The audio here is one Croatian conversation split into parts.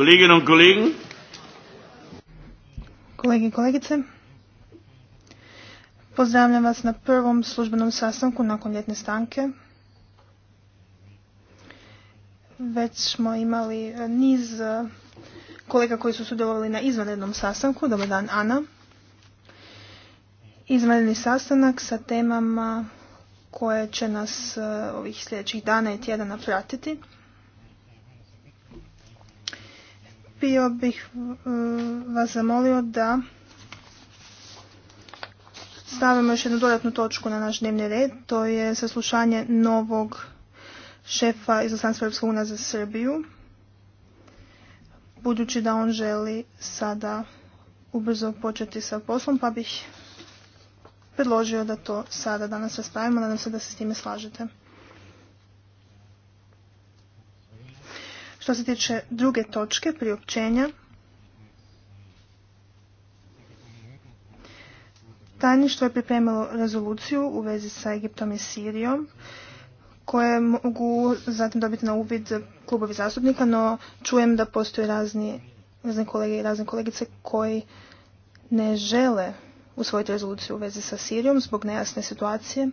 Kolleginnen und Kolege i kolegice. Pozdravljam vas na prvom službenom sastanku nakon ljetne stanke. Već smo imali niz kolega koji su sudjelovali na izvanrednom sastanku. Dobar dan, Ana. Izvanredni sastanak sa temama koje će nas eh, ovih sljedećih dana i tjedana pratiti. bio bih e, vas zamolio da stavimo još jednu dodatnu točku na naš dnevni red. To je saslušanje novog šefa izaslanstva Europske unije za Srbiju. Budući da on želi sada ubrzo početi sa poslom, pa bih predložio da to sada danas raspravimo. Nadam se da se s time slažete. Što se tiče druge točke priopćenja, Tajništvo je pripremilo rezoluciju u vezi sa Egiptom i Sirijom koje mogu zatim dobiti na uvid klubovi zastupnika, no čujem da postoje razni, kolege i razne kolegice koji ne žele usvojiti rezoluciju u vezi sa Sirijom zbog nejasne situacije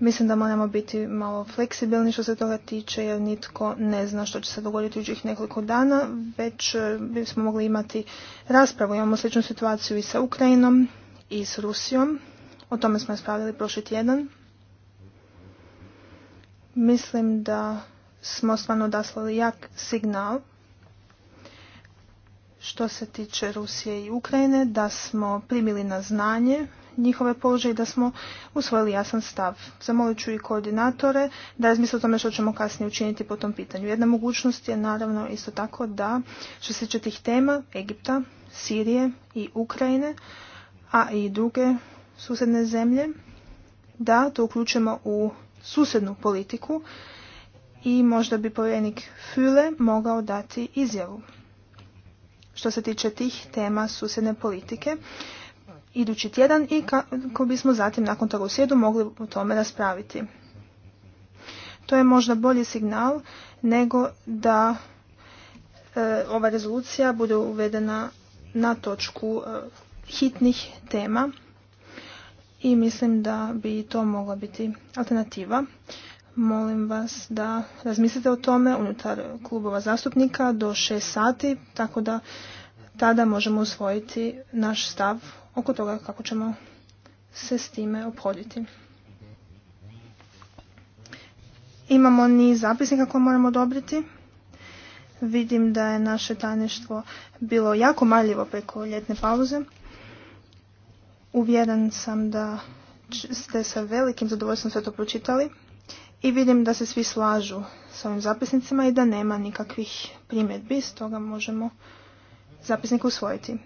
Mislim da moramo biti malo fleksibilni što se toga tiče jer nitko ne zna što će se dogoditi u nekoliko dana, već e, bismo mogli imati raspravu. Imamo sličnu situaciju i sa Ukrajinom i s Rusijom. O tome smo raspravljali prošli tjedan. Mislim da smo stvarno odaslali jak signal što se tiče Rusije i Ukrajine, da smo primili na znanje njihove položaje i da smo usvojili jasan stav. Zamolit ću i koordinatore da razmisle o tome što ćemo kasnije učiniti po tom pitanju. Jedna mogućnost je naravno isto tako da što se tiče tih tema Egipta, Sirije i Ukrajine, a i druge susjedne zemlje, da to uključimo u susjednu politiku i možda bi povjerenik Füle mogao dati izjavu. Što se tiče tih tema susjedne politike, idući tjedan i kako bismo zatim nakon toga u sjedu mogli o tome raspraviti. To je možda bolji signal nego da e, ova rezolucija bude uvedena na točku e, hitnih tema i mislim da bi to mogla biti alternativa. Molim vas da razmislite o tome unutar klubova zastupnika do 6 sati, tako da tada možemo usvojiti naš stav oko toga kako ćemo se s time obhoditi. Imamo niz zapisnika koje moramo odobriti. Vidim da je naše tajništvo bilo jako maljivo preko ljetne pauze. Uvjeren sam da ste sa velikim zadovoljstvom sve to pročitali i vidim da se svi slažu s ovim zapisnicima i da nema nikakvih primjedbi, stoga možemo zapisnik usvojiti.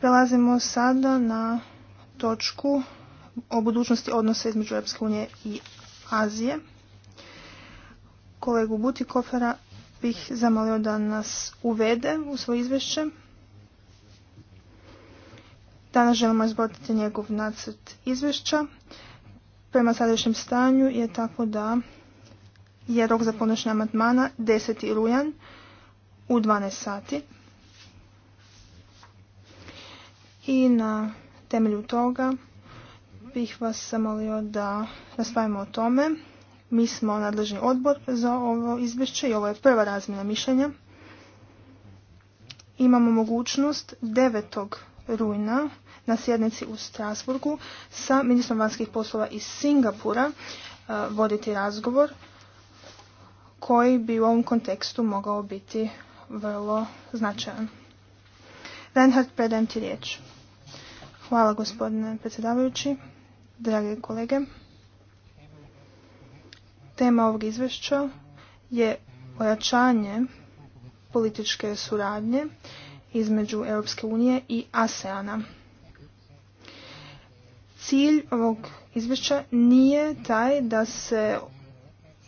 Prelazimo sada na točku o budućnosti odnosa između Europske unije i Azije. Kolegu Butikofera bih zamolio da nas uvede u svoje izvješće. Danas želimo izbratiti njegov nacrt izvješća. Prema sadašnjem stanju je tako da je rok za podnošenje amandmana 10. rujan u 12 sati. i na temelju toga bih vas zamolio da raspravimo o tome. Mi smo nadležni odbor za ovo izvješće i ovo je prva razmjena mišljenja. Imamo mogućnost 9. rujna na sjednici u Strasburgu sa ministrom vanjskih poslova iz Singapura e, voditi razgovor koji bi u ovom kontekstu mogao biti vrlo značajan. Reinhard, predajem ti riječ. Hvala gospodine predsjedavajući, drage kolege. Tema ovog izvješća je ojačanje političke suradnje između Europske unije i ASEANA. Cilj ovog izvješća nije taj da se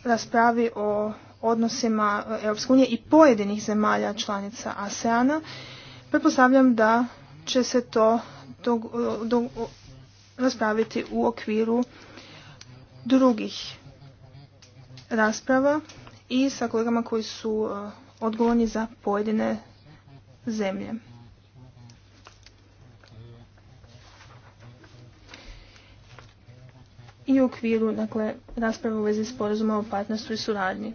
raspravi o odnosima Europske unije i pojedinih zemalja članica ASEANA. Pretpostavljam da će se to raspraviti u okviru drugih rasprava i sa kolegama koji su e, odgovorni za pojedine zemlje. I u okviru dakle, rasprave u vezi sporazuma o partnerstvu i suradnji.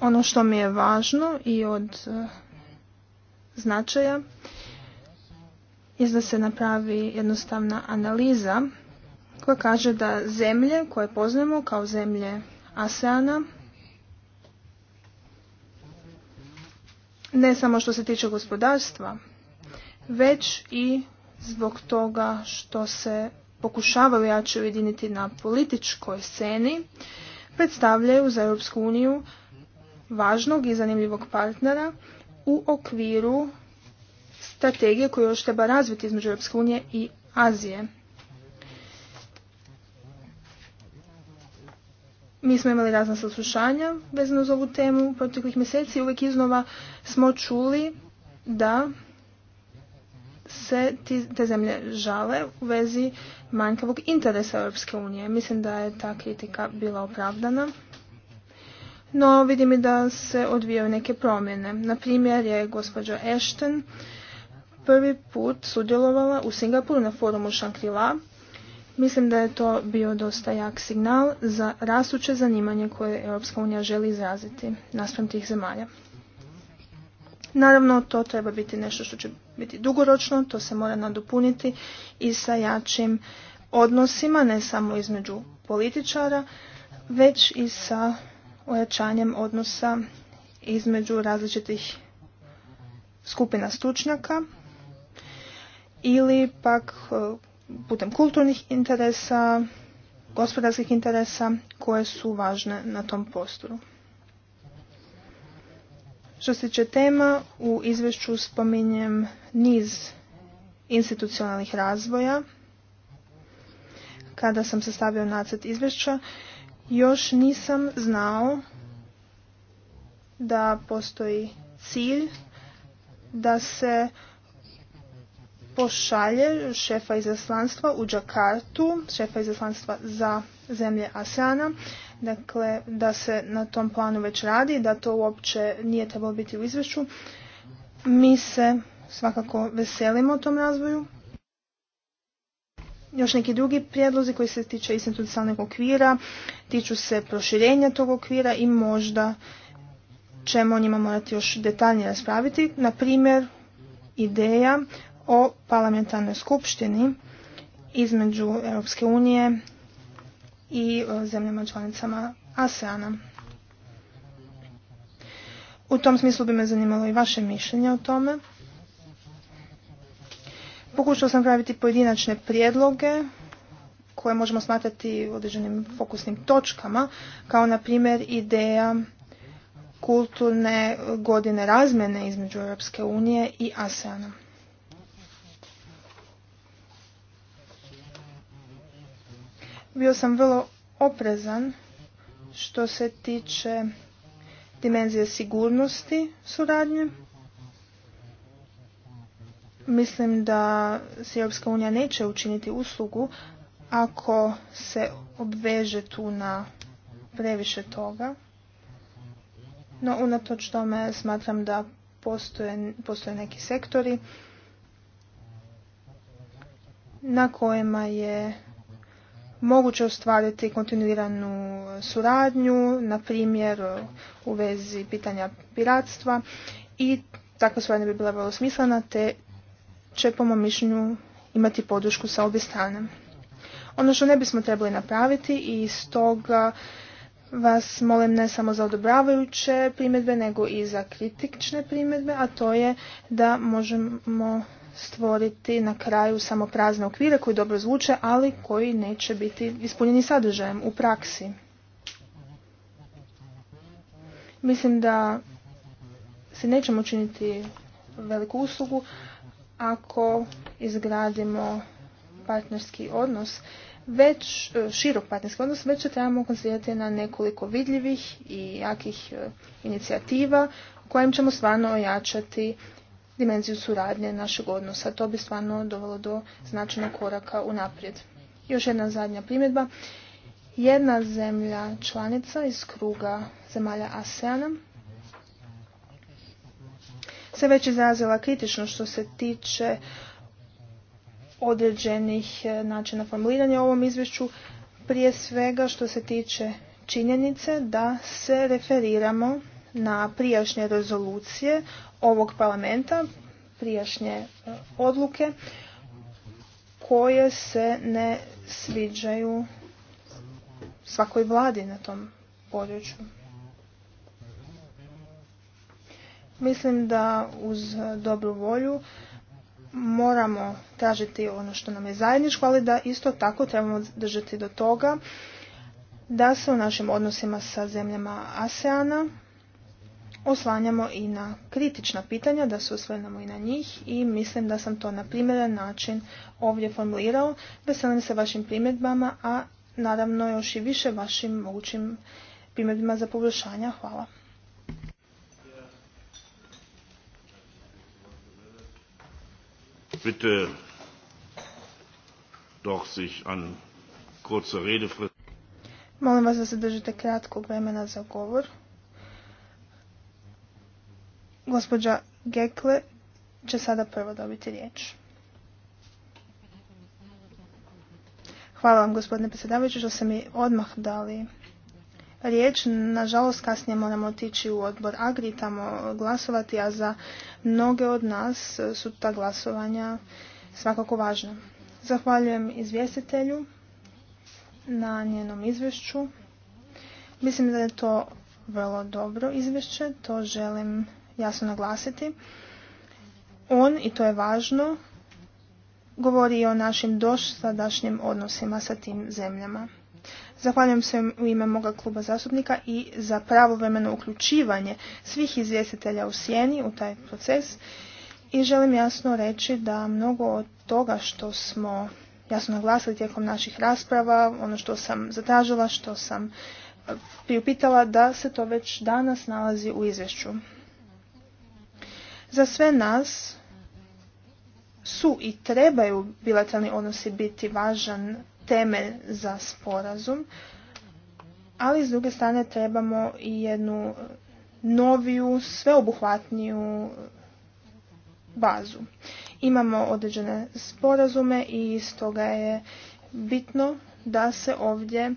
Ono što mi je važno i od e, značaja je da se napravi jednostavna analiza koja kaže da zemlje koje poznajemo kao zemlje ASEANA ne samo što se tiče gospodarstva, već i zbog toga što se pokušavaju jače ujediniti na političkoj sceni, predstavljaju za Europsku uniju važnog i zanimljivog partnera u okviru strategije koju još treba razviti između Europske unije i Azije. Mi smo imali razna saslušanja vezano uz ovu temu proteklih mjeseci i uvijek iznova smo čuli da se te zemlje žale u vezi manjkavog interesa Europske unije. Mislim da je ta kritika bila opravdana no vidim i da se odvijaju neke promjene. Na primjer je gospođa Ashton prvi put sudjelovala u Singapuru na forumu Shankrila. Mislim da je to bio dosta jak signal za rastuće zanimanje koje Europska unija želi izraziti naspram tih zemalja. Naravno, to treba biti nešto što će biti dugoročno, to se mora nadopuniti i sa jačim odnosima, ne samo između političara, već i sa ojačanjem odnosa između različitih skupina stručnjaka ili pak e, putem kulturnih interesa, gospodarskih interesa koje su važne na tom prostoru. Što se tiče tema, u izvješću spominjem niz institucionalnih razvoja. Kada sam sastavio nacrt izvješća, još nisam znao da postoji cilj da se pošalje šefa izaslanstva u Džakartu, šefa izaslanstva za zemlje ASEANA, dakle da se na tom planu već radi, da to uopće nije trebalo biti u izvješću. Mi se svakako veselimo tom razvoju još neki drugi prijedlozi koji se tiče institucionalnog okvira, tiču se proširenja tog okvira i možda ćemo o njima morati još detaljnije raspraviti. Na primjer, ideja o parlamentarnoj skupštini između Europske unije i e, zemljama članicama ASEANA. U tom smislu bi me zanimalo i vaše mišljenje o tome. Pokušao sam praviti pojedinačne prijedloge koje možemo smatrati određenim fokusnim točkama, kao na primjer ideja kulturne godine razmjene između Europske unije i ASEANA. Bio sam vrlo oprezan što se tiče dimenzije sigurnosti suradnje Mislim da se Europska unija neće učiniti uslugu ako se obveže tu na previše toga. No, unatoč tome smatram da postoje, postoje neki sektori na kojima je moguće ostvariti kontinuiranu suradnju, na primjer u vezi pitanja piratstva i takva suradnja bi bila vrlo smislena te će po mom mišljenju imati podršku sa obje strane. Ono što ne bismo trebali napraviti i stoga vas molim ne samo za odobravajuće primjedbe, nego i za kritične primjedbe, a to je da možemo stvoriti na kraju samo prazne okvire koji dobro zvuče, ali koji neće biti ispunjeni sadržajem u praksi. Mislim da se nećemo činiti veliku uslugu ako izgradimo partnerski odnos, već e, širok partnerski odnos, već se trebamo koncentrirati na nekoliko vidljivih i jakih e, inicijativa u kojim ćemo stvarno ojačati dimenziju suradnje našeg odnosa. To bi stvarno dovelo do značajnog koraka unaprijed. Još jedna zadnja primjedba. Jedna zemlja članica iz kruga zemalja ASEANA se već izrazila kritično što se tiče određenih e, načina formuliranja u ovom izvješću, prije svega što se tiče činjenice da se referiramo na prijašnje rezolucije ovog parlamenta, prijašnje e, odluke koje se ne sviđaju svakoj vladi na tom području. Mislim da uz e, dobru volju moramo tražiti ono što nam je zajedničko, ali da isto tako trebamo držati do toga da se u našim odnosima sa zemljama ASEANA oslanjamo i na kritična pitanja, da se osvrnemo i na njih i mislim da sam to na primjeren način ovdje formulirao. Veselim se vašim primjedbama, a naravno još i više vašim mogućim primjedbama za poboljšanja. Hvala. bitte doch sich an kurze Redefrist. Molim vas da se držite kratkog vremena za govor. Gospođa Gekle će sada prvo dobiti riječ. Hvala vam gospodine predsjedavajući što ste mi odmah dali riječ. Nažalost, kasnije moramo otići u odbor Agri tamo glasovati, a za mnoge od nas su ta glasovanja svakako važna. Zahvaljujem izvjestitelju na njenom izvješću. Mislim da je to vrlo dobro izvješće, to želim jasno naglasiti. On, i to je važno, govori o našim dosadašnjim odnosima sa tim zemljama. Zahvaljujem se u ime moga kluba zastupnika i za pravovremeno uključivanje svih izvjestitelja u sjeni u taj proces i želim jasno reći da mnogo od toga što smo jasno naglasili tijekom naših rasprava, ono što sam zatražila, što sam e, priupitala da se to već danas nalazi u izvješću. Za sve nas su i trebaju bilateralni odnosi biti važan temelj za sporazum, ali s druge strane trebamo i jednu noviju, sveobuhvatniju bazu. Imamo određene sporazume i stoga je bitno da se ovdje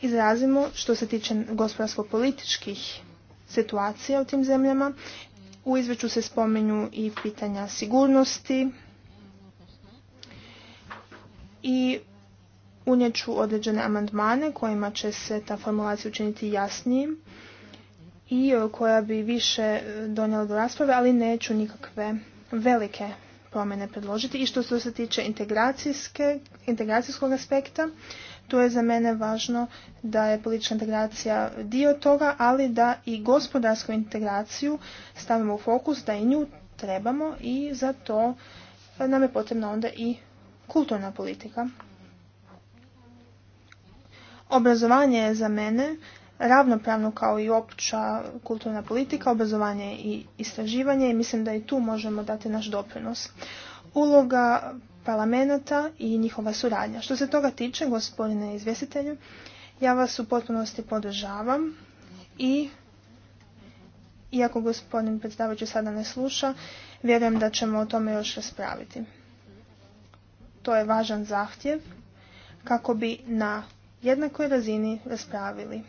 izrazimo što se tiče gospodarsko-političkih situacija u tim zemljama. U izveću se spomenju i pitanja sigurnosti i Unijet određene amandmane kojima će se ta formulacija učiniti jasnijim i e, koja bi više e, donijela do rasprave, ali neću nikakve velike promjene predložiti. I što se tiče integracijskog aspekta, tu je za mene važno da je politička integracija dio toga, ali da i gospodarsku integraciju stavimo u fokus, da i nju trebamo i za to nam je potrebna onda i kulturna politika. Obrazovanje je za mene ravnopravno kao i opća kulturna politika, obrazovanje i istraživanje i mislim da i tu možemo dati naš doprinos. Uloga parlamenta i njihova suradnja. Što se toga tiče, gospodine izvjestitelju, ja vas u potpunosti podržavam i iako gospodin predstavajući sada ne sluša, vjerujem da ćemo o tome još raspraviti. To je važan zahtjev kako bi na jednakoj razini raspravili.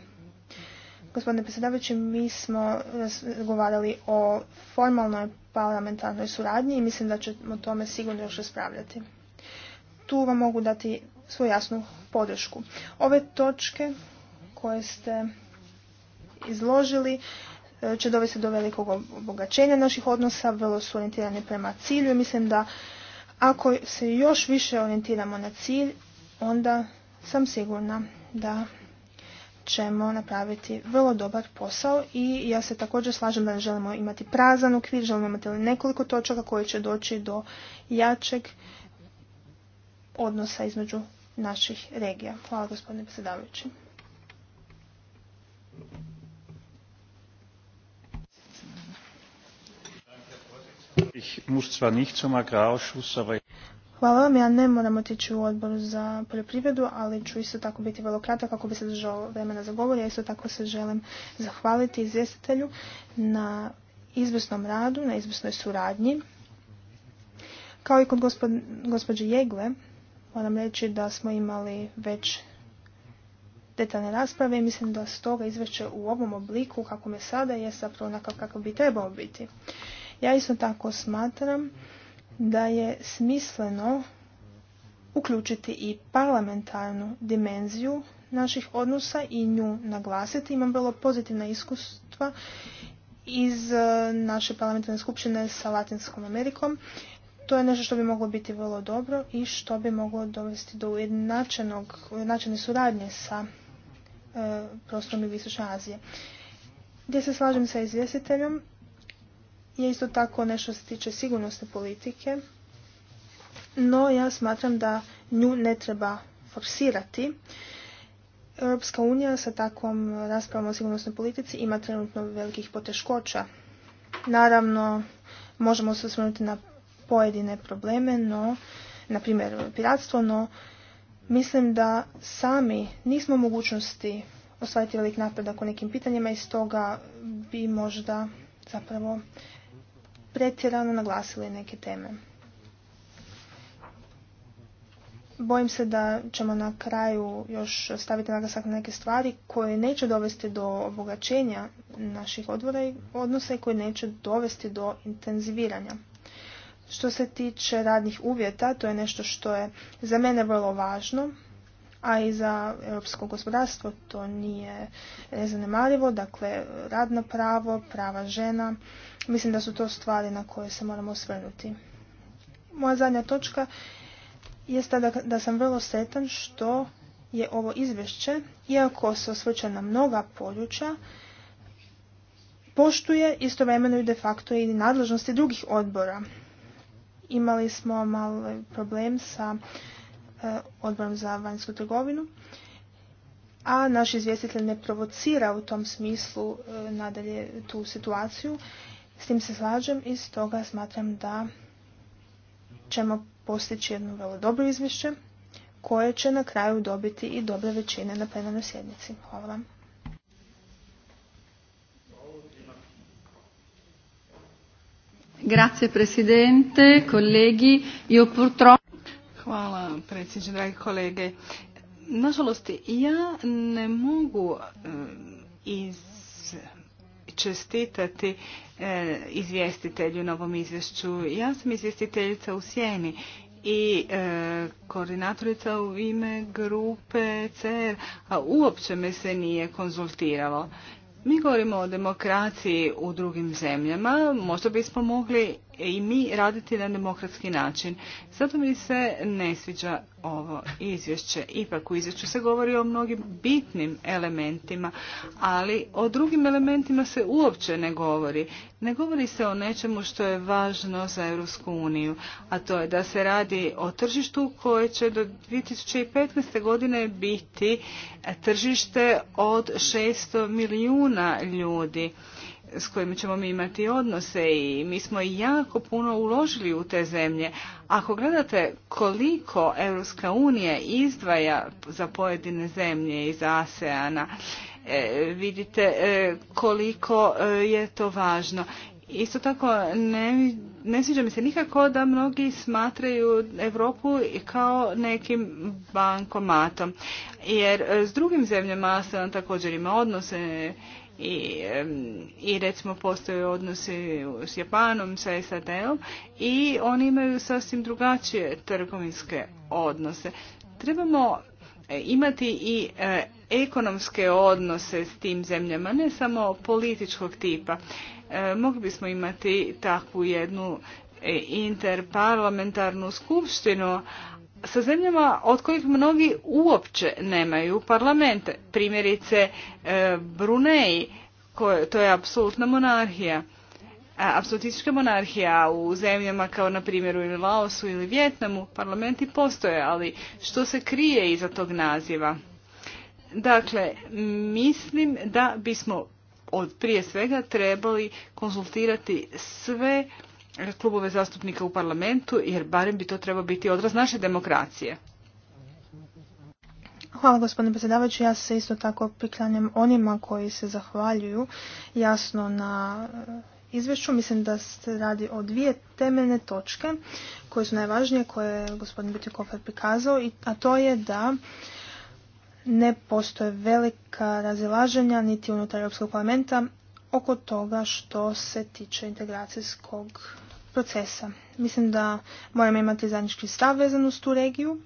Gospodine predsjedavajući, mi smo razgovarali o formalnoj parlamentarnoj suradnji i mislim da ćemo o tome sigurno još raspravljati. Tu vam mogu dati svoju jasnu podršku. Ove točke koje ste izložili e, će dovesti do velikog obogačenja naših odnosa, vrlo su orijentirani prema cilju i mislim da ako se još više orijentiramo na cilj, onda sam sigurna da ćemo napraviti vrlo dobar posao i ja se također slažem da ne želimo imati prazan okvir, želimo imati nekoliko točaka koji će doći do jačeg odnosa između naših regija. Hvala gospodine predsjedavajući. Ich muss zwar nicht zum aber Hvala vam, ja ne moram otići u odboru za poljoprivredu, ali ću isto tako biti vrlo kratak kako bi se držao vremena za govor. Ja isto tako se želim zahvaliti izvjestitelju na izvrsnom radu, na izvrsnoj suradnji. Kao i kod gospođe Jegle, moram reći da smo imali već detaljne rasprave i mislim da stoga izvješće u ovom obliku kako me sada je zapravo onakav kako bi trebao biti. Ja isto tako smatram da je smisleno uključiti i parlamentarnu dimenziju naših odnosa i nju naglasiti. Imam vrlo pozitivna iskustva iz e, naše parlamentarne skupštine sa Latinskom Amerikom. To je nešto što bi moglo biti vrlo dobro i što bi moglo dovesti do ujednačene suradnje sa e, prostorom i Jugoistočne Azije. Gdje se slažem sa izvjestiteljom je isto tako nešto se tiče sigurnosne politike, no ja smatram da nju ne treba forsirati. Europska unija sa takvom raspravom o sigurnosnoj politici ima trenutno velikih poteškoća. Naravno, možemo se osvrnuti na pojedine probleme, no, na primjer piratstvo, no mislim da sami nismo mogućnosti ostvariti velik napredak u nekim pitanjima i stoga bi možda zapravo pretjerano naglasili neke teme. Bojim se da ćemo na kraju još staviti naglasak na neke stvari koje neće dovesti do obogaćenja naših odvora i odnosa i koje neće dovesti do intenziviranja. Što se tiče radnih uvjeta, to je nešto što je za mene vrlo važno a i za europsko gospodarstvo to nije zanemarivo, dakle radno pravo, prava žena. Mislim da su to stvari na koje se moramo osvrnuti. Moja zadnja točka je da, da sam vrlo sretan što je ovo izvješće, iako se osvrće na mnoga područja, poštuje istovremeno i de facto i nadležnosti drugih odbora. Imali smo malo problem sa E, odborom za vanjsku trgovinu, a naš izvjestitelj ne provocira u tom smislu e, nadalje tu situaciju. S tim se slažem i stoga smatram da ćemo postići jedno vrlo dobro izvješće koje će na kraju dobiti i dobre većine na plenarnoj sjednici. Hvala vam. Grazie Presidente, colleghi. Io purtroppo Hvala predsjedniče, dragi kolege. Nažalost, ja ne mogu e, iz čestitati e, izvjestitelju na ovom izvješću. Ja sam izvjestiteljica u Sjeni i e, koordinatorica u ime grupe CR, a uopće me se nije konzultiralo. Mi govorimo o demokraciji u drugim zemljama, možda bismo mogli i mi raditi na demokratski način. Zato mi se ne sviđa ovo izvješće. Ipak u izvješću se govori o mnogim bitnim elementima, ali o drugim elementima se uopće ne govori. Ne govori se o nečemu što je važno za Europsku uniju, a to je da se radi o tržištu koje će do 2015. godine biti tržište od 600 milijuna ljudi s kojima ćemo mi imati odnose i mi smo jako puno uložili u te zemlje. Ako gledate koliko Europska unija izdvaja za pojedine zemlje iz ASEANA, e, vidite e, koliko e, je to važno. Isto tako ne, ne sviđa mi se nikako da mnogi smatraju Europu kao nekim bankomatom. Jer s drugim zemljama ASEAN također ima odnose i, i recimo postoje odnosi s Japanom, sa SAD-om i oni imaju sasvim drugačije trgovinske odnose. Trebamo e, imati i e, ekonomske odnose s tim zemljama, ne samo političkog tipa. E, mogli bismo imati takvu jednu interparlamentarnu skupštinu, sa zemljama od kojih mnogi uopće nemaju parlamente. Primjerice e, Brunei, to je apsolutna monarhija. Apsolutistička monarhija u zemljama kao na primjer u Laosu ili Vjetnamu parlamenti postoje, ali što se krije iza tog naziva? Dakle, mislim da bismo od prije svega trebali konsultirati sve klubove zastupnika u parlamentu, jer barem bi to trebao biti odraz naše demokracije. Hvala gospodine predsjedavajući. Ja se isto tako priklanjam onima koji se zahvaljuju jasno na e, izvješću. Mislim da se radi o dvije temeljne točke koje su najvažnije, koje je gospodin Butikofer prikazao, a to je da ne postoje velika razilaženja niti unutar Europskog parlamenta, oko toga što se tiče integracijskog procesa. Mislim da moramo imati zajednički stav vezan uz tu regiju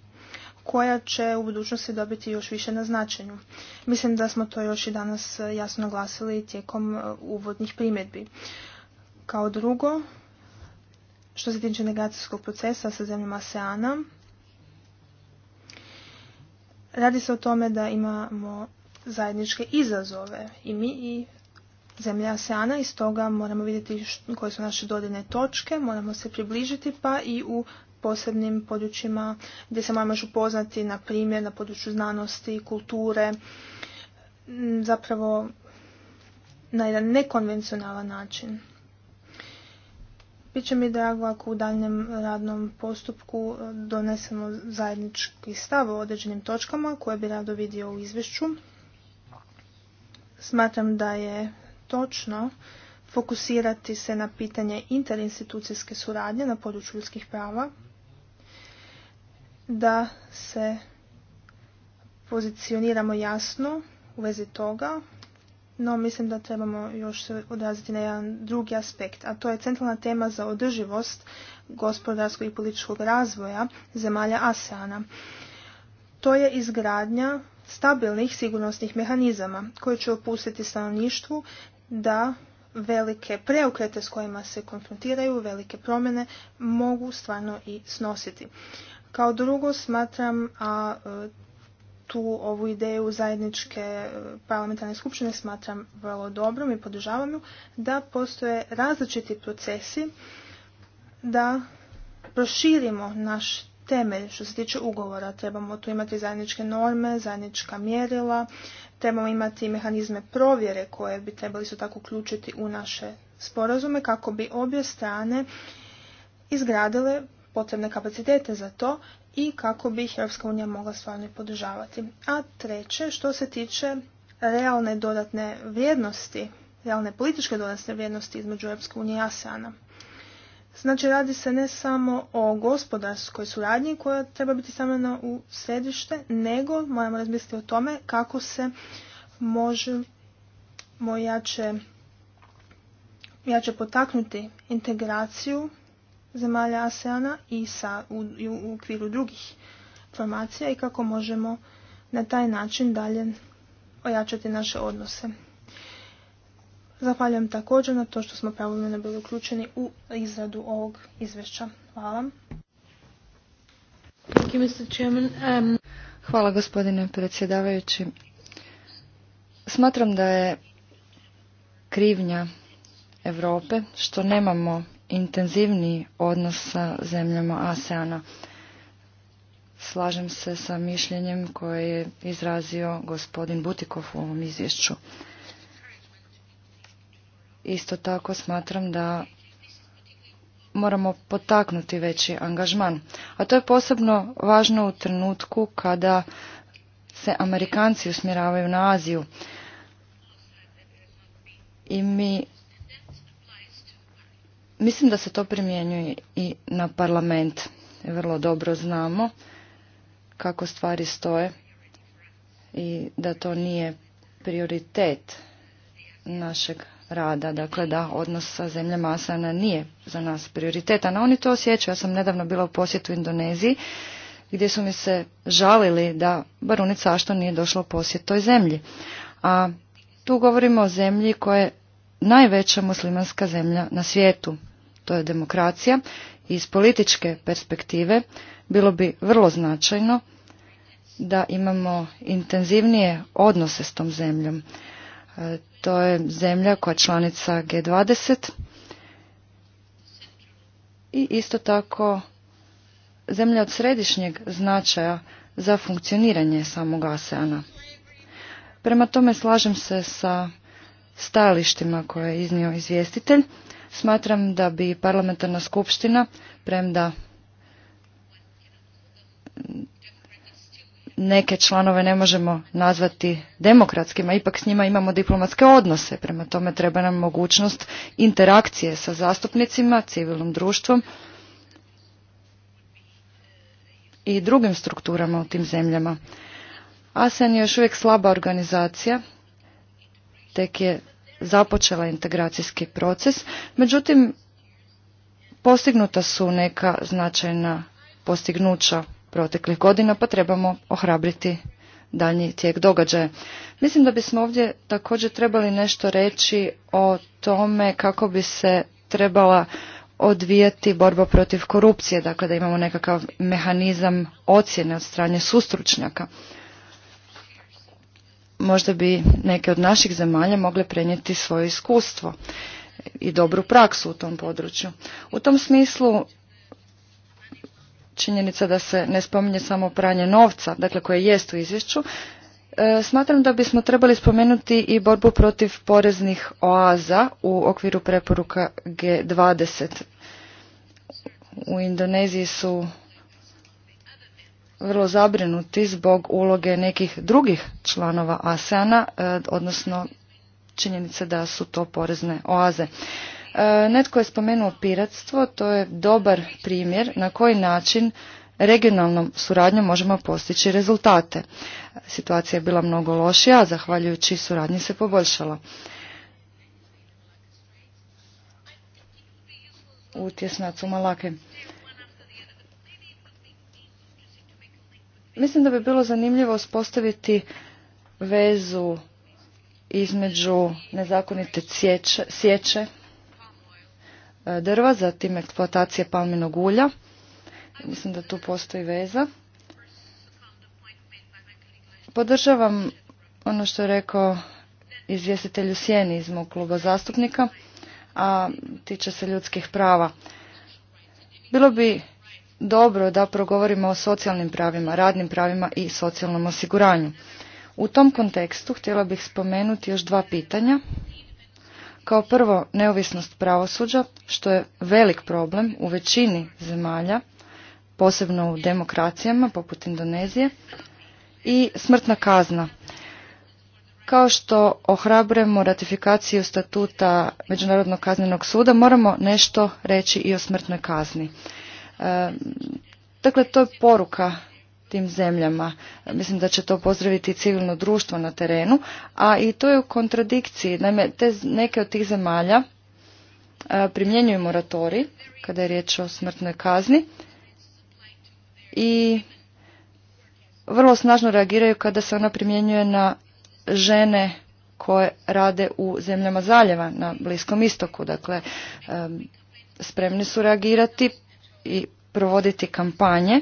koja će u budućnosti dobiti još više na značenju. Mislim da smo to još i danas jasno naglasili tijekom e, uvodnih primjedbi. Kao drugo, što se tiče negacijskog procesa sa zemljama ASEANA, radi se o tome da imamo zajedničke izazove i mi i zemlja Aseana. i stoga moramo vidjeti koje su naše dodine točke, moramo se približiti pa i u posebnim područjima gdje se moramo još upoznati, na primjer na području znanosti, kulture, zapravo na jedan nekonvencionalan način. Biće mi drago ako u daljnjem radnom postupku e, donesemo zajednički stav o određenim točkama koje bi rado vidio u izvješću. Smatram da je točno fokusirati se na pitanje interinstitucijske suradnje na području ljudskih prava, da se pozicioniramo jasno u vezi toga, no mislim da trebamo još se odraziti na jedan drugi aspekt, a to je centralna tema za održivost gospodarskog i političkog razvoja zemalja ASEANA. To je izgradnja stabilnih sigurnosnih mehanizama koje će opustiti stanovništvu da velike preukrete s kojima se konfrontiraju, velike promjene mogu stvarno i snositi. Kao drugo smatram, a e, tu ovu ideju zajedničke e, parlamentarne skupštine smatram vrlo dobrom i podržavam ju, da postoje različiti procesi da proširimo naš temelj što se tiče ugovora. Trebamo tu imati zajedničke norme, zajednička mjerila, trebamo imati mehanizme provjere koje bi trebali su tako uključiti u naše sporazume kako bi obje strane izgradile potrebne kapacitete za to i kako bi ih Europska unija mogla stvarno podržavati. A treće, što se tiče realne dodatne vrijednosti, realne političke dodatne vrijednosti između Europske unije i ASEAN-a. Znači radi se ne samo o gospodarskoj suradnji koja treba biti stavljena u središte, nego moramo razmisliti o tome kako se možemo jače, jače potaknuti integraciju zemalja ASEANA i, sa, u, i u okviru drugih formacija i kako možemo na taj način dalje ojačati naše odnose. Zahvaljujem također na to što smo pravilno bili uključeni u izradu ovog izvješća. Hvala. Um, Hvala gospodine predsjedavajući. Smatram da je krivnja Europe što nemamo intenzivniji odnos sa zemljama ASEANA. Slažem se sa mišljenjem koje je izrazio gospodin Butikov u ovom izvješću. Isto tako smatram da moramo potaknuti veći angažman. A to je posebno važno u trenutku kada se Amerikanci usmjeravaju na Aziju. I mi mislim da se to primjenjuje i na parlament. Vrlo dobro znamo kako stvari stoje i da to nije prioritet našeg rada, dakle da odnos sa zemljama Asana nije za nas prioritetan, a oni to osjećaju. Ja sam nedavno bila u posjetu Indoneziji gdje su mi se žalili da barunica što nije došla u posjet toj zemlji. A tu govorimo o zemlji koja je najveća muslimanska zemlja na svijetu. To je demokracija i iz političke perspektive bilo bi vrlo značajno da imamo intenzivnije odnose s tom zemljom. E, to je zemlja koja je članica G20 i isto tako zemlja od središnjeg značaja za funkcioniranje samog ASEANA. Prema tome slažem se sa stajalištima koje je iznio izvjestitelj. Smatram da bi parlamentarna skupština, premda neke članove ne možemo nazvati demokratskima, ipak s njima imamo diplomatske odnose, prema tome treba nam mogućnost interakcije sa zastupnicima, civilnom društvom i drugim strukturama u tim zemljama. ASEAN je još uvijek slaba organizacija, tek je započela integracijski proces, međutim postignuta su neka značajna postignuća proteklih godina, pa trebamo ohrabriti daljnji tijek događaja. Mislim da bismo ovdje također trebali nešto reći o tome kako bi se trebala odvijati borba protiv korupcije, dakle da imamo nekakav mehanizam ocjene od strane sustručnjaka. Možda bi neke od naših zemalja mogle prenijeti svoje iskustvo i dobru praksu u tom području. U tom smislu činjenica da se ne spominje samo pranje novca, dakle koje jest u izvješću, e, smatram da bismo trebali spomenuti i borbu protiv poreznih oaza u okviru preporuka G20. U Indoneziji su vrlo zabrinuti zbog uloge nekih drugih članova ASEANA, e, odnosno činjenice da su to porezne oaze. E, netko je spomenuo piratstvo, to je dobar primjer na koji način regionalnom suradnjom možemo postići rezultate. Situacija je bila mnogo lošija, a zahvaljujući suradnji se poboljšala. Utjesnac u Malake. Mislim da bi bilo zanimljivo uspostaviti vezu između nezakonite sjeće, E, drva, zatim eksploatacije palminog ulja. Mislim da tu postoji veza. Podržavam ono što je rekao izvjestitelj Sjeni iz mog kluba zastupnika, a tiče se ljudskih prava. Bilo bi dobro da progovorimo o socijalnim pravima, radnim pravima i socijalnom osiguranju. U tom kontekstu htjela bih spomenuti još dva pitanja kao prvo, neovisnost pravosuđa, što je velik problem u većini zemalja, posebno u demokracijama poput Indonezije, i smrtna kazna. Kao što ohrabrujemo ratifikaciju statuta Međunarodnog kaznenog suda, moramo nešto reći i o smrtnoj kazni. Ehm, dakle, to je poruka tim zemljama. Mislim da će to pozdraviti civilno društvo na terenu, a i to je u kontradikciji. Naime, te neke od tih zemalja e, primjenjuju moratori kada je riječ o smrtnoj kazni i vrlo snažno reagiraju kada se ona primjenjuje na žene koje rade u zemljama zaljeva na Bliskom istoku. Dakle, e, spremni su reagirati i provoditi kampanje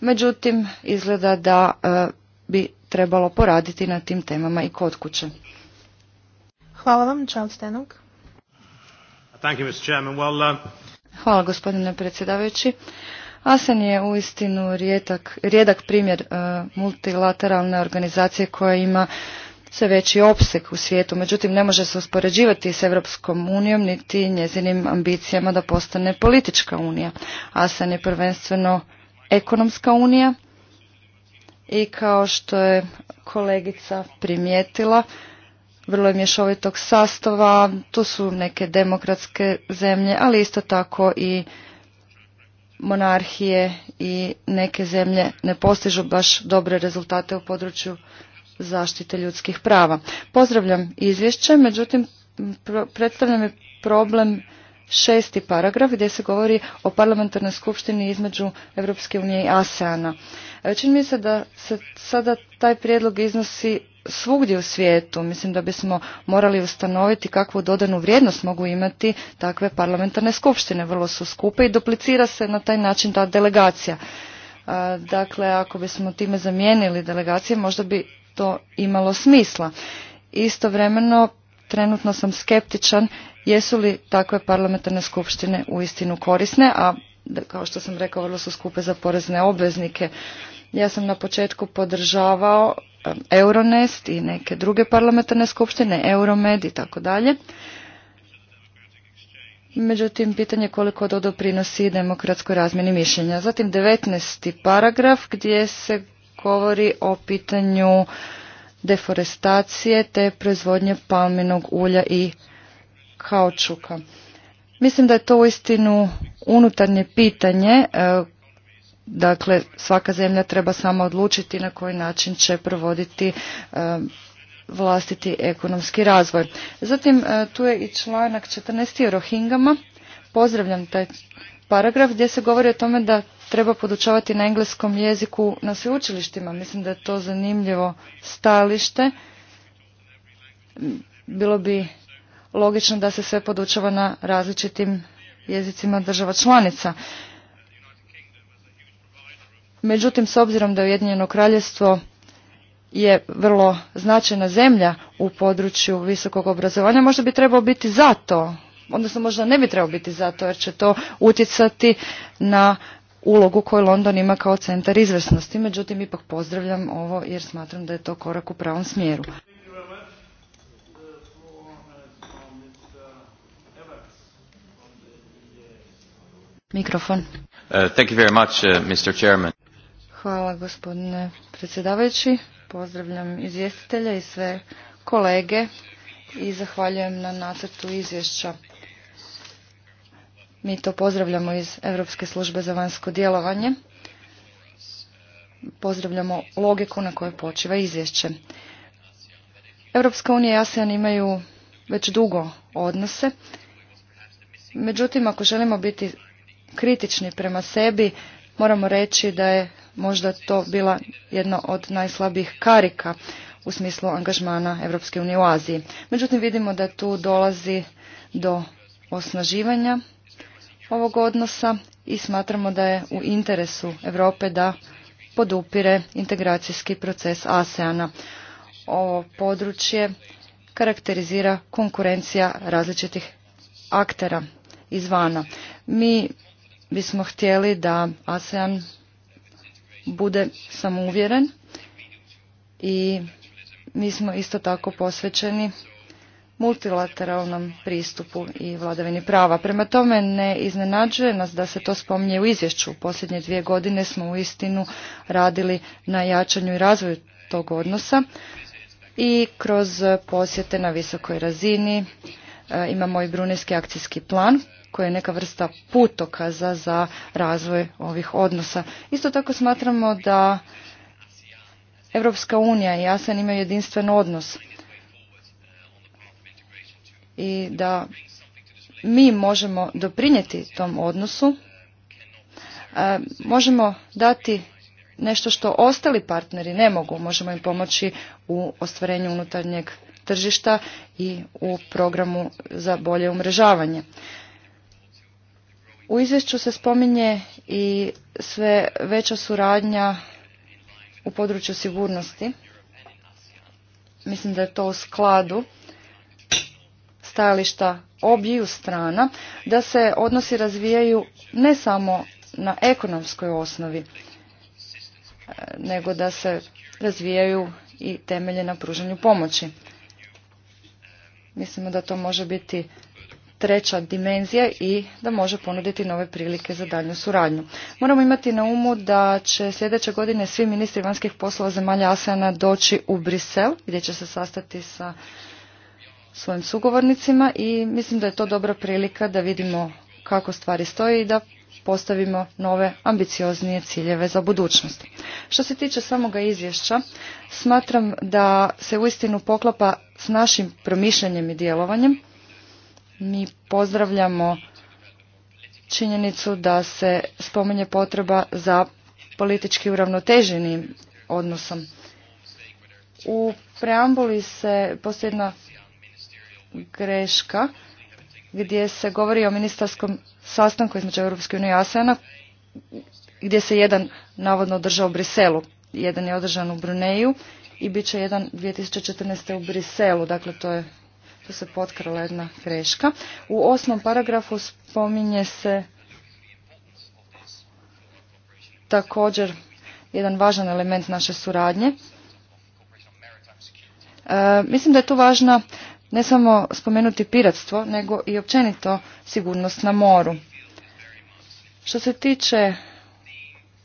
međutim izgleda da e, bi trebalo poraditi na tim temama i kod kuće. Hvala vam, Charles Tenog. Uh, Hvala gospodine predsjedavajući. ASEN je uistinu rijedak, rijedak primjer e, multilateralne organizacije koja ima sve veći opseg u svijetu, međutim ne može se uspoređivati s Europskom unijom niti njezinim ambicijama da postane politička unija. ASEN je prvenstveno ekonomska unija i kao što je kolegica primijetila, vrlo je mješovitog sastava, to su neke demokratske zemlje, ali isto tako i monarhije i neke zemlje ne postižu baš dobre rezultate u području zaštite ljudskih prava. Pozdravljam izvješće, međutim predstavljam je problem šesti paragraf gdje se govori o parlamentarnoj skupštini između Europske unije i ASEANA. E, čini mi se da se sada taj prijedlog iznosi svugdje u svijetu. Mislim da bismo morali ustanoviti kakvu dodanu vrijednost mogu imati takve parlamentarne skupštine. Vrlo su skupe i duplicira se na taj način ta delegacija. E, dakle, ako bismo time zamijenili delegacije, možda bi to imalo smisla. Istovremeno, trenutno sam skeptičan jesu li takve parlamentarne skupštine uistinu korisne, a kao što sam rekao, vrlo su skupe za porezne obveznike. Ja sam na početku podržavao Euronest i neke druge parlamentarne skupštine, Euromed i tako dalje. Međutim, pitanje koliko to doprinosi demokratskoj razmjeni mišljenja. Zatim 19. paragraf gdje se govori o pitanju deforestacije te proizvodnje palminog ulja i čuka Mislim da je to uistinu unutarnje pitanje, e, dakle svaka zemlja treba sama odlučiti na koji način će provoditi e, vlastiti ekonomski razvoj. Zatim e, tu je i članak 14. o Rohingama. Pozdravljam taj paragraf gdje se govori o tome da treba podučavati na engleskom jeziku na sveučilištima. Mislim da je to zanimljivo stalište. Bilo bi logično da se sve podučava na različitim jezicima država članica. Međutim, s obzirom da Ujedinjeno kraljevstvo je vrlo značajna zemlja u području visokog obrazovanja, možda bi trebao biti za to, odnosno možda ne bi trebao biti za to, jer će to utjecati na ulogu koju London ima kao centar izvrsnosti. Međutim, ipak pozdravljam ovo jer smatram da je to korak u pravom smjeru. Mikrofon. Uh, thank you very much, uh, Mr. Chairman. Hvala gospodine predsjedavajući. Pozdravljam izvjestitelja i sve kolege i zahvaljujem na nacrtu izvješća. Mi to pozdravljamo iz Europske službe za vanjsko djelovanje. Pozdravljamo logiku na kojoj počiva izvješće. Europska unija i ASEAN imaju već dugo odnose. Međutim, ako želimo biti kritični prema sebi, moramo reći da je možda to bila jedna od najslabijih karika u smislu angažmana Europske unije u Aziji. Međutim, vidimo da tu dolazi do osnaživanja ovog odnosa i smatramo da je u interesu Europe da podupire integracijski proces ASEANA. Ovo područje karakterizira konkurencija različitih aktera izvana. Mi bismo htjeli da ASEAN bude samouvjeren i mi smo isto tako posvećeni multilateralnom pristupu i vladavini prava. Prema tome ne iznenađuje nas da se to spominje u izvješću. U posljednje dvije godine smo u istinu radili na jačanju i razvoju tog odnosa i kroz posjete na visokoj razini e, imamo i brunijski akcijski plan koje je neka vrsta putokaza za razvoj ovih odnosa. Isto tako smatramo da Europska unija i ASEAN imaju jedinstven odnos i da mi možemo doprinijeti tom odnosu, e, možemo dati nešto što ostali partneri ne mogu, možemo im pomoći u ostvarenju unutarnjeg tržišta i u programu za bolje umrežavanje. U izvješću se spominje i sve veća suradnja u području sigurnosti. Mislim da je to u skladu stajališta obiju strana, da se odnosi razvijaju ne samo na ekonomskoj osnovi, nego da se razvijaju i temelje na pružanju pomoći. Mislimo da to može biti treća dimenzija i da može ponuditi nove prilike za daljnju suradnju. Moramo imati na umu da će sljedeće godine svi ministri vanjskih poslova zemalja ASEANA doći u Brisel gdje će se sastati sa svojim sugovornicima i mislim da je to dobra prilika da vidimo kako stvari stoje i da postavimo nove ambicioznije ciljeve za budućnost. Što se tiče samoga izvješća, smatram da se uistinu poklapa s našim promišljanjem i djelovanjem mi pozdravljamo činjenicu da se spominje potreba za politički uravnoteženim odnosom. U preambuli se postoji jedna greška gdje se govori o ministarskom sastanku između Europske unije i Asena gdje se jedan navodno održao u Briselu, jedan je održan u Bruneju i bit će jedan 2014. u Briselu, dakle to je tu se potkrala jedna greška. U osmom paragrafu spominje se također jedan važan element naše suradnje. E, mislim da je tu važno ne samo spomenuti piratstvo, nego i općenito sigurnost na moru. Što se tiče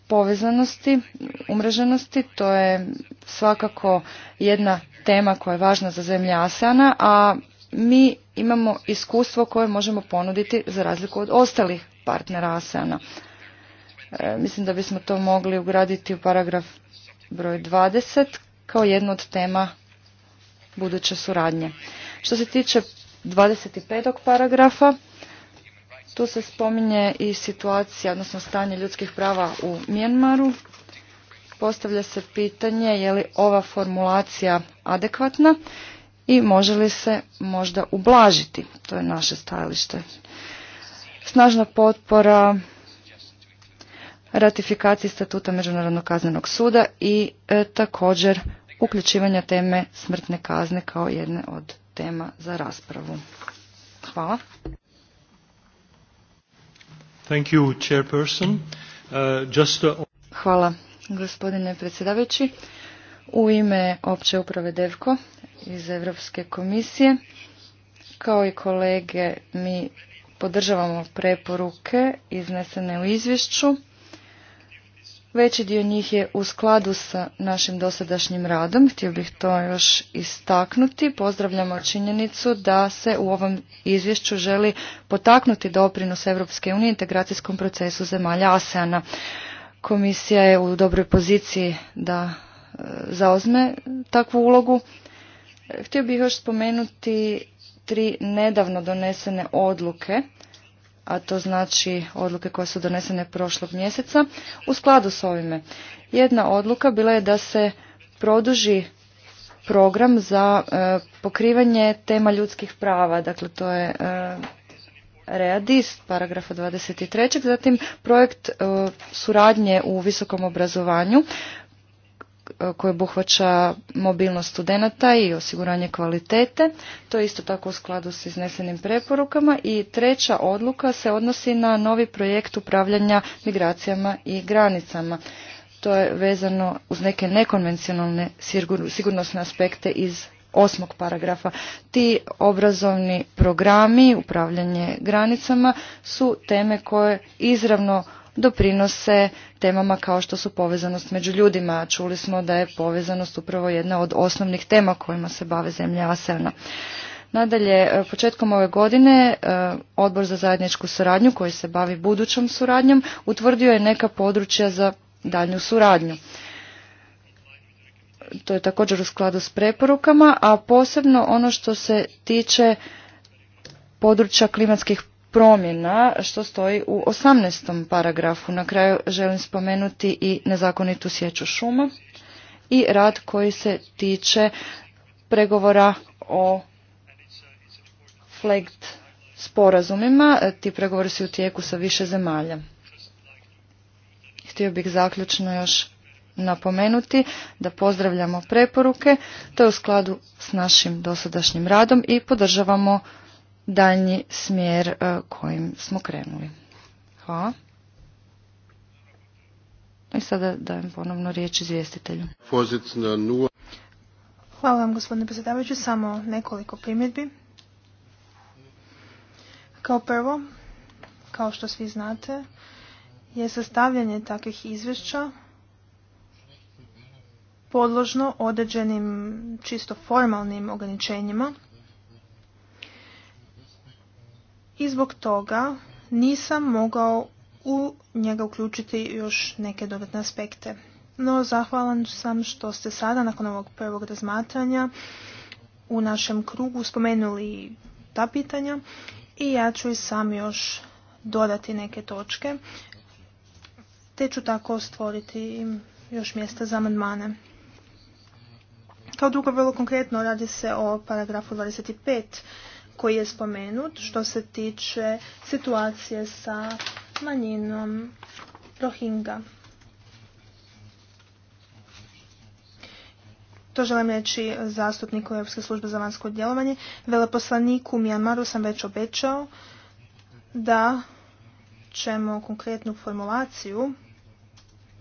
povezanosti, umreženosti, to je svakako jedna tema koja je važna za zemlje ASEANA, a mi imamo iskustvo koje možemo ponuditi za razliku od ostalih partnera ASEANA. E, mislim da bismo to mogli ugraditi u paragraf broj 20 kao jednu od tema buduće suradnje. Što se tiče 25. paragrafa, tu se spominje i situacija, odnosno stanje ljudskih prava u Mijenmaru. Postavlja se pitanje je li ova formulacija adekvatna i može li se možda ublažiti. To je naše stajalište. Snažna potpora ratifikaciji statuta Međunarodnog kaznenog suda i e, također uključivanja teme smrtne kazne kao jedne od tema za raspravu. Hvala. Thank uh, uh, Hvala, gospodine predsjedavajući. U ime opće uprave Devko iz Europske komisije, kao i kolege, mi podržavamo preporuke iznesene u izvješću Veći dio njih je u skladu sa našim dosadašnjim radom. Htio bih to još istaknuti. Pozdravljamo činjenicu da se u ovom izvješću želi potaknuti doprinos Europske unije integracijskom procesu zemalja ASEANA. Komisija je u dobroj poziciji da e, zaozme takvu ulogu. Htio bih još spomenuti tri nedavno donesene odluke a to znači odluke koje su donesene prošlog mjeseca, u skladu s ovime. Jedna odluka bila je da se produži program za e, pokrivanje tema ljudskih prava, dakle to je e, paragrafa paragrafa 23. Zatim projekt e, suradnje u visokom obrazovanju E, koje obuhvaća mobilnost studenata i osiguranje kvalitete. To je isto tako u skladu s iznesenim preporukama. I treća odluka se odnosi na novi projekt upravljanja migracijama i granicama. To je vezano uz neke nekonvencionalne sigurnosne aspekte iz osmog paragrafa. Ti obrazovni programi, upravljanje granicama su teme koje izravno doprinose temama kao što su povezanost među ljudima. Čuli smo da je povezanost upravo jedna od osnovnih tema kojima se bave zemlje ASEANA. Nadalje, e, početkom ove godine e, Odbor za zajedničku suradnju koji se bavi budućom suradnjom utvrdio je neka područja za daljnju suradnju. To je također u skladu s preporukama, a posebno ono što se tiče područja klimatskih promjena što stoji u 18. paragrafu. Na kraju želim spomenuti i nezakonitu sjeću šuma i rad koji se tiče pregovora o flegt sporazumima. Ti pregovori su u tijeku sa više zemalja. Htio bih zaključno još napomenuti da pozdravljamo preporuke, to je u skladu s našim dosadašnjim radom i podržavamo daljnji smjer e, kojim smo krenuli. Hvala. I sada dajem ponovno riječ izvjestitelju. Hvala vam gospodine predsjedavajući. Samo nekoliko primjedbi. Kao prvo, kao što svi znate, je sastavljanje takvih izvješća podložno određenim čisto formalnim ograničenjima i zbog toga nisam mogao u njega uključiti još neke dodatne aspekte. No, zahvalan sam što ste sada, nakon ovog prvog razmatranja, u našem krugu spomenuli ta pitanja i ja ću i sam još dodati neke točke, te ću tako stvoriti još mjesta za amandmane. Kao drugo, vrlo konkretno, radi se o paragrafu 25 koji je spomenut što se tiče situacije sa manjinom Rohinga. To želim reći zastupniku Europske službe za vanjsko djelovanje. Veleposlaniku Mijanmaru sam već obećao da ćemo konkretnu formulaciju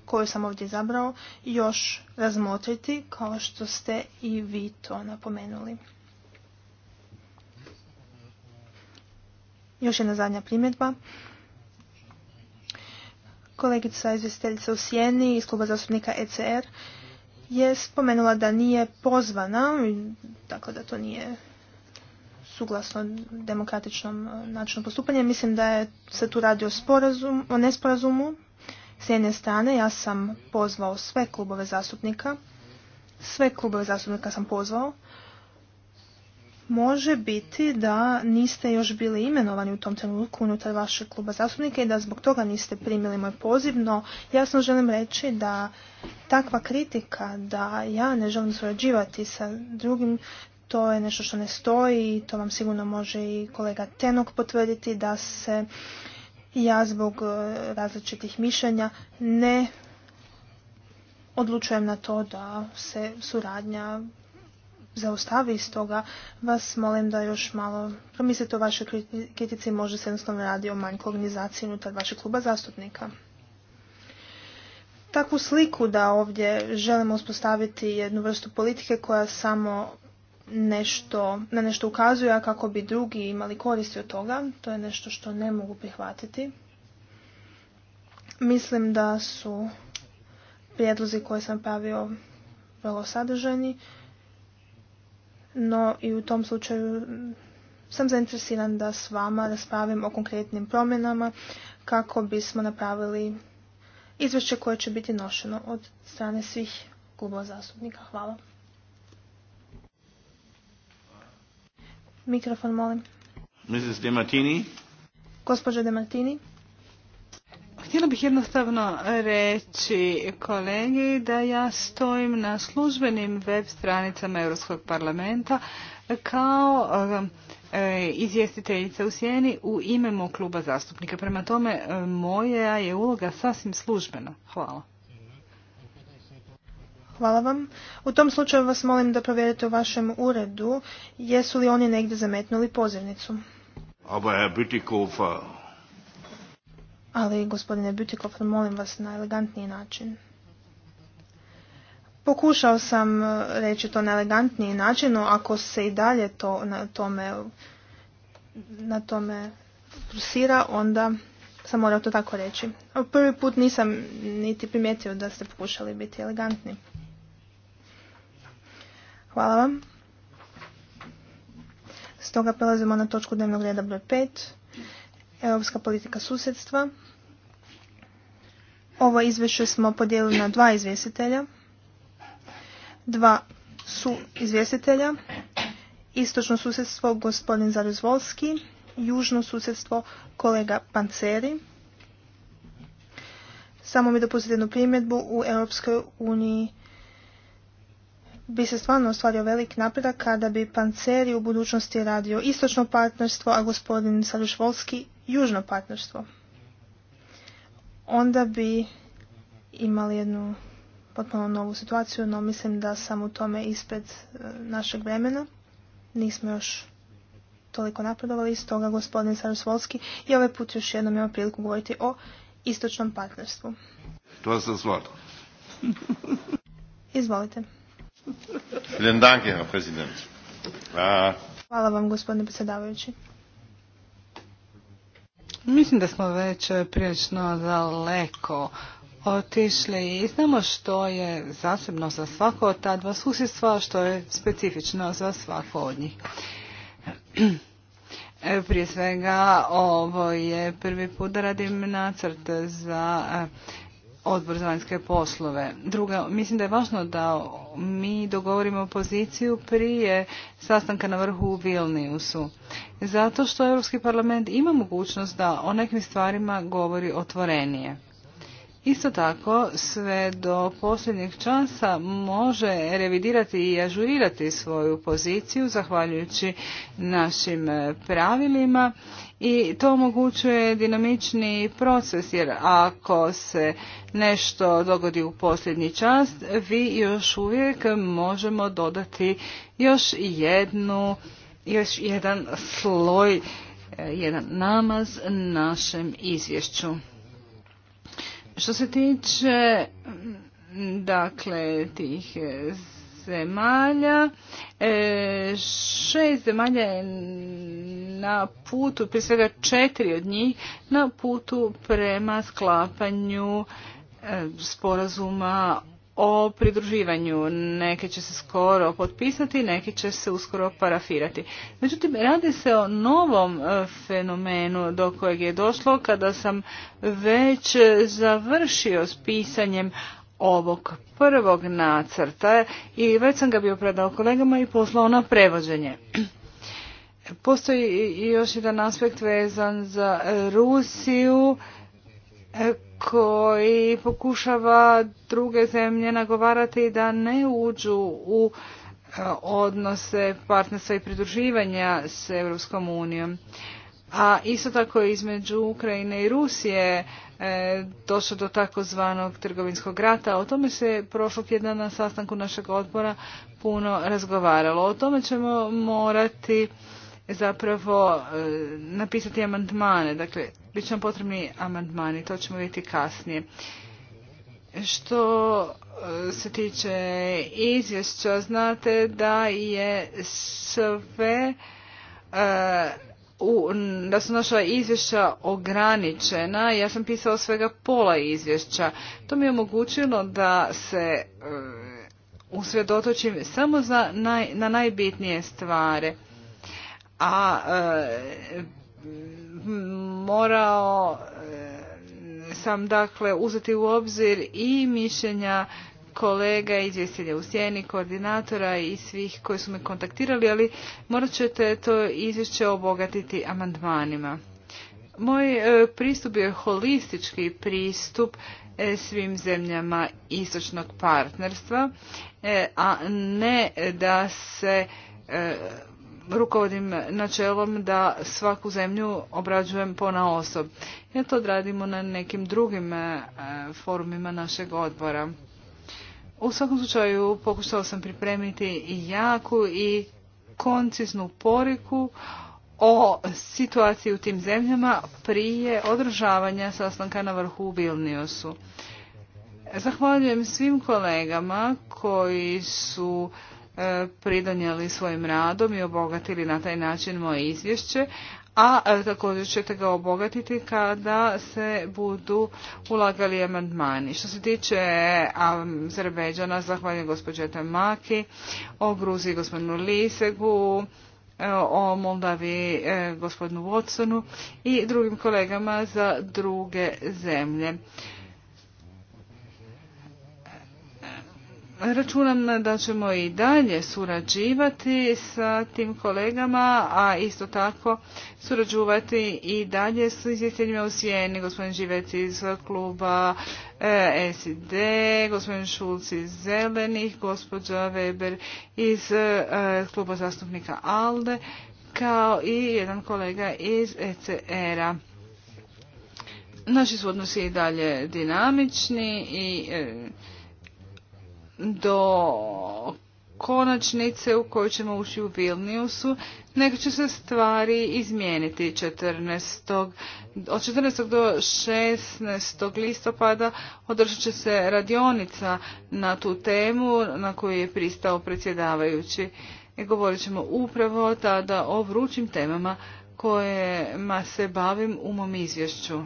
koju sam ovdje zabrao, još razmotriti kao što ste i vi to napomenuli. Još jedna zadnja primjedba. Kolegica izvjestiteljica u Sijeni iz kluba zastupnika ECR je spomenula da nije pozvana, tako da to nije suglasno demokratičnom e, načinu postupanja. Mislim da je se tu radi o, o nesporazumu. S jedne strane ja sam pozvao sve klubove zastupnika, sve klubove zastupnika sam pozvao može biti da niste još bili imenovani u tom trenutku unutar vašeg kluba zastupnika i da zbog toga niste primili moj poziv, no jasno želim reći da takva kritika da ja ne želim surađivati sa drugim, to je nešto što ne stoji i to vam sigurno može i kolega Tenok potvrditi da se ja zbog e, različitih mišljenja ne odlučujem na to da se suradnja zaustavi. Stoga vas molim da još malo promislite o vašoj kritici. Može se jednostavno radi o manjku organizaciji unutar vašeg kluba zastupnika. Takvu sliku da ovdje želimo uspostaviti jednu vrstu politike koja samo nešto, na nešto ukazuje, a kako bi drugi imali koristi od toga, to je nešto što ne mogu prihvatiti. Mislim da su prijedlozi koje sam pravio vrlo sadržajni no i u tom slučaju mm, sam zainteresiran da s vama raspravim o konkretnim promjenama kako bismo napravili izvješće koje će biti nošeno od strane svih klubova zastupnika. Hvala. Mikrofon molim. Mrs. De Martini. De Martini. Htjela bih jednostavno reći kolegi da ja stojim na službenim web stranicama Europskog parlamenta kao um, e, izvjestiteljica u sjeni u ime kluba zastupnika. Prema tome, e, moja je uloga sasvim službena. Hvala. Hvala vam. U tom slučaju vas molim da provjerite u vašem uredu jesu li oni negdje zametnuli pozivnicu. Ali, gospodine Butikov, molim vas na elegantniji način. Pokušao sam e, reći to na elegantniji način, no ako se i dalje to na tome, na tome onda sam morao to tako reći. Prvi put nisam niti primijetio da ste pokušali biti elegantni. Hvala vam. Stoga prelazimo na točku dnevnog reda broj pet europska politika susjedstva. Ovo izvješće smo podijelili na dva izvjestitelja. Dva su izvjestitelja. Istočno susjedstvo gospodin Zaruzvolski, južno susjedstvo kolega Panceri. Samo mi dopustite jednu primjedbu. U Europskoj uniji bi se stvarno ostvario velik napredak kada bi Panceri u budućnosti radio istočno partnerstvo, a gospodin Sarušvolski južno partnerstvo. Onda bi imali jednu potpuno novu situaciju, no mislim da sam u tome ispred e, našeg vremena. Nismo još toliko napredovali, stoga gospodin Sarosvolski i ovaj put još jednom ima priliku govoriti o istočnom partnerstvu. To Izvolite. Ah. Hvala vam gospodine predsjedavajući. Mislim da smo već prilično daleko otišli i znamo što je zasebno za svako od ta dva susjedstva, što je specifično za svako od njih. Prije svega ovo je prvi put da radim nacrt za odbor za vanjske poslove. Druga, mislim da je važno da mi dogovorimo poziciju prije sastanka na vrhu u Vilniusu. Zato što Europski parlament ima mogućnost da o nekim stvarima govori otvorenije. Isto tako, sve do posljednjih časa može revidirati i ažurirati svoju poziciju zahvaljujući našim pravilima i to omogućuje dinamični proces jer ako se nešto dogodi u posljednji čas, vi još uvijek možemo dodati još jednu, još jedan sloj, jedan namaz našem izvješću. Što se tiče mm, dakle tih e, zemalja, e, šest zemalja je na putu, prije svega četiri od njih, na putu prema sklapanju e, sporazuma o pridruživanju. Neke će se skoro potpisati, neki će se uskoro parafirati. Međutim, radi se o novom e, fenomenu do kojeg je došlo kada sam već završio s pisanjem ovog prvog nacrta i već sam ga bio predao kolegama i poslao na prevođenje. Postoji još jedan aspekt vezan za Rusiju e, koji pokušava druge zemlje nagovarati da ne uđu u e, odnose partnerstva i pridruživanja s Europskom unijom. A isto tako između Ukrajine i Rusije e, došlo do takozvanog trgovinskog rata. O tome se prošlog tjedna na sastanku našeg odbora puno razgovaralo. O tome ćemo morati zapravo e, napisati amandmane. Dakle, bit će nam potrebni amandmani, to ćemo vidjeti kasnije. Što e, se tiče izvješća, znate da je sve e, da su naša izvješća ograničena. Ja sam pisao svega pola izvješća. To mi je omogućilo da se e, usredotočim samo na najbitnije stvari. A morao eh, sam dakle uzeti u obzir i mišljenja kolega izvjestitelja u sjeni, koordinatora i svih koji su me kontaktirali, ali morat ćete to izvješće obogatiti amandmanima. Moj eh, pristup je holistički pristup eh, svim zemljama istočnog partnerstva, a ne da se rukovodim načelom da svaku zemlju obrađujem pona osob. Ja to odradimo na nekim drugim e, forumima našeg odbora. U svakom slučaju pokušao sam pripremiti jaku i konciznu poriku o situaciji u tim zemljama prije održavanja sastanka na vrhu u Vilniusu. Zahvaljujem svim kolegama koji su E, pridonijeli svojim radom i obogatili na taj način moje izvješće, a e, također ćete ga obogatiti kada se budu ulagali amandmani. Što se tiče Azerbejdžana, zahvaljujem gospođe Tamaki, o Gruziji gospodinu Lisegu, e, o Moldavi gospodinu Watsonu i drugim kolegama za druge zemlje. Računam da ćemo i dalje surađivati sa tim kolegama, a isto tako surađivati i dalje s izvjestiteljima u Sijeni, gospodin Živec iz kluba e, SD, SID, gospodin Šulc iz Zelenih, gospođa Weber iz e, kluba zastupnika ALDE, kao i jedan kolega iz ECR-a. Naši su odnosi i dalje dinamični i e, do konačnice u kojoj ćemo ući u Vilniusu, nego će se stvari izmijeniti 14. Od 14. do 16. listopada održat će se radionica na tu temu na koju je pristao predsjedavajući. Govorit ćemo upravo tada o vrućim temama kojima se bavim u mom izvješću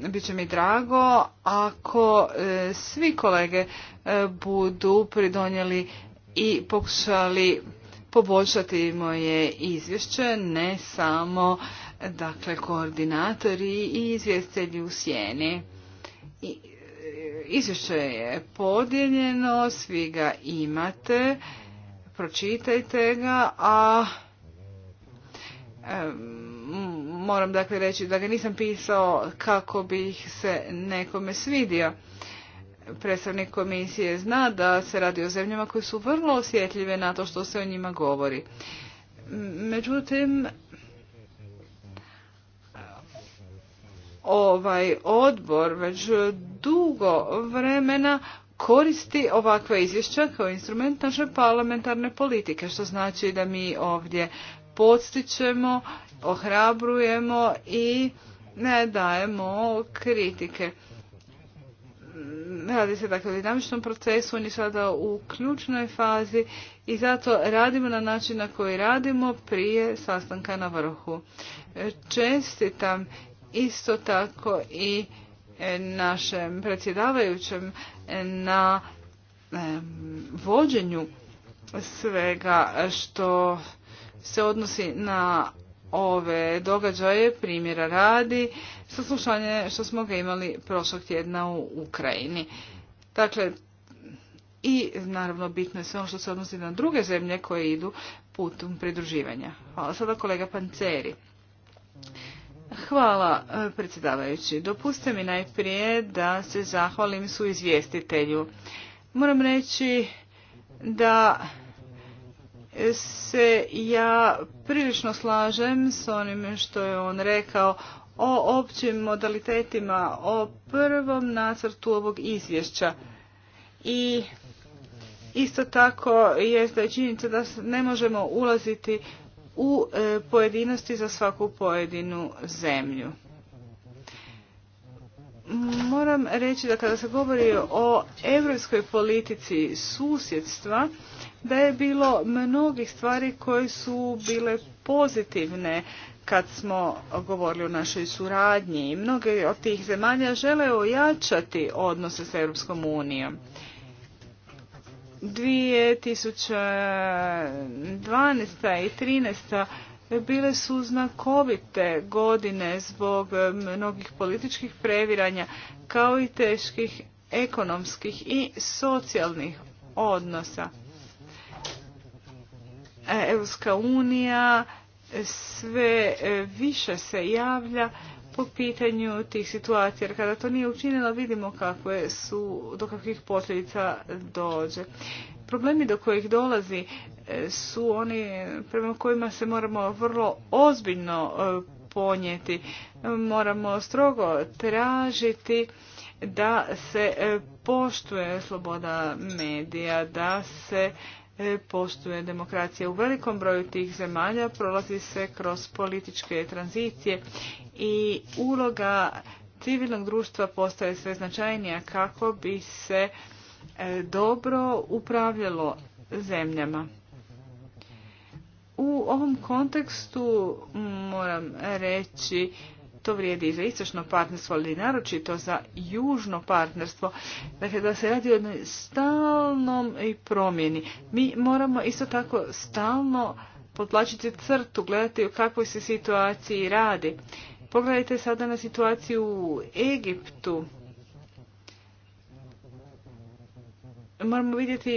bit će mi drago ako e, svi kolege e, budu pridonijeli i pokušali poboljšati moje izvješće, ne samo dakle koordinatori i izvjestelji u sjeni. I, e, izvješće je podijeljeno, svi ga imate, pročitajte ga, a moram dakle reći da ga nisam pisao kako bih se nekome svidio. Predstavnik komisije zna da se radi o zemljama koje su vrlo osjetljive na to što se o njima govori. Međutim, ovaj odbor već dugo vremena koristi ovakva izvješća kao instrument naše parlamentarne politike, što znači da mi ovdje podstičemo ohrabrujemo i ne dajemo kritike. Radi se dakle o dinamičnom procesu, on je sada u ključnoj fazi i zato radimo na način na koji radimo prije sastanka na vrhu. Čestitam isto tako i e, našem predsjedavajućem na e, vođenju svega što se odnosi na ove događaje, primjera radi, saslušanje što smo ga imali prošlog tjedna u Ukrajini. Dakle, i naravno bitno je sve ono što se odnosi na druge zemlje koje idu putom pridruživanja. Hvala sada kolega Panceri. Hvala e, predsjedavajući. Dopuste mi najprije da se zahvalim su izvjestitelju. Moram reći da se ja prilično slažem s onim što je on rekao o općim modalitetima, o prvom nacrtu ovog izvješća. I isto tako je da je činjenica da ne možemo ulaziti u e, pojedinosti za svaku pojedinu zemlju. Moram reći da kada se govori o europskoj politici susjedstva, da je bilo mnogih stvari koje su bile pozitivne kad smo govorili o našoj suradnji i mnoge od tih zemalja žele ojačati odnose s Europskom unijom. 2012. i 2013. bile su znakovite godine zbog mnogih političkih previranja kao i teških ekonomskih i socijalnih odnosa. Europska unija sve e, više se javlja po pitanju tih situacija, jer kada to nije učinjeno, vidimo kakve su, do kakvih posljedica dođe. Problemi do kojih dolazi e, su oni prema kojima se moramo vrlo ozbiljno e, ponijeti. Moramo strogo tražiti da se poštuje sloboda medija, da se E, poštuje demokracija. U velikom broju tih zemalja prolazi se kroz političke tranzicije i uloga civilnog društva postaje sve značajnija kako bi se e, dobro upravljalo zemljama. U ovom kontekstu moram reći to vrijedi i za istočno partnerstvo, ali naročito za južno partnerstvo. Dakle, da se radi o jednoj stalnom promjeni. Mi moramo isto tako stalno potlačiti crtu, gledati o kakvoj se situaciji radi. Pogledajte sada na situaciju u Egiptu. Moramo vidjeti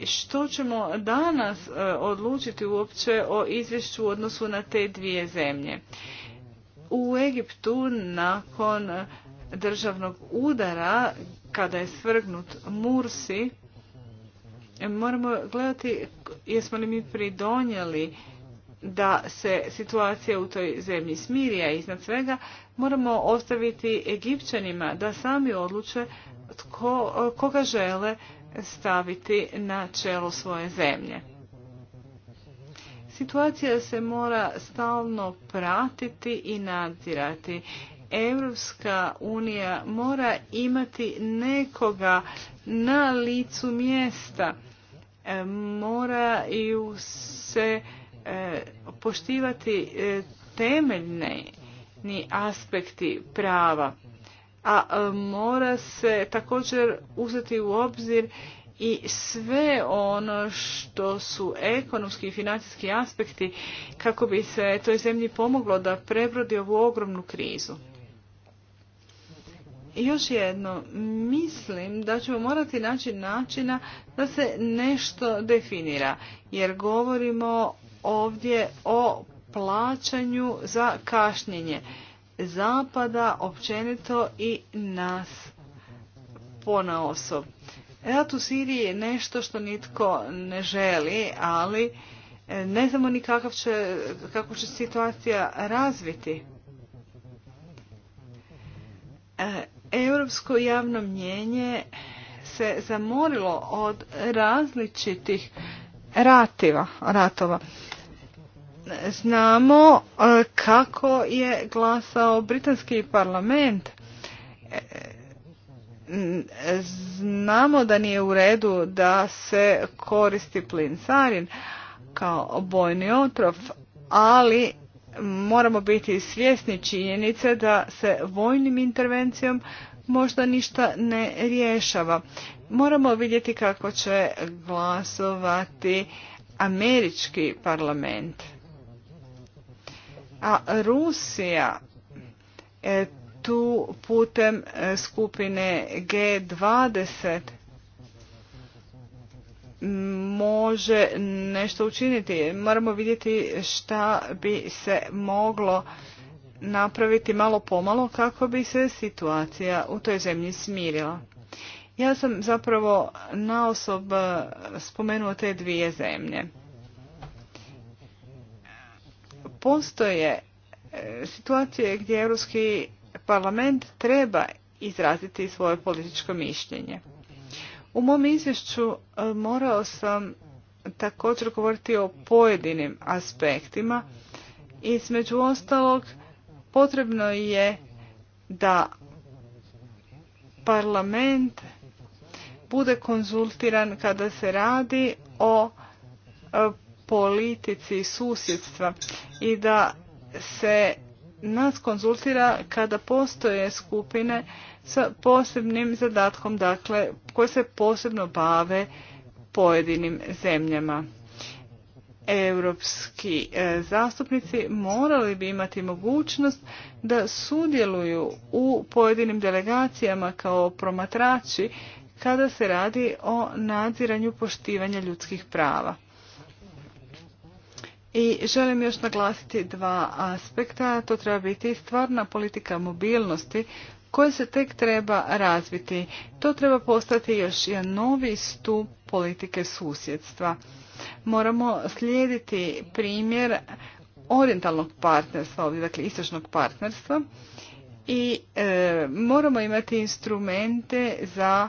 i što ćemo danas e, odlučiti uopće o izvješću u odnosu na te dvije zemlje u Egiptu nakon državnog udara kada je svrgnut Mursi moramo gledati jesmo li mi pridonjeli da se situacija u toj zemlji smiri, iznad svega moramo ostaviti Egipćanima da sami odluče tko, koga žele staviti na čelo svoje zemlje. Situacija se mora stalno pratiti i nadzirati. Europska unija mora imati nekoga na licu mjesta. E, Moraju se e, poštivati e, temeljni aspekti prava a mora se također uzeti u obzir i sve ono što su ekonomski i financijski aspekti kako bi se toj zemlji pomoglo da prebrodi ovu ogromnu krizu. I još jedno, mislim da ćemo morati naći načina da se nešto definira, jer govorimo ovdje o plaćanju za kašnjenje zapada općenito i nas ponaosob. Rat u Siriji je nešto što nitko ne želi, ali e, ne znamo ni kakav će, kako će situacija razviti. E, europsko javno mnjenje se zamorilo od različitih rativa, ratova. Znamo e, kako je glasao britanski parlament znamo da nije u redu da se koristi plin sarin kao bojni otrov, ali moramo biti svjesni činjenice da se vojnim intervencijom možda ništa ne rješava. Moramo vidjeti kako će glasovati američki parlament. A Rusija e, tu putem e, skupine G20 može nešto učiniti. Moramo vidjeti šta bi se moglo napraviti malo pomalo kako bi se situacija u toj zemlji smirila. Ja sam zapravo na osob e, spomenuo te dvije zemlje. Postoje e, situacije gdje europski parlament treba izraziti svoje političko mišljenje. U mom izvješću e, morao sam također govoriti o pojedinim aspektima. Između ostalog, potrebno je da parlament bude konzultiran kada se radi o e, politici susjedstva i da se nas konzultira kada postoje skupine sa posebnim zadatkom, dakle, koje se posebno bave pojedinim zemljama. Europski e, zastupnici morali bi imati mogućnost da sudjeluju u pojedinim delegacijama kao promatrači kada se radi o nadziranju poštivanja ljudskih prava. I želim još naglasiti dva aspekta. To treba biti stvarna politika mobilnosti koja se tek treba razviti. To treba postati još jedan novi stup politike susjedstva. Moramo slijediti primjer orientalnog partnerstva, ovdje dakle istočnog partnerstva i e, moramo imati instrumente za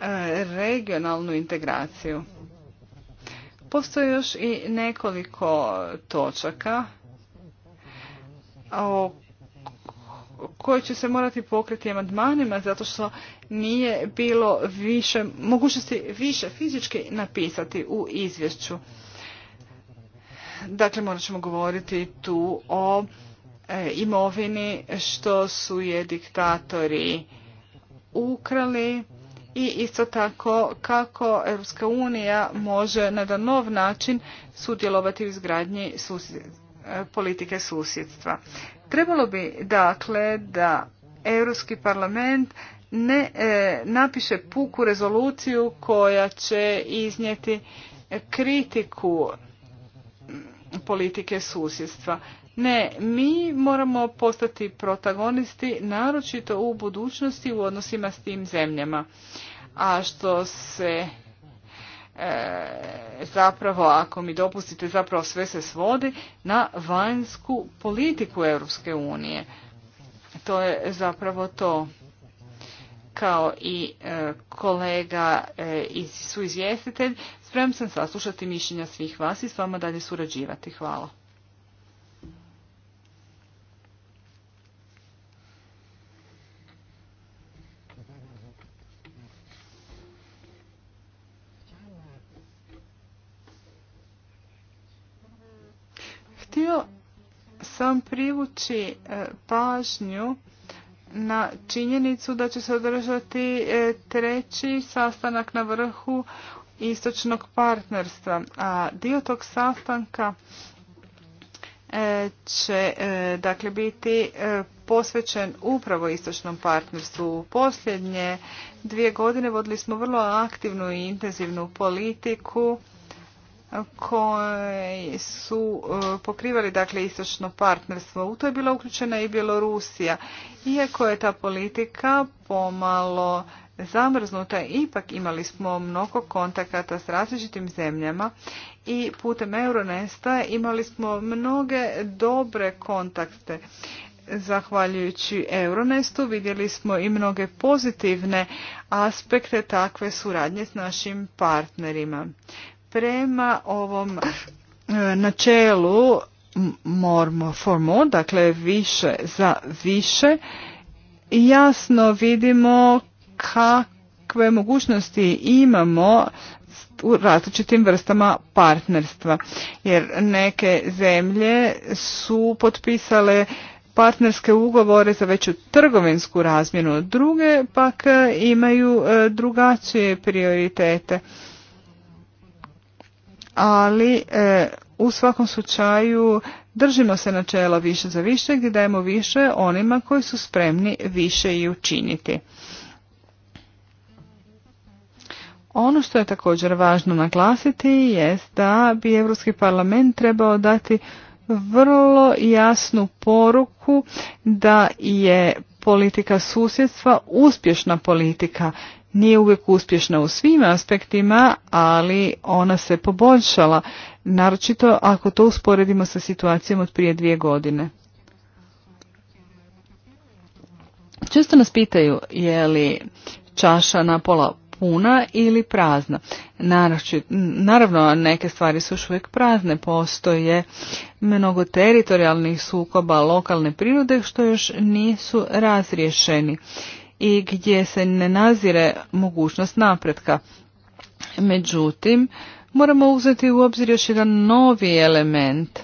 e, regionalnu integraciju. Postoji još i nekoliko točaka koje će se morati pokriti amandmanima zato što nije bilo više mogućnosti više fizički napisati u izvješću. Dakle, morat ćemo govoriti tu o e, imovini što su je diktatori ukrali i isto tako kako Europska unija može na jedan nov način sudjelovati u izgradnji e, politike susjedstva. Trebalo bi dakle da Europski parlament ne e, napiše puku rezoluciju koja će iznijeti kritiku politike susjedstva. Ne, mi moramo postati protagonisti, naročito u budućnosti u odnosima s tim zemljama. A što se e, zapravo, ako mi dopustite, zapravo sve se svodi na vanjsku politiku Europske unije. To je zapravo to kao i e, kolega e, i su izvjestitelj. sam saslušati mišljenja svih vas i s vama dalje surađivati. Hvala. sam privući e, pažnju na činjenicu da će se održati e, treći sastanak na vrhu istočnog partnerstva. A dio tog sastanka e, će dakle biti posvećen upravo istočnom partnerstvu. U posljednje dvije godine vodili smo vrlo aktivnu i intenzivnu politiku koje su e, pokrivali dakle istočno partnerstvo. U to je bila uključena i Bjelorusija. Iako je ta politika pomalo zamrznuta, ipak imali smo mnogo kontakata s različitim zemljama i putem Euronesta imali smo mnoge dobre kontakte. Zahvaljujući Euronestu vidjeli smo i mnoge pozitivne aspekte takve suradnje s našim partnerima prema ovom e, načelu for more, dakle više za više, jasno vidimo kakve mogućnosti imamo u različitim vrstama partnerstva. Jer neke zemlje su potpisale partnerske ugovore za veću trgovinsku razmjenu, druge pak imaju e, drugačije prioritete ali e, u svakom slučaju držimo se načela više za više gdje dajemo više onima koji su spremni više i učiniti. Ono što je također važno naglasiti jest da bi Europski parlament trebao dati vrlo jasnu poruku da je politika susjedstva uspješna politika nije uvijek uspješna u svim aspektima, ali ona se poboljšala, naročito ako to usporedimo sa situacijom od prije dvije godine. Često nas pitaju je li čaša pola puna ili prazna. Naravno, neke stvari su još uvijek prazne, postoje mnogo teritorijalnih sukoba lokalne prirode što još nisu razriješeni i gdje se ne nazire mogućnost napretka. Međutim, moramo uzeti u obzir još jedan novi element,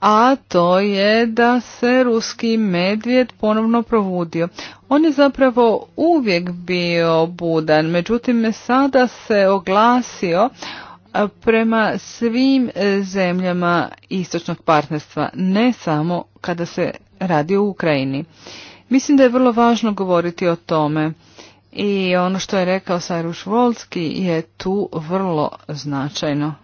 a to je da se ruski medvjed ponovno provudio. On je zapravo uvijek bio budan, međutim sada se oglasio prema svim e, zemljama istočnog partnerstva, ne samo kada se radi o Ukrajini. Mislim da je vrlo važno govoriti o tome. I ono što je rekao Cyrus Volski je tu vrlo značajno.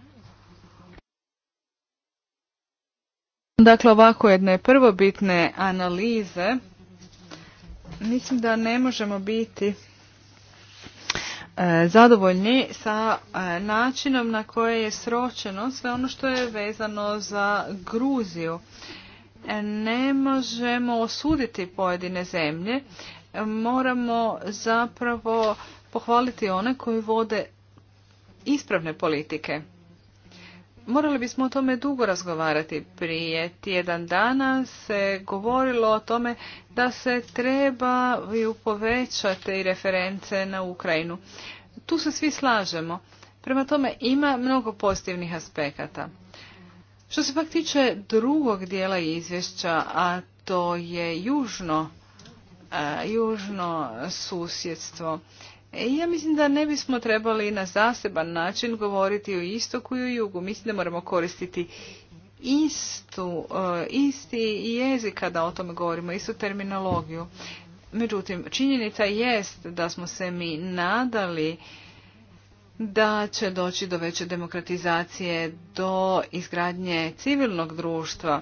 Dakle, ovako jedne prvobitne analize mislim da ne možemo biti e, zadovoljni sa e, načinom na koje je sročeno sve ono što je vezano za Gruziju ne možemo osuditi pojedine zemlje, moramo zapravo pohvaliti one koji vode ispravne politike. Morali bismo o tome dugo razgovarati. Prije tjedan dana se govorilo o tome da se treba povećati reference na Ukrajinu. Tu se svi slažemo. Prema tome ima mnogo pozitivnih aspekata. Što se pak tiče drugog dijela izvješća, a to je južno, južno susjedstvo, e, ja mislim da ne bismo trebali na zaseban način govoriti o istoku i o jugu. Mislim da moramo koristiti istu, e, isti jezik kada o tome govorimo, istu terminologiju. Međutim, činjenica jest da smo se mi nadali da će doći do veće demokratizacije, do izgradnje civilnog društva.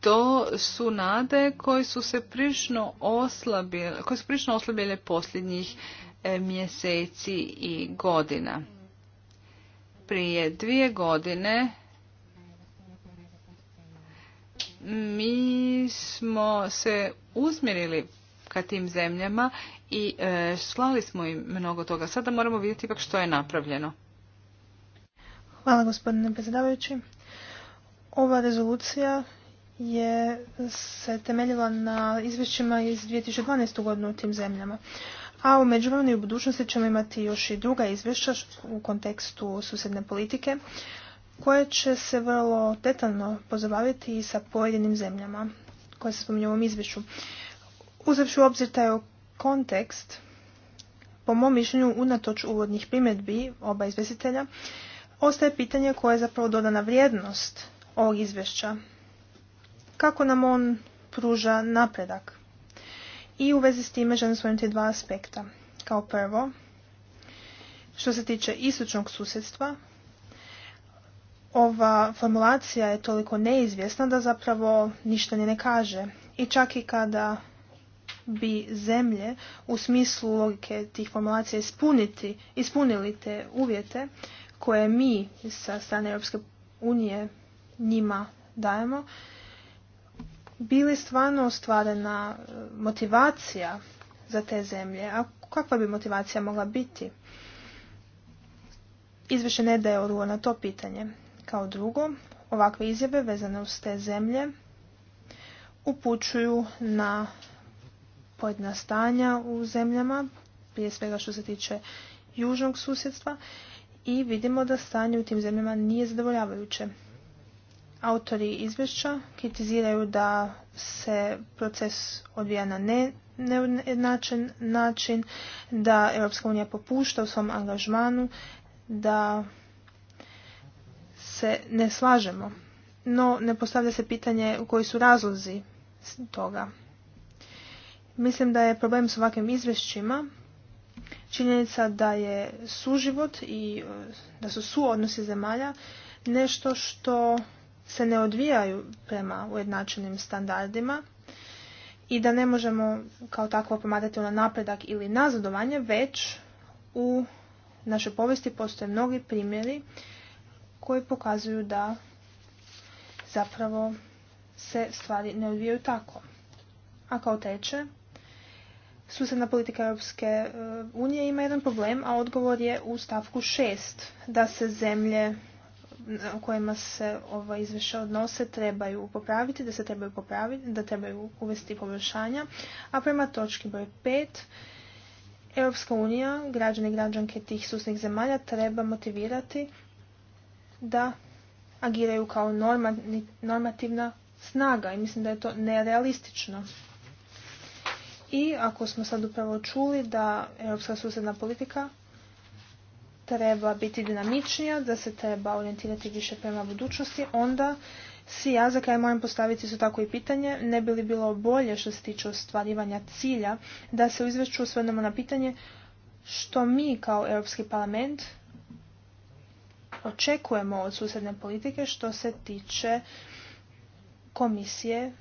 To su nade koje su se prično oslabile, koje su prično oslabile posljednjih e, mjeseci i godina. Prije dvije godine mi smo se uzmjerili ka tim zemljama i e, slali smo im mnogo toga. Sada moramo vidjeti ipak što je napravljeno. Hvala gospodine predsjedavajući. Ova rezolucija je se temeljila na izvješćima iz 2012. godine u tim zemljama. A u međuvremenu i u budućnosti ćemo imati još i druga izvješća u kontekstu susjedne politike koje će se vrlo detaljno pozabaviti i sa pojedinim zemljama koje se spominju u ovom izvješću. uzavši u obzir taj kontekst, po mom mišljenju, unatoč uvodnih primjedbi oba izvjestitelja, ostaje pitanje koja je zapravo dodana vrijednost ovog izvješća. Kako nam on pruža napredak? I u vezi s time želim svojiti dva aspekta. Kao prvo, što se tiče istočnog susjedstva, ova formulacija je toliko neizvjesna da zapravo ništa ni ne kaže. I čak i kada bi zemlje u smislu logike tih formulacija ispuniti, ispunili te uvjete koje mi sa strane Europske unije njima dajemo, bili stvarno ostvarena e, motivacija za te zemlje. A kakva bi motivacija mogla biti? Izvješće ne daje odgovor na to pitanje. Kao drugo, ovakve izjave vezane uz te zemlje upućuju na pojedina stanja u zemljama, prije svega što se tiče južnog susjedstva i vidimo da stanje u tim zemljama nije zadovoljavajuće. Autori izvješća kritiziraju da se proces odvija na ne način, da EU unija popušta u svom angažmanu, da se ne slažemo. No, ne postavlja se pitanje u koji su razlozi toga. Mislim da je problem s ovakvim izvješćima činjenica da je suživot i e, da su suodnosi zemalja nešto što se ne odvijaju prema ujednačenim standardima i da ne možemo kao takvo pomadati na napredak ili nazadovanje, već u našoj povijesti postoje mnogi primjeri koji pokazuju da zapravo se stvari ne odvijaju tako. A kao teče, susjedna politika Europske eh, unije ima jedan problem, a odgovor je u stavku 6. Da se zemlje u eh, kojima se ova izvješća odnose trebaju popraviti, da se trebaju popraviti, da trebaju uvesti poboljšanja. A prema točki broj 5 Europska unija, građani i građanke tih susnih zemalja treba motivirati da agiraju kao normativna snaga i mislim da je to nerealistično. I ako smo sad upravo čuli da europska susjedna politika treba biti dinamičnija, da se treba orijentirati više prema budućnosti, onda si ja za kraj moram postaviti su tako i pitanje, ne bi li bilo bolje što se tiče ostvarivanja cilja da se u izvješću osvrnemo na pitanje što mi kao Europski parlament očekujemo od susjedne politike što se tiče komisije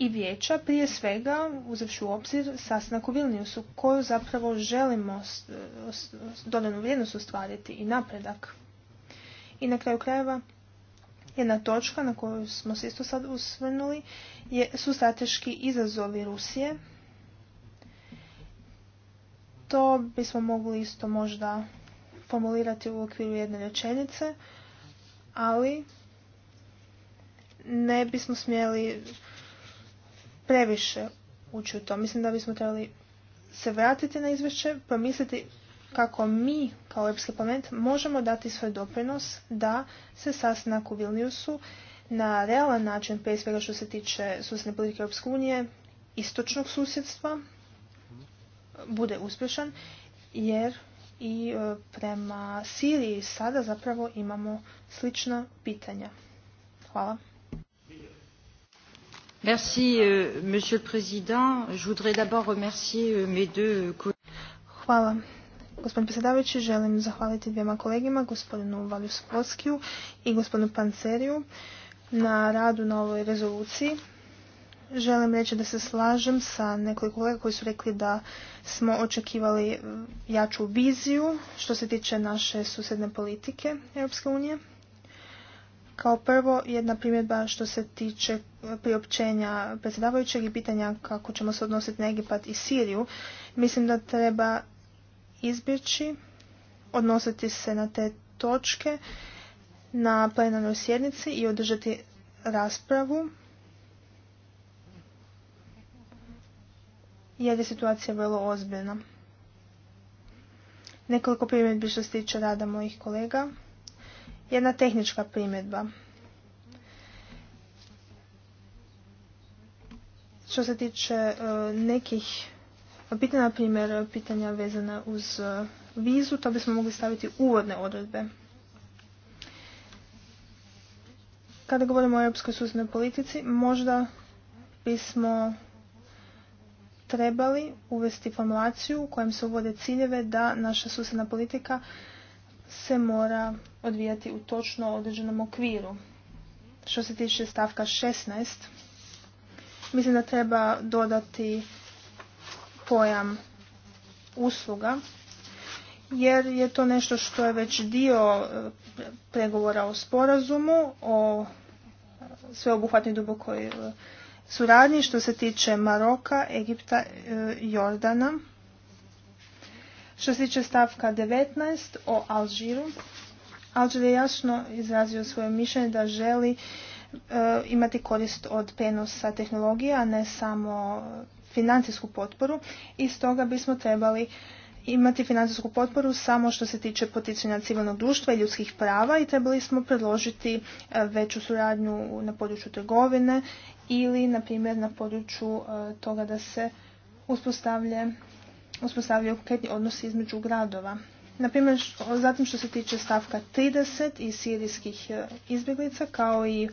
i vijeća prije svega uzevši u obzir sastanak u Vilniusu koju zapravo želimo dodanu vrijednost ostvariti i napredak. I na kraju krajeva jedna točka na koju smo se isto sad usvrnuli je, su strateški izazovi Rusije. To bismo mogli isto možda formulirati u okviru jedne rečenice, ali ne bismo smjeli previše ući u to. Mislim da bismo trebali se vratiti na izvješće, pomisliti kako mi kao Europski parlament možemo dati svoj doprinos da se sastanak u Vilniusu na realan način, prije svega što se tiče susjedne politike Europske unije, istočnog susjedstva, bude uspješan, jer i e, prema Siriji sada zapravo imamo slična pitanja. Hvala. Merci, Hvala. Gospodin predsjedavajući, želim zahvaliti dvijema kolegima, gospodinu Valju Polskiju i gospodinu Panceriju na radu na ovoj rezoluciji. Želim reći da se slažem sa nekoliko kolega koji su rekli da smo očekivali e, jaču viziju što se tiče naše susjedne politike Europske unije. Kao prvo, jedna primjedba što se tiče priopćenja predsjedavajućeg i pitanja kako ćemo se odnositi na Egipat i Siriju. Mislim da treba izbjeći, odnositi se na te točke na plenarnoj sjednici i održati raspravu jer je situacija vrlo ozbiljna. Nekoliko primjedbi što se tiče rada mojih kolega jedna tehnička primjedba. Što se tiče e, nekih pitanja, na primjer pitanja vezana uz e, vizu, to bismo mogli staviti uvodne odredbe. Kada govorimo o europskoj susjednoj politici, možda bismo trebali uvesti formulaciju u kojem se uvode ciljeve da naša susjedna politika se mora odvijati u točno određenom okviru. Što se tiče stavka 16, mislim da treba dodati pojam usluga, jer je to nešto što je već dio e, pregovora o sporazumu, o e, sveobuhvatnoj dubokoj e, suradnji što se tiče Maroka, Egipta, Jordana što se tiče stavka 19 o Alžiru, Alžir je jasno izrazio svoje mišljenje da želi e, imati korist od penosa tehnologija, a ne samo financijsku potporu i stoga bismo trebali imati financijsku potporu samo što se tiče poticanja civilnog društva i ljudskih prava i trebali smo predložiti e, veću suradnju na području trgovine ili na primjer na području e, toga da se uspostavlja uspostavljaju konkretni odnosi između gradova. Naprimjer, zatim što se tiče stavka 30 i sirijskih e, izbjeglica, kao i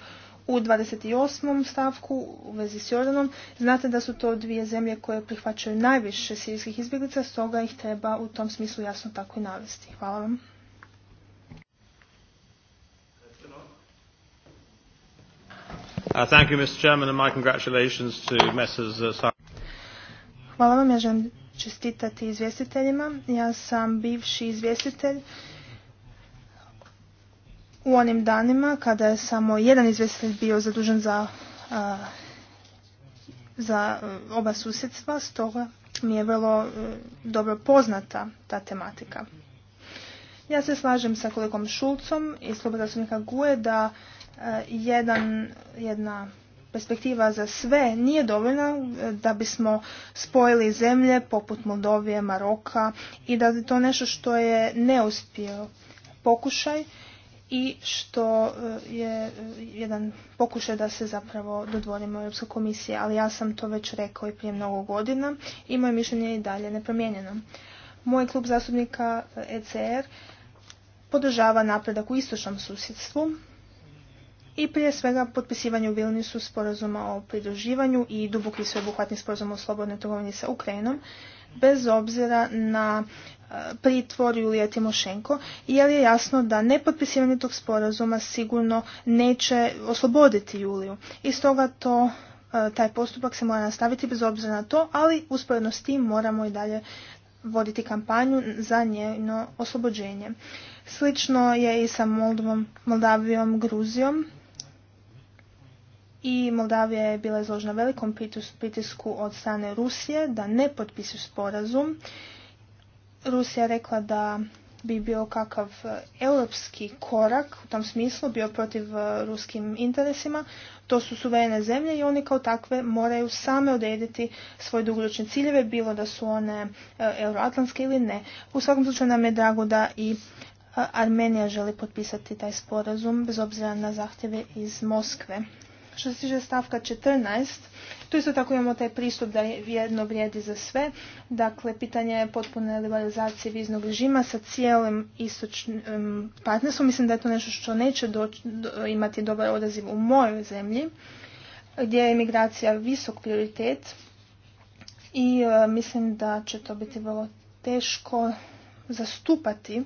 u 28. stavku u vezi s Jordanom, znate da su to dvije zemlje koje prihvaćaju najviše sirijskih izbjeglica, stoga ih treba u tom smislu jasno tako i navesti. Hvala vam. Hvala vam, ja želim čestitati izvjestiteljima. Ja sam bivši izvjestitelj u onim danima kada je samo jedan izvjestitelj bio zadužen za, za oba susjedstva, stoga mi je vrlo dobro poznata ta tematika. Ja se slažem sa kolegom Šulcom i Sloboda Sumnika Guje da jedan, jedna perspektiva za sve nije dovoljna e, da bismo spojili zemlje poput Moldovije, Maroka i da je to nešto što je neuspio pokušaj i što e, je e, jedan pokušaj da se zapravo dodvorimo Europskoj komisiji, ali ja sam to već rekao i prije mnogo godina i moje mišljenje je i dalje nepromijenjeno. Moj klub zastupnika ECR podržava napredak u istočnom susjedstvu, i prije svega potpisivanju Vilnisu sporazuma o pridruživanju i duboki sveobuhvatni sporazum o slobodnoj trgovini sa Ukrajinom, bez obzira na e, pritvor Julije Timošenko, jer je jasno da nepotpisivanje tog sporazuma sigurno neće osloboditi Juliju. I stoga to e, taj postupak se mora nastaviti bez obzira na to, ali usporedno s tim moramo i dalje voditi kampanju za njeno oslobođenje. Slično je i sa Moldovom, Moldavijom, Gruzijom i Moldavija je bila izložena velikom pritisku od strane Rusije da ne potpisu sporazum. Rusija je rekla da bi bio kakav e, europski korak u tom smislu, bio protiv e, ruskim interesima. To su suverene zemlje i oni kao takve moraju same odrediti svoje dugoročne ciljeve, bilo da su one e, euroatlantske ili ne. U svakom slučaju nam je drago da i Armenija želi potpisati taj sporazum bez obzira na zahtjeve iz Moskve. Što se tiče stavka 14, tu isto tako imamo taj pristup da jedno vrijedi za sve. Dakle, pitanje je potpune liberalizacije viznog režima sa cijelim istočnim partnerstvom. Mislim da je to nešto što neće doći, do, imati dobar odaziv u mojoj zemlji, gdje je imigracija visok prioritet i e, mislim da će to biti vrlo teško zastupati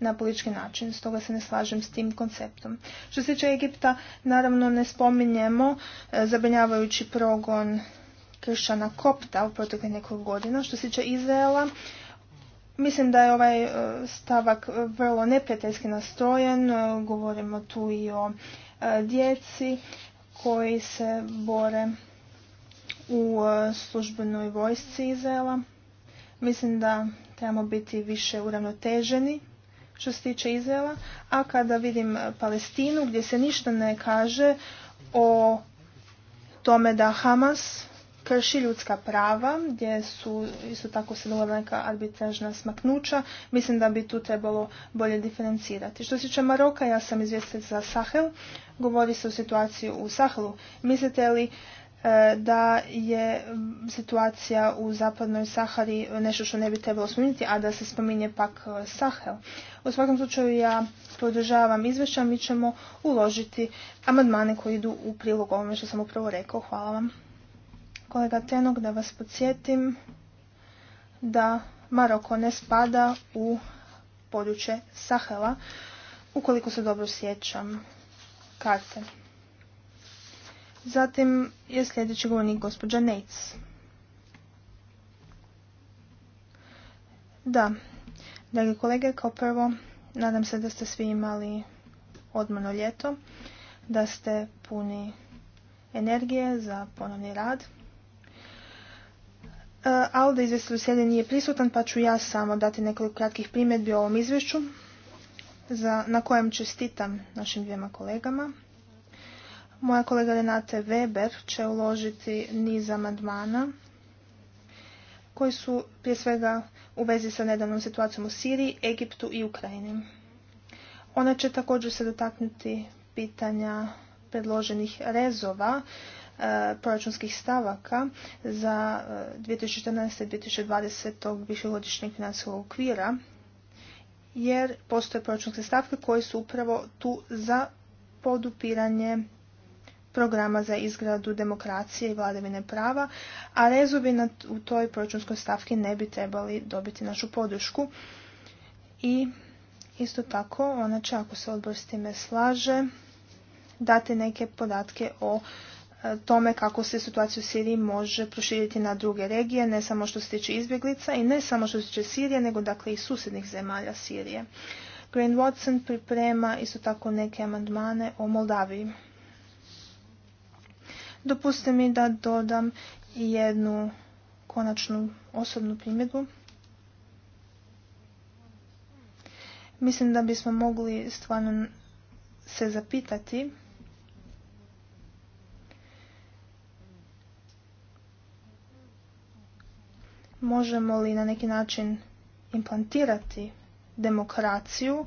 na politički način, stoga se ne slažem s tim konceptom. Što se tiče Egipta, naravno ne spominjemo e, zabrinjavajući progon kršćana kopta u proteklih nekoliko godina. Što se tiče Izraela, Mislim da je ovaj e, stavak vrlo neprijateljski nastrojen, e, govorimo tu i o djeci koji se bore u službenoj vojsci Izraela. Mislim da trebamo biti više uravnoteženi što se tiče Izraela, a kada vidim e, Palestinu gdje se ništa ne kaže o tome da Hamas krši ljudska prava, gdje su isto tako se dogodila neka arbitražna smaknuća, mislim da bi tu trebalo bolje diferencirati. Što se tiče Maroka, ja sam izvjestitelj za Sahel, govori se o situaciji u Sahelu. Mislite li E, da je situacija u zapadnoj Sahari nešto što ne bi trebalo spominjati, a da se spominje pak e, Sahel. U svakom slučaju ja podržavam izvješća, mi ćemo uložiti amandmane koji idu u prilog ovome što sam upravo rekao. Hvala vam. Kolega Tenog, da vas podsjetim da Maroko ne spada u područje Sahela, ukoliko se dobro sjećam karte. Zatim je sljedeći govornik gospođa Nates. Da, dragi kolege, kao prvo, nadam se da ste svi imali odmano ljeto, da ste puni energije za ponovni rad. Alda u sjede nije prisutan, pa ću ja samo dati nekoliko kratkih primjedbi o ovom izvješću, na kojem čestitam našim dvijema kolegama. Moja kolega Renate Weber će uložiti niz amandmana koji su prije svega u vezi sa nedavnom situacijom u Siriji, Egiptu i Ukrajini. Ona će također se dotaknuti pitanja predloženih rezova e, proračunskih stavaka za 2014. E, i 2020. višegodišnjeg financijskog okvira, jer postoje proračunske stavke koje su upravo tu za podupiranje programa za izgradu demokracije i vladavine prava, a rezovi u toj proračunskoj stavki ne bi trebali dobiti našu podršku. I isto tako ona će, ako se odbor s time slaže, dati neke podatke o e, tome kako se situacija u Siriji može proširiti na druge regije, ne samo što se tiče izbjeglica i ne samo što se tiče Sirije, nego dakle i susjednih zemalja Sirije. Green Watson priprema isto tako neke amandmane o Moldaviji. Dopustite mi da dodam jednu konačnu osobnu primjedbu. Mislim da bismo mogli stvarno se zapitati možemo li na neki način implantirati demokraciju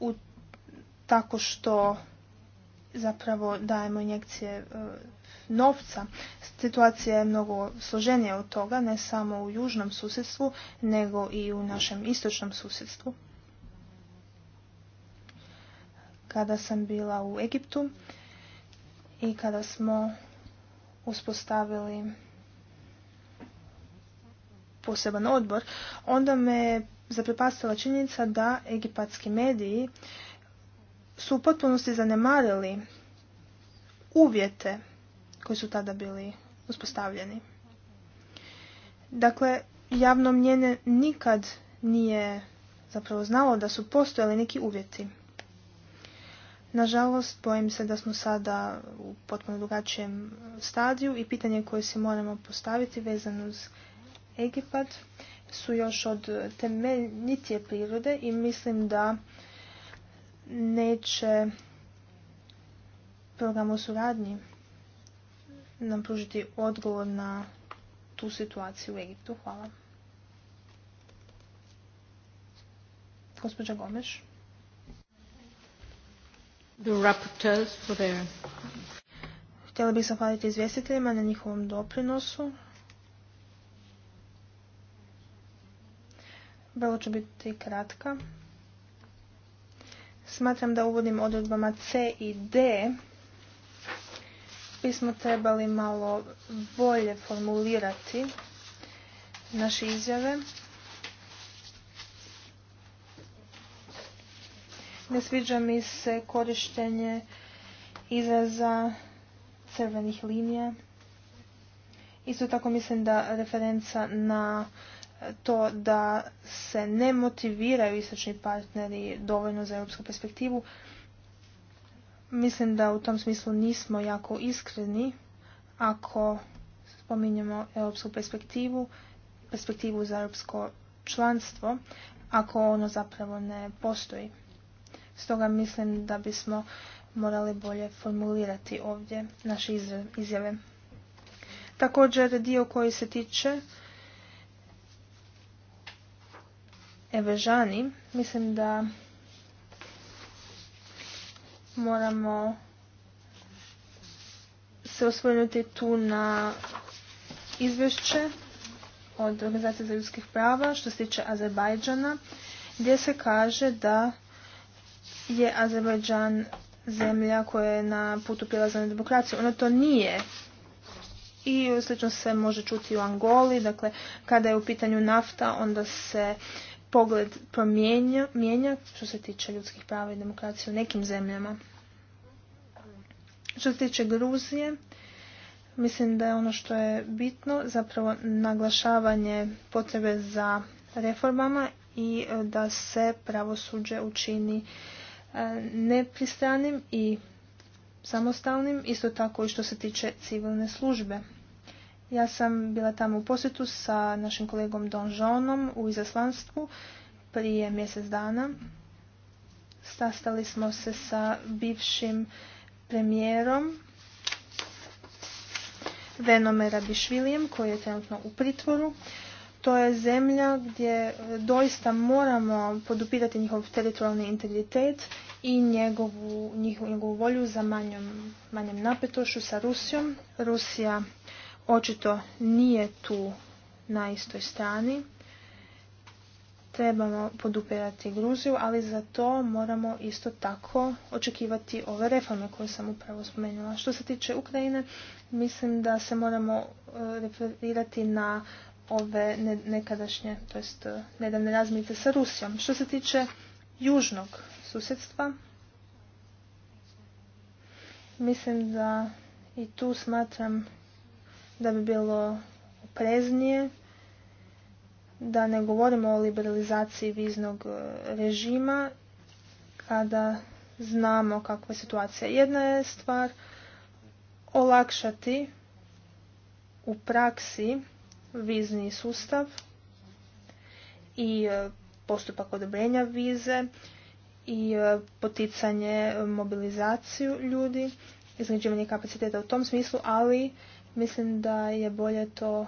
u tako što zapravo dajemo injekcije e, novca. Situacija je mnogo složenija od toga, ne samo u južnom susjedstvu, nego i u našem istočnom susjedstvu. Kada sam bila u Egiptu i kada smo uspostavili poseban odbor, onda me zaprepastila činjenica da egipatski mediji su u potpunosti zanemarili uvjete koji su tada bili uspostavljeni. Dakle, javno mnjenje nikad nije zapravo znalo da su postojali neki uvjeti. Nažalost, bojim se da smo sada u potpuno drugačijem stadiju i pitanje koje se moramo postaviti vezano uz Egipat su još od temeljnitije prirode i mislim da neće program o suradnji nam pružiti odgovor na tu situaciju u Egiptu. Hvala. Gospođa Gomeš. The for their... Htjela bih zahvaliti izvjestiteljima na njihovom doprinosu. Vrlo ću biti kratka. Smatram da uvodim odredbama C i D bismo trebali malo bolje formulirati naše izjave. Ne sviđa mi se korištenje izraza crvenih linija. Isto tako mislim da referenca na to da se ne motiviraju istočni partneri dovoljno za europsku perspektivu Mislim da u tom smislu nismo jako iskreni ako spominjemo europsku perspektivu, perspektivu za europsko članstvo, ako ono zapravo ne postoji. Stoga mislim da bismo morali bolje formulirati ovdje naše izjave. Također dio koji se tiče Evežani, mislim da moramo se osvrnuti tu na izvješće od Organizacije za ljudskih prava što se tiče Azerbajdžana gdje se kaže da je Azerbajdžan zemlja koja je na putu prijelaza na demokraciju. Ona to nije. I slično se može čuti u Angoli. Dakle, kada je u pitanju nafta, onda se pogled promijenja što se tiče ljudskih prava i demokracije u nekim zemljama. Što se tiče Gruzije, mislim da je ono što je bitno zapravo naglašavanje potrebe za reformama i e, da se pravosuđe učini e, nepristranim i samostalnim, isto tako i što se tiče civilne službe. Ja sam bila tamo u posjetu sa našim kolegom Donžonom u izaslanstvu prije mjesec dana. Sastali smo se sa bivšim premijerom Venome Rabišvilijem koji je trenutno u pritvoru. To je zemlja gdje e, doista moramo podupirati njihov teritorijalni integritet i njegovu, njihovu, njegovu volju za manjom, manjem napetošu sa Rusijom. Rusija očito nije tu na istoj strani. Trebamo podupirati Gruziju, ali za to moramo isto tako očekivati ove reforme koje sam upravo spomenula. Što se tiče Ukrajine, mislim da se moramo e, referirati na ove nekadašnje, to jest e, nedavne razmite sa Rusijom. Što se tiče južnog susjedstva, mislim da i tu smatram da bi bilo opreznije da ne govorimo o liberalizaciji viznog e, režima kada znamo kakva je situacija. Jedna je stvar olakšati u praksi vizni sustav i e, postupak odobrenja vize i e, poticanje mobilizaciju ljudi, izgrađivanje kapaciteta u tom smislu, ali mislim da je bolje to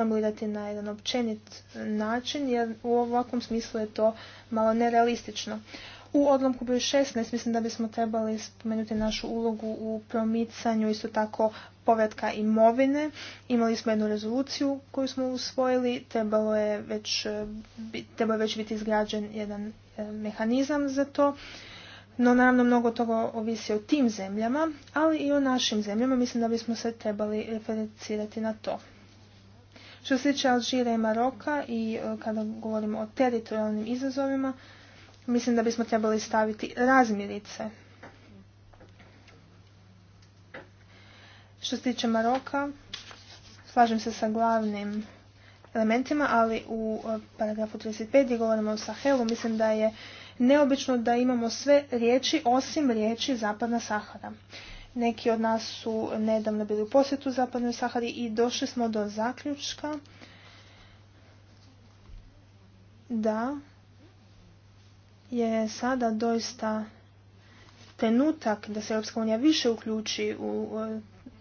formulirati na jedan općenit način jer u ovakvom smislu je to malo nerealistično. U odlomku broj 16 mislim da bismo trebali spomenuti našu ulogu u promicanju isto tako povratka imovine. Imali smo jednu rezoluciju koju smo usvojili, trebalo je već, e, trebalo već biti izgrađen jedan e, mehanizam za to. No naravno mnogo toga ovisi o tim zemljama, ali i o našim zemljama. Mislim da bismo se trebali referencirati na to. Što se tiče Alžira i Maroka i e, kada govorimo o teritorijalnim izazovima, mislim da bismo trebali staviti razmirice. Što se tiče Maroka, slažem se sa glavnim elementima, ali u e, paragrafu 35 gdje govorimo o Sahelu, mislim da je neobično da imamo sve riječi osim riječi Zapadna Sahara. Neki od nas su nedavno bili u posjetu Zapadnoj Sahari i došli smo do zaključka da je sada doista trenutak da se Europska unija više uključi u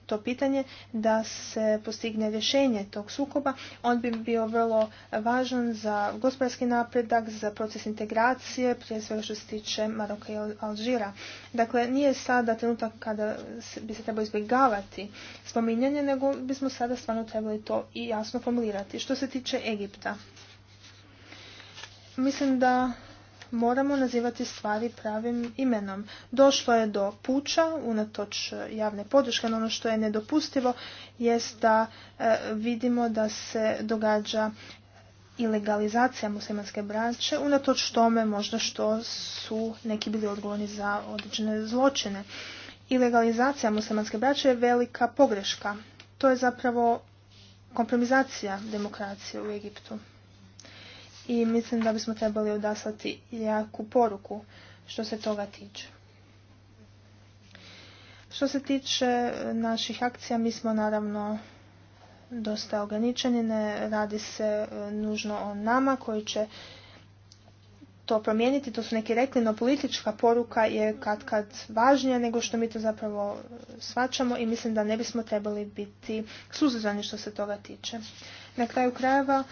to pitanje, da se postigne rješenje tog sukoba. On bi bio vrlo važan za gospodarski napredak, za proces integracije, prije svega što se tiče Maroka i Alžira. Dakle, nije sada trenutak kada bi se trebalo izbjegavati spominjanje, nego bismo sada stvarno trebali to i jasno formulirati. Što se tiče Egipta, mislim da moramo nazivati stvari pravim imenom. Došlo je do puča, unatoč e, javne podrške, no ono što je nedopustivo jest da e, vidimo da se događa e, ilegalizacija muslimanske braće, unatoč tome možda što su neki bili odgovorni za određene zločine. Ilegalizacija muslimanske braće je velika pogreška. To je zapravo kompromizacija demokracije u Egiptu i mislim da bismo trebali odaslati jaku poruku što se toga tiče. Što se tiče naših akcija, mi smo naravno dosta ograničeni, ne radi se e, nužno o nama koji će to promijeniti, to su neki rekli, no politička poruka je kad kad važnija nego što mi to zapravo e, svačamo i mislim da ne bismo trebali biti suzuzani što se toga tiče. Na kraju krajeva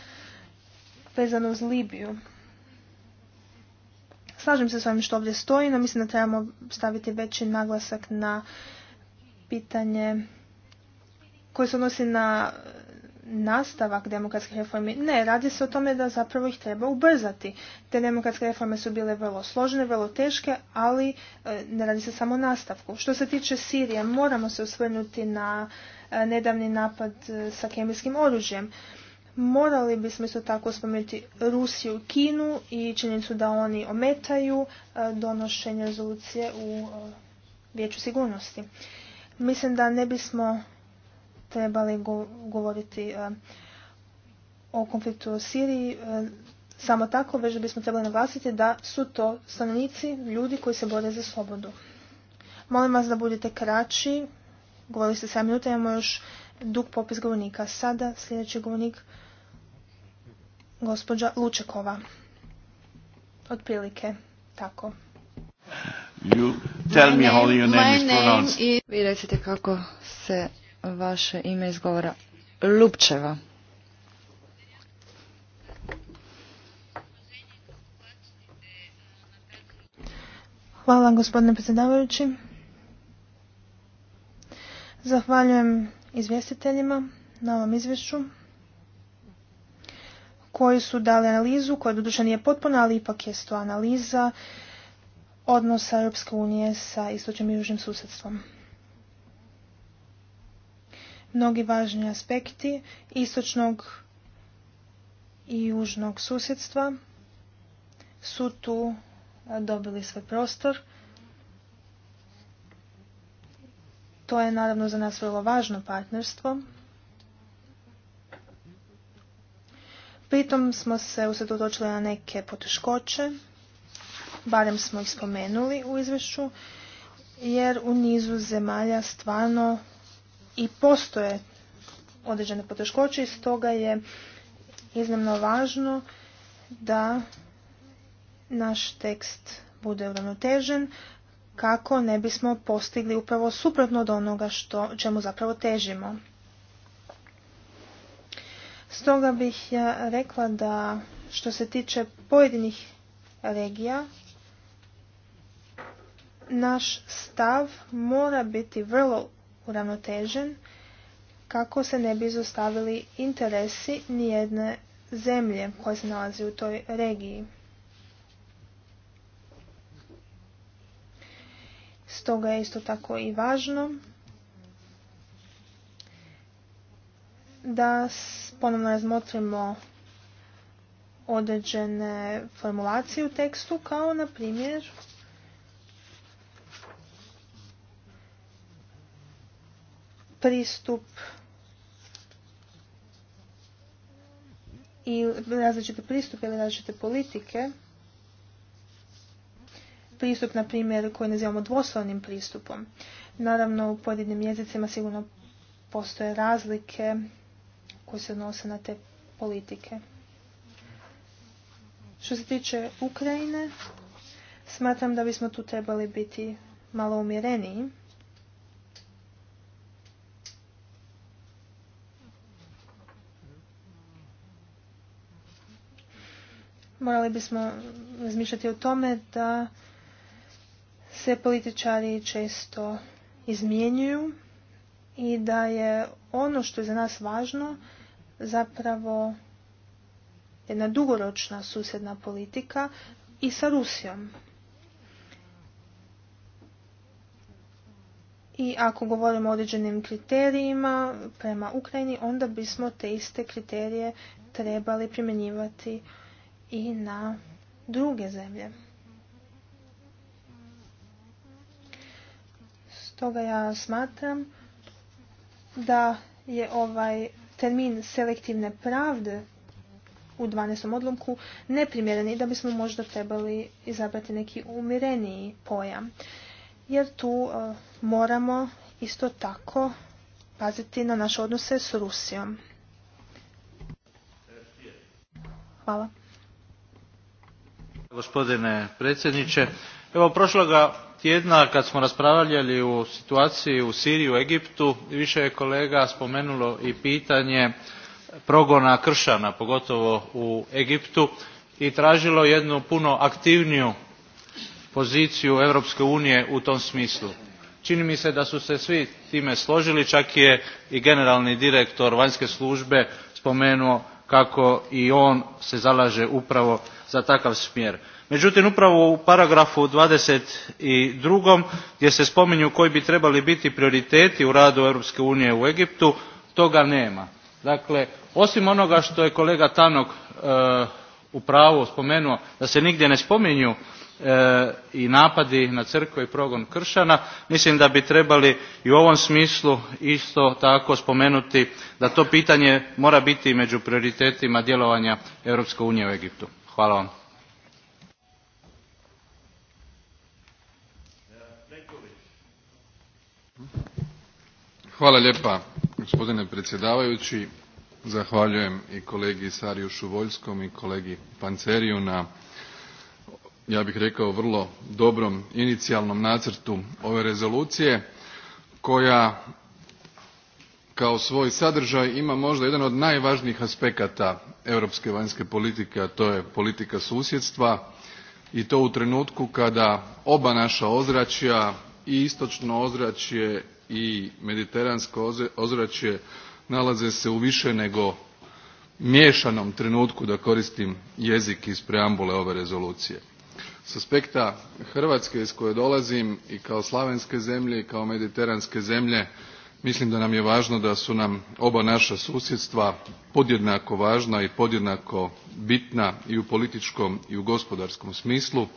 vezano uz Libiju. Slažem se s ovim što ovdje stoji, no mislim da trebamo staviti veći naglasak na pitanje koje se odnosi na nastavak demokratskih reformi. Ne, radi se o tome da zapravo ih treba ubrzati. Te demokratske reforme su bile vrlo složene, vrlo teške, ali e, ne radi se samo o nastavku. Što se tiče Sirije, moramo se osvrnuti na e, nedavni napad e, sa kemijskim oružjem. Morali bismo isto tako spomenuti Rusiju i Kinu i činjenicu da oni ometaju e, donošenje rezolucije u e, vijeću sigurnosti. Mislim da ne bismo trebali govoriti e, o konfliktu u Siriji samo tako, već bismo trebali naglasiti da su to stanovnici, ljudi koji se bore za slobodu. Molim vas da budete kraći, govorili ste 7 minuta, imamo još dug popis govornika. Sada sljedeći govornik gospođa Lučekova. Otprilike tako. You tell me how your name is pronounced. Vi recite kako se vaše ime izgovara. Lupčeva. Hvala gospodine predsjedavajući. Zahvaljujem izvjestiteljima na ovom izvješću koji su dali analizu koja doduše nije potpuna, ali ipak je to analiza odnosa Europske unije sa istočnim i južnim susjedstvom. Mnogi važni aspekti istočnog i južnog susjedstva su tu dobili svoj prostor. To je naravno za nas vrlo važno partnerstvo Pritom smo se usredotočili na neke poteškoće, barem smo ih spomenuli u izvješću, jer u nizu zemalja stvarno i postoje određene poteškoće i stoga je iznimno važno da naš tekst bude uravnotežen kako ne bismo postigli upravo suprotno od onoga što, čemu zapravo težimo. Stoga bih ja rekla da što se tiče pojedinih regija, naš stav mora biti vrlo uravnotežen kako se ne bi izostavili interesi nijedne zemlje koja se nalazi u toj regiji. Stoga je isto tako i važno da ponovno razmotrimo određene formulacije u tekstu, kao na primjer pristup i različite pristupe ili različite politike. Pristup, na primjer, koji nazivamo dvoslovnim pristupom. Naravno, u pojedinim jezicima sigurno postoje razlike koji se odnose na te politike. Što se tiče Ukrajine, smatram da bismo tu trebali biti malo umjereniji. Morali bismo razmišljati o tome da se političari često izmjenjuju i da je ono što je za nas važno zapravo jedna dugoročna susjedna politika i sa Rusijom. I ako govorimo o određenim kriterijima prema Ukrajini, onda bismo te iste kriterije trebali primjenjivati i na druge zemlje. Stoga ja smatram da je ovaj termin selektivne pravde u 12. odlomku neprimjereni i da bismo možda trebali izabrati neki umireniji pojam. Jer tu e, moramo isto tako paziti na naše odnose s Rusijom. Hvala. Gospodine predsjedniče, evo prošloga tjedna kad smo raspravljali o situaciji u siriji u egiptu više je kolega spomenulo i pitanje progona kršćana pogotovo u egiptu i tražilo jednu puno aktivniju poziciju europske unije u tom smislu. čini mi se da su se svi time složili čak je i generalni direktor vanjske službe spomenuo kako i on se zalaže upravo za takav smjer međutim upravo u paragrafu dvadeset dva gdje se spominju koji bi trebali biti prioriteti u radu europske unije u egiptu toga nema. dakle osim onoga što je kolega tannock eh, u pravu spomenuo da se nigdje ne spominju eh, i napadi na crkve i progon kršćana mislim da bi trebali i u ovom smislu isto tako spomenuti da to pitanje mora biti među prioritetima djelovanja europske unije u egiptu. hvala vam. Hvala lijepa gospodine predsjedavajući. Zahvaljujem i kolegi Sariju Voljskom i kolegi Panceriju na ja bih rekao vrlo dobrom inicijalnom nacrtu ove rezolucije koja kao svoj sadržaj ima možda jedan od najvažnijih aspekata europske vanjske politike a to je politika susjedstva i to u trenutku kada oba naša ozračja i istočno ozračje i mediteransko ozračje nalaze se u više nego miješanom trenutku da koristim jezik iz preambule ove rezolucije. S aspekta Hrvatske iz koje dolazim i kao slavenske zemlje i kao mediteranske zemlje mislim da nam je važno da su nam oba naša susjedstva podjednako važna i podjednako bitna i u političkom i u gospodarskom smislu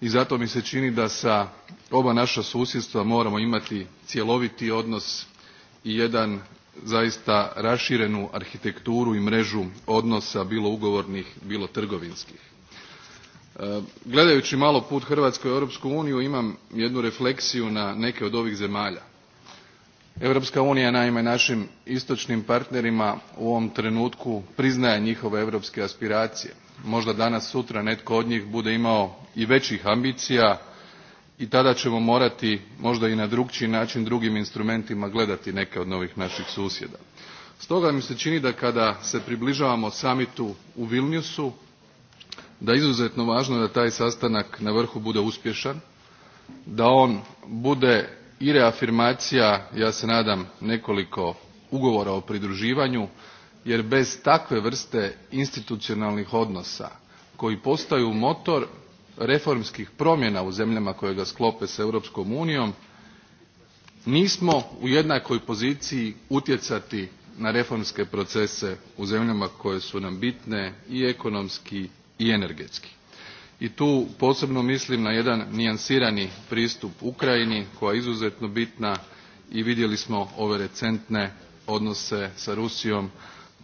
i zato mi se čini da sa oba naša susjedstva moramo imati cjeloviti odnos i jedan zaista raširenu arhitekturu i mrežu odnosa bilo ugovornih bilo trgovinskih. E, gledajući malo put Hrvatske u Europsku uniju imam jednu refleksiju na neke od ovih zemalja. Europska unija naime našim istočnim partnerima u ovom trenutku priznaje njihove europske aspiracije možda danas sutra netko od njih bude imao i većih ambicija i tada ćemo morati možda i na drukčiji način drugim instrumentima gledati neke od novih naših susjeda. stoga mi se čini da kada se približavamo samitu u vilniusu da je izuzetno važno da taj sastanak na vrhu bude uspješan da on bude i reafirmacija ja se nadam nekoliko ugovora o pridruživanju jer bez takve vrste institucionalnih odnosa koji postaju motor reformskih promjena u zemljama koje ga sklope s europskom unijom nismo u jednakoj poziciji utjecati na reformske procese u zemljama koje su nam bitne i ekonomski i energetski i tu posebno mislim na jedan nijansirani pristup ukrajini koja je izuzetno bitna i vidjeli smo ove recentne odnose sa rusijom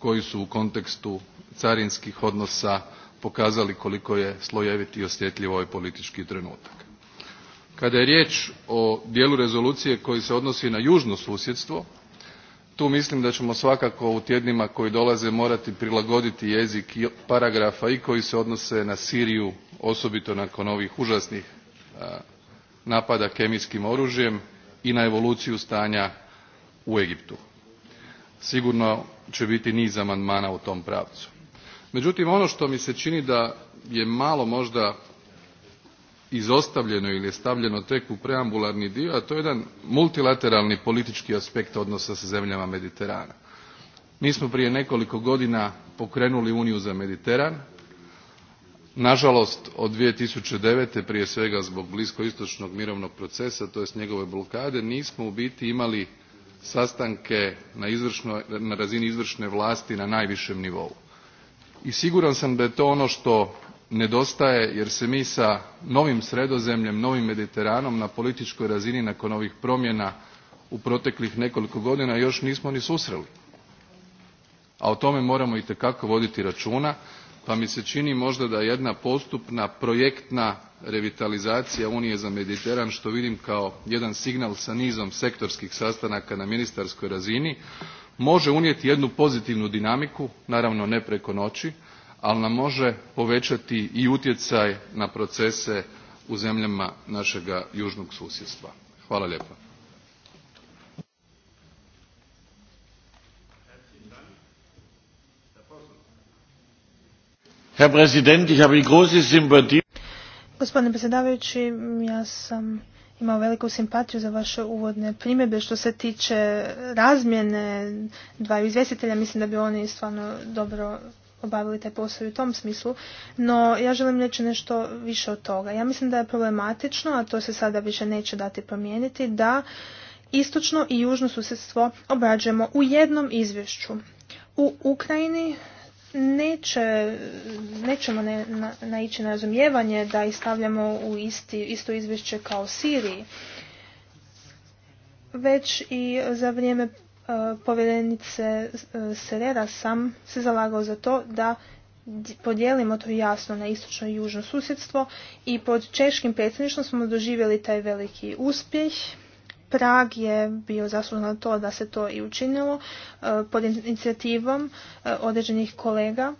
koji su u kontekstu carinskih odnosa pokazali koliko je slojevit i osjetljiv ovaj politički trenutak. Kada je riječ o dijelu rezolucije koji se odnosi na južno susjedstvo, tu mislim da ćemo svakako u tjednima koji dolaze morati prilagoditi jezik paragrafa i koji se odnose na Siriju, osobito nakon ovih užasnih napada kemijskim oružjem i na evoluciju stanja u Egiptu. Sigurno će biti niz amandmana u tom pravcu. međutim ono što mi se čini da je malo možda izostavljeno ili je stavljeno tek u preambularni dio a to je jedan multilateralni politički aspekt odnosa sa zemljama mediterana. mi smo prije nekoliko godina pokrenuli uniju za mediteran nažalost od. two thousand and prije svega zbog bliskoistočnog mirovnog procesa tj. njegove blokade nismo u biti imali sastanke na, razini izvršne vlasti na najvišem nivou i siguran sam da je to ono što nedostaje jer se mi sa novim sredozemljem novim mediteranom na političkoj razini nakon ovih promjena u proteklih nekoliko godina još nismo ni susreli a o tome moramo itekako voditi računa pa mi se čini možda da jedna postupna projektna revitalizacija unije za mediteran što vidim kao jedan signal sa nizom sektorskih sastanaka na ministarskoj razini može unijeti jednu pozitivnu dinamiku naravno ne preko noći ali nam može povećati i utjecaj na procese u zemljama našega južnog susjedstva. hvala lijepa. Gospodine predsjedavajući, ja sam imao veliku simpatiju za vaše uvodne primjedbe što se tiče razmjene dvaju izvjestitelja. Mislim da bi oni stvarno dobro obavili taj posao u tom smislu, no ja želim reći nešto više od toga. Ja mislim da je problematično, a to se sada više neće dati promijeniti, da istočno i južno susjedstvo obrađujemo u jednom izvješću. U Ukrajini neće, nećemo ne, na, naići na razumijevanje da ih stavljamo u isti, isto izvješće kao Siriji, već i za vrijeme e, povjerenice e, Serera sam se zalagao za to da podijelimo to jasno na istočno i južno susjedstvo i pod češkim predsjedništvom smo doživjeli taj veliki uspjeh Prag je bio zaslužen na to da se to i učinilo e, pod inicijativom e, određenih kolega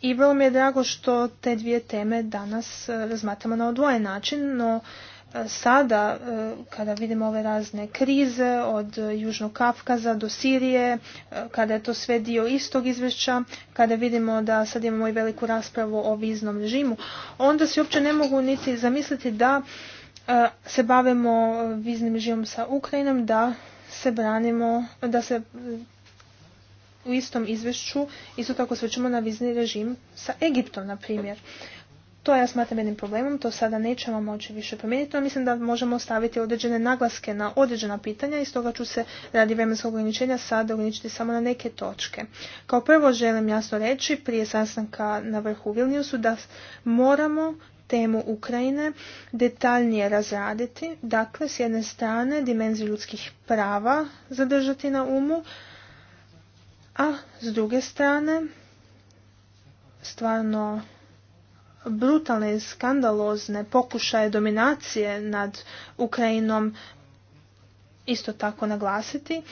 i vrlo mi je drago što te dvije teme danas e, razmatramo na odvojen način, no sada kada vidimo ove razne krize od Južnog Kafkaza do Sirije, kada je to sve dio istog izvješća, kada vidimo da sad imamo i veliku raspravu o viznom režimu, onda se uopće ne mogu niti zamisliti da E, se bavimo e, viznim režimom sa Ukrajinom, da se branimo, da se e, u istom izvješću isto tako svećemo na vizni režim sa Egiptom, na primjer. To ja smatram jednim problemom, to sada nećemo moći više promijeniti, no mislim da možemo staviti određene naglaske na određena pitanja i stoga ću se radi vremenskog ograničenja sada ograničiti samo na neke točke. Kao prvo želim jasno reći prije sastanka na vrhu Vilniusu da moramo temu Ukrajine detaljnije razraditi, dakle s jedne strane dimenziju ljudskih prava zadržati na umu, a s druge strane stvarno brutalne i skandalozne pokušaje dominacije nad Ukrajinom isto tako naglasiti,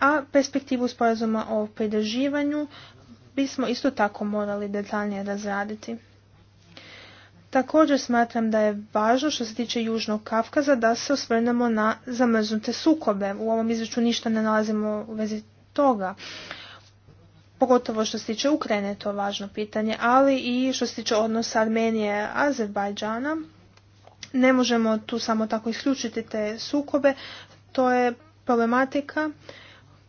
a perspektivu sporazuma o pridrživanju bismo isto tako morali detaljnije razraditi. Također smatram da je važno što se tiče Južnog Kafkaza da se osvrnemo na zamrznute sukobe. U ovom izvješću ništa ne nalazimo u vezi toga. Pogotovo što se tiče Ukrajine, to važno pitanje, ali i što se tiče odnosa Armenije i Azerbajdžana. Ne možemo tu samo tako isključiti te sukobe. To je problematika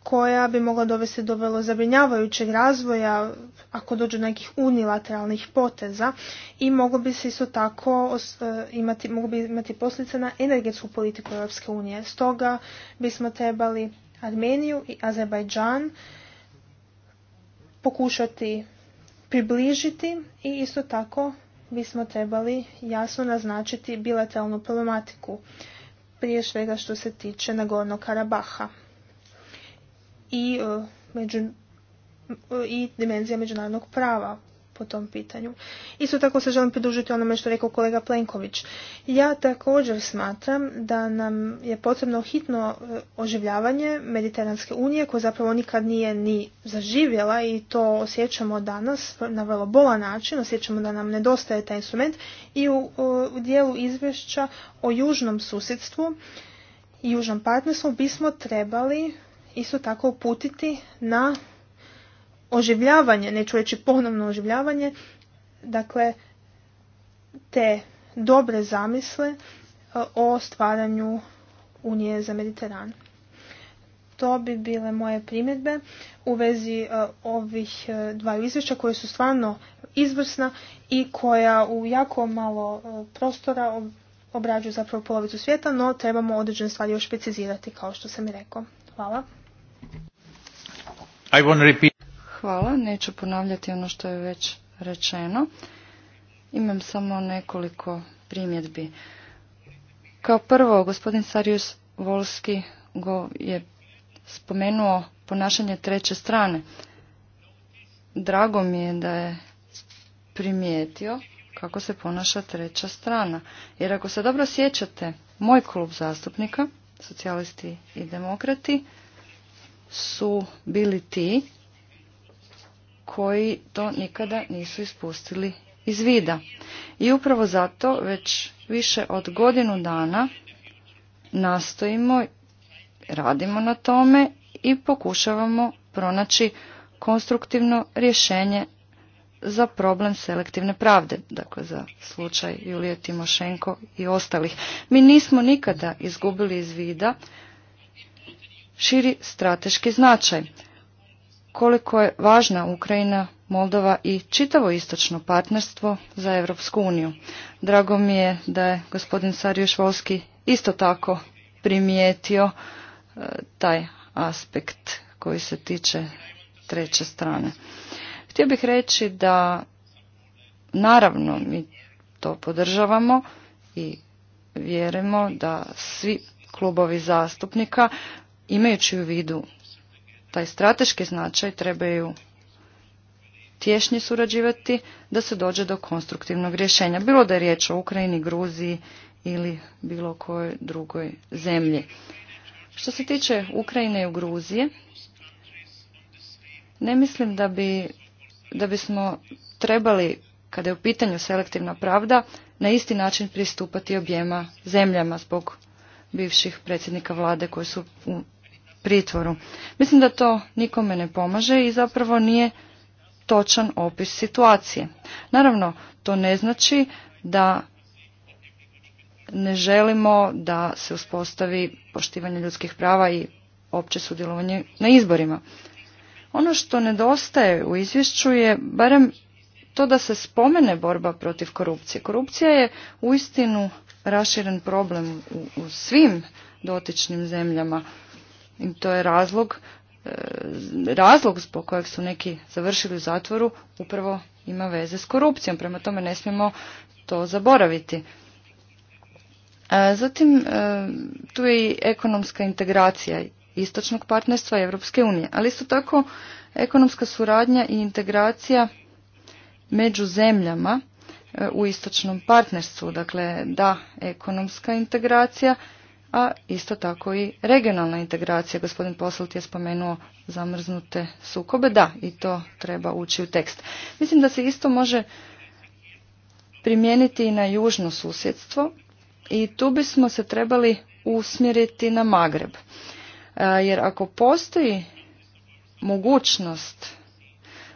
koja bi mogla dovesti do vrlo zabrinjavajućeg razvoja ako dođe do nekih unilateralnih poteza i moglo bi se isto tako e, imati, mogu bi imati posljedice na energetsku politiku Europske unije. Stoga bismo trebali Armeniju i Azerbajdžan pokušati približiti i isto tako bismo trebali jasno naznačiti bilateralnu problematiku prije svega što se tiče Nagorno Karabaha i, e, među, i dimenzija međunarodnog prava po tom pitanju. Isto tako se želim pridružiti onome što je rekao kolega Plenković. Ja također smatram da nam je potrebno hitno e, oživljavanje Mediteranske unije koja zapravo nikad nije ni zaživjela i to osjećamo danas na vrlo bolan način. Osjećamo da nam nedostaje taj instrument i u, e, u dijelu izvješća o južnom susjedstvu i južnom partnerstvu bismo trebali isto tako uputiti na oživljavanje, neću reći ponovno oživljavanje, dakle te dobre zamisle e, o stvaranju Unije za Mediteran. To bi bile moje primjedbe u vezi e, ovih e, dva izvješća koje su stvarno izvrsna i koja u jako malo prostora obrađuju zapravo polovicu svijeta, no trebamo određene stvari još precizirati kao što sam i rekao. Hvala. Hvala, neću ponavljati ono što je već rečeno. Imam samo nekoliko primjedbi. Kao prvo, gospodin Sarius Volski go je spomenuo ponašanje treće strane. Drago mi je da je primijetio kako se ponaša treća strana. Jer ako se dobro sjećate, moj klub zastupnika, socijalisti i demokrati, su bili ti koji to nikada nisu ispustili iz vida. I upravo zato već više od godinu dana nastojimo, radimo na tome i pokušavamo pronaći konstruktivno rješenje za problem selektivne pravde, dakle za slučaj Julije Timošenko i ostalih. Mi nismo nikada izgubili iz vida širi strateški značaj. Koliko je važna Ukrajina, Moldova i čitavo istočno partnerstvo za Europsku uniju. Drago mi je da je gospodin Sarjuš Volski isto tako primijetio e, taj aspekt koji se tiče treće strane. Htio bih reći da naravno mi to podržavamo i vjerujemo da svi klubovi zastupnika Imajući u vidu taj strateški značaj trebaju tješnje surađivati da se dođe do konstruktivnog rješenja. Bilo da je riječ o Ukrajini, Gruziji ili bilo kojoj drugoj zemlji. Što se tiče Ukrajine i Gruzije, ne mislim da bi da bismo trebali kada je u pitanju selektivna pravda na isti način pristupati objema zemljama zbog bivših predsjednika vlade koji su u pritvoru. Mislim da to nikome ne pomaže i zapravo nije točan opis situacije. Naravno, to ne znači da ne želimo da se uspostavi poštivanje ljudskih prava i opće sudjelovanje na izborima. Ono što nedostaje u izvješću je barem to da se spomene borba protiv korupcije. Korupcija je uistinu raširen problem u, u svim dotičnim zemljama. I to je razlog, e, razlog zbog kojeg su neki završili u zatvoru upravo ima veze s korupcijom. Prema tome ne smijemo to zaboraviti. E, zatim e, tu je i ekonomska integracija istočnog partnerstva i Europske unije, ali isto tako ekonomska suradnja i integracija među zemljama u istočnom partnerstvu, dakle da ekonomska integracija a isto tako i regionalna integracija. Gospodin Poslut je spomenuo zamrznute sukobe. Da, i to treba ući u tekst. Mislim da se isto može primijeniti i na južno susjedstvo i tu bismo se trebali usmjeriti na Magreb. E, jer ako postoji mogućnost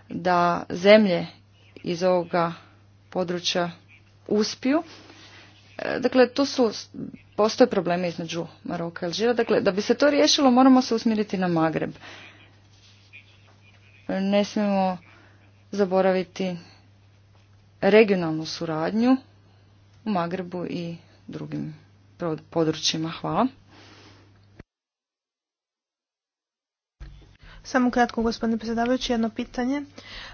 da zemlje iz ovoga područja uspiju, e, dakle tu su postoje problemi između Maroka i Alžira. Dakle, da bi se to riješilo moramo se usmjeriti na Magreb. Ne smijemo zaboraviti regionalnu suradnju u Magrebu i drugim područjima. Hvala. Samo kratko, gospodine predsjedavajući, jedno pitanje.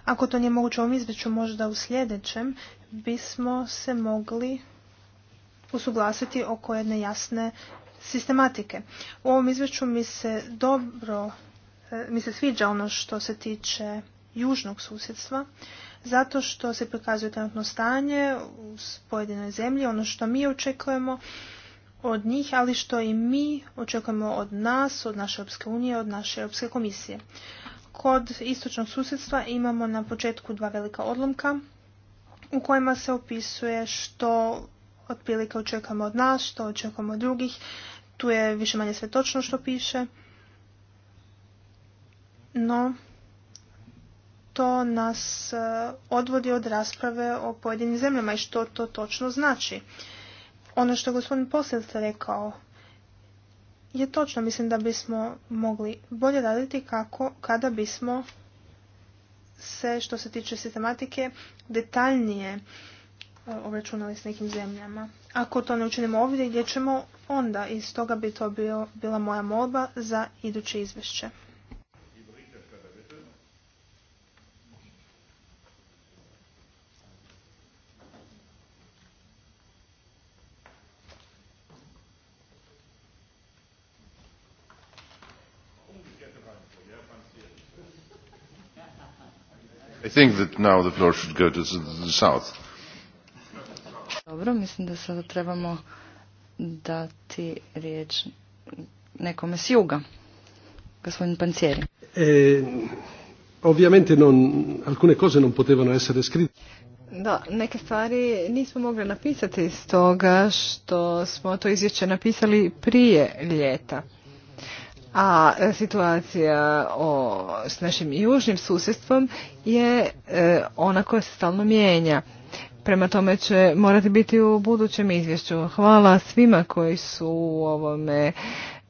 Ako to nije moguće u ovom izveću, možda u sljedećem bismo se mogli usuglasiti oko jedne jasne sistematike. U ovom izvješću mi se dobro, e, mi se sviđa ono što se tiče južnog susjedstva, zato što se prikazuje trenutno stanje u pojedinoj zemlji, ono što mi očekujemo od njih, ali što i mi očekujemo od nas, od naše Europske unije, od naše Europske komisije. Kod istočnog susjedstva imamo na početku dva velika odlomka u kojima se opisuje što otprilike očekujemo od nas, što očekujemo od drugih. Tu je više manje sve točno što piše. No, to nas eh, odvodi od rasprave o pojedinim zemljama i što to točno znači. Ono što je gospodin Posljedca rekao je točno. Mislim da bismo mogli bolje raditi kako kada bismo se što se tiče sistematike detaljnije E, obračunali s nekim zemljama. Ako to ne učinimo ovdje, gdje ćemo onda? I stoga bi to bio, bila moja molba za iduće izvješće dobro. Mislim da sada trebamo dati riječ nekome s juga. Gospodin Pancieri. E, non, alcune cose non potevano essere scritte. Da, neke stvari nismo mogli napisati stoga što smo to izvješće napisali prije ljeta. A situacija o, s našim južnim susjedstvom je e, ona koja se stalno mijenja prema tome će morati biti u budućem izvješću. Hvala svima koji su u ovome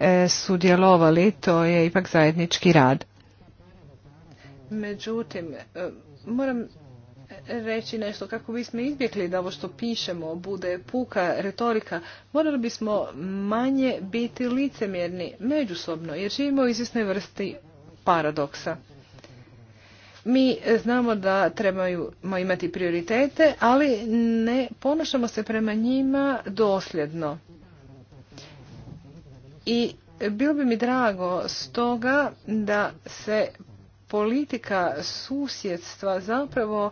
e, sudjelovali, to je ipak zajednički rad. Međutim, e, moram reći nešto kako bismo izbjegli da ovo što pišemo bude puka retorika, morali bismo manje biti licemjerni međusobno jer živimo u izvjesnoj vrsti paradoksa. Mi e, znamo da trebamo imati prioritete, ali ne ponašamo se prema njima dosljedno. I bilo bi mi drago stoga da se politika susjedstva zapravo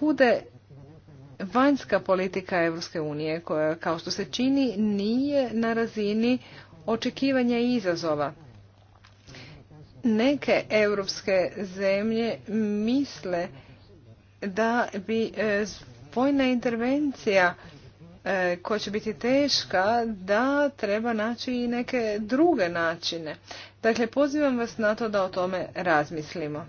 bude vanjska politika Europske unije koja kao što se čini nije na razini očekivanja i izazova. Neke europske zemlje misle da bi e, vojna intervencija e, koja će biti teška, da treba naći i neke druge načine. Dakle, pozivam vas na to da o tome razmislimo.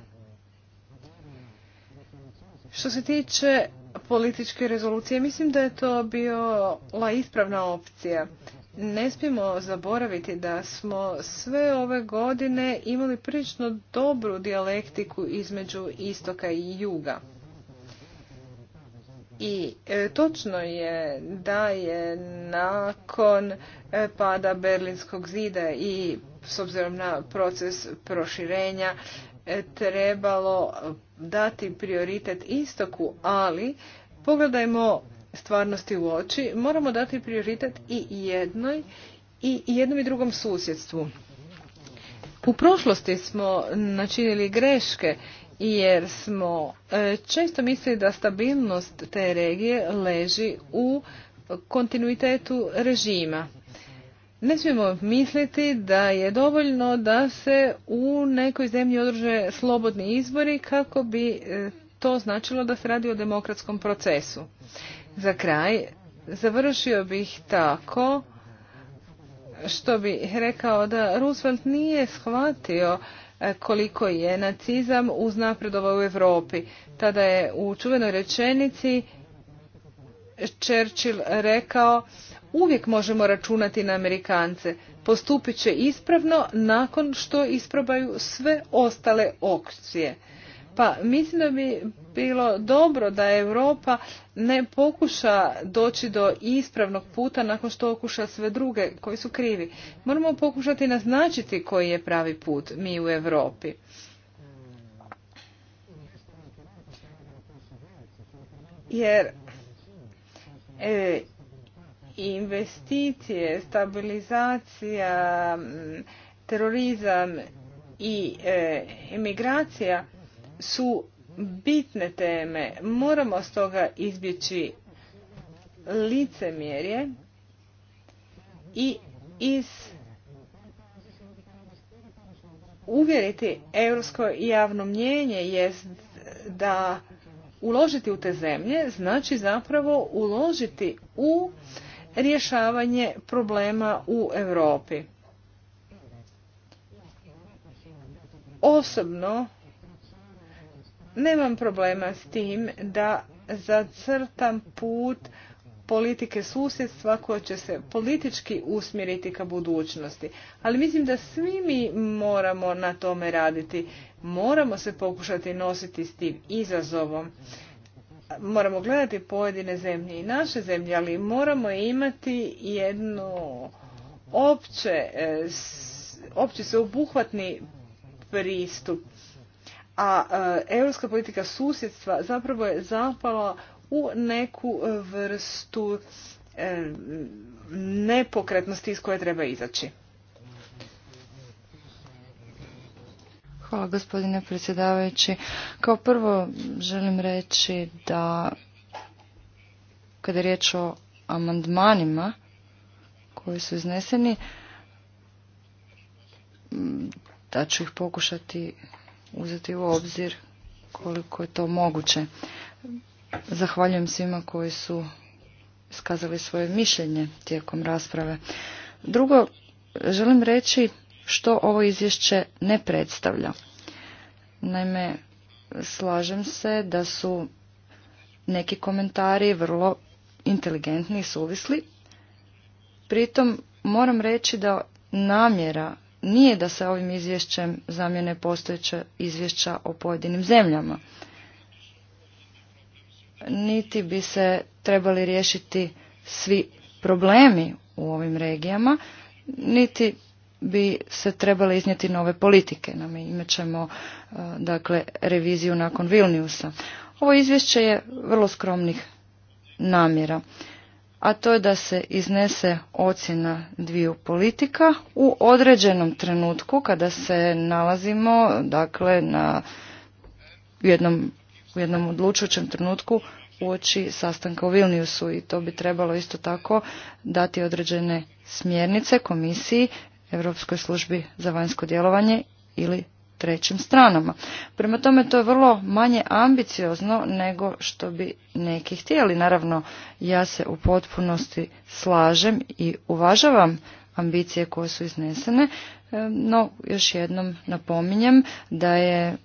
Što se tiče političke rezolucije, mislim da je to bila ispravna opcija ne smijemo zaboraviti da smo sve ove godine imali prilično dobru dijalektiku između istoka i juga. I e, točno je da je nakon e, pada Berlinskog zida i s obzirom na proces proširenja e, trebalo dati prioritet istoku, ali pogledajmo stvarnosti u oči, moramo dati prioritet i jednoj i jednom i drugom susjedstvu. U prošlosti smo načinili greške jer smo e, često mislili da stabilnost te regije leži u kontinuitetu režima. Ne smijemo misliti da je dovoljno da se u nekoj zemlji održe slobodni izbori kako bi e, to značilo da se radi o demokratskom procesu. Za kraj, završio bih tako što bi rekao da Roosevelt nije shvatio e, koliko je nacizam uznapredovao u Europi. Tada je u čuvenoj rečenici Churchill rekao uvijek možemo računati na Amerikance. Postupit će ispravno nakon što isprobaju sve ostale opcije. Pa mislim da bi bilo dobro da Europa ne pokuša doći do ispravnog puta nakon što okuša sve druge koji su krivi. Moramo pokušati naznačiti koji je pravi put mi u Europi. Jer e, investicije, stabilizacija, terorizam i e, imigracija su bitne teme. Moramo stoga izbjeći licemjerje i iz uvjeriti europsko javno mnjenje jest da uložiti u te zemlje znači zapravo uložiti u rješavanje problema u Europi. Osobno Nemam problema s tim da zacrtam put politike susjedstva koja će se politički usmjeriti ka budućnosti. Ali mislim da svi mi moramo na tome raditi. Moramo se pokušati nositi s tim izazovom. Moramo gledati pojedine zemlje i naše zemlje, ali moramo imati jednu opće, e, opće se obuhvatni pristup a e, europska politika susjedstva zapravo je zapala u neku vrstu e, nepokretnosti iz koje treba izaći. Hvala gospodine predsjedavajući. Kao prvo želim reći da kada je riječ o amandmanima koji su izneseni, da ću ih pokušati uzeti u obzir koliko je to moguće. Zahvaljujem svima koji su iskazali svoje mišljenje tijekom rasprave. Drugo, želim reći što ovo izvješće ne predstavlja. Naime, slažem se da su neki komentari vrlo inteligentni i suvisli. Pritom moram reći da namjera nije da se ovim izvješćem zamjene postojeća izvješća o pojedinim zemljama. Niti bi se trebali riješiti svi problemi u ovim regijama, niti bi se trebali iznijeti nove politike. Nam imat ćemo e, dakle, reviziju nakon Vilniusa. Ovo izvješće je vrlo skromnih namjera a to je da se iznese ocjena dviju politika u određenom trenutku kada se nalazimo dakle na u jednom, jednom odlučujućem trenutku uoči sastanka u Vilniusu i to bi trebalo isto tako dati određene smjernice komisiji, Europskoj službi za vanjsko djelovanje ili trećim stranama. Prema tome to je vrlo manje ambiciozno nego što bi neki htjeli. Naravno ja se u potpunosti slažem i uvažavam ambicije koje su iznesene, e, no još jednom napominjem da je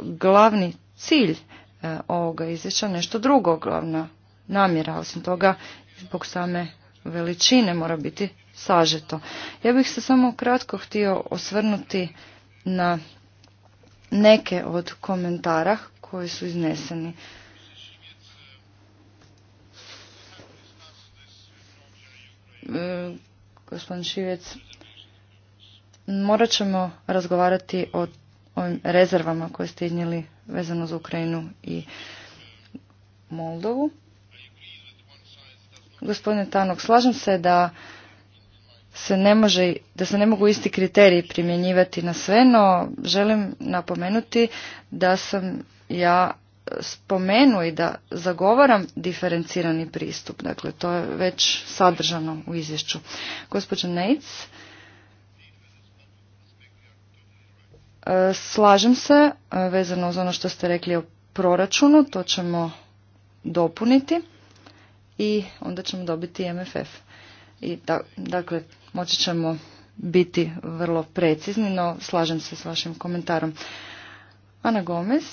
glavni cilj e, ovoga izvješća nešto drugo, glavna namjera, osim toga zbog same veličine mora biti sažeto. Ja bih se samo kratko htio osvrnuti na neke od komentara koji su izneseni. E, gospodin Šivec, morat ćemo razgovarati o ovim rezervama koje ste iznijeli vezano za Ukrajinu i Moldovu. Gospodine Tanok, slažem se da se ne može, da se ne mogu isti kriteriji primjenjivati na sve, no želim napomenuti da sam ja spomenu i da zagovaram diferencirani pristup. Dakle, to je već sadržano u izvješću. Gospođa Nejc, e, slažem se e, vezano uz ono što ste rekli o proračunu, to ćemo dopuniti i onda ćemo dobiti MFF. I dakle, moći ćemo biti vrlo precizni, no slažem se s vašim komentarom. Ana Gomez.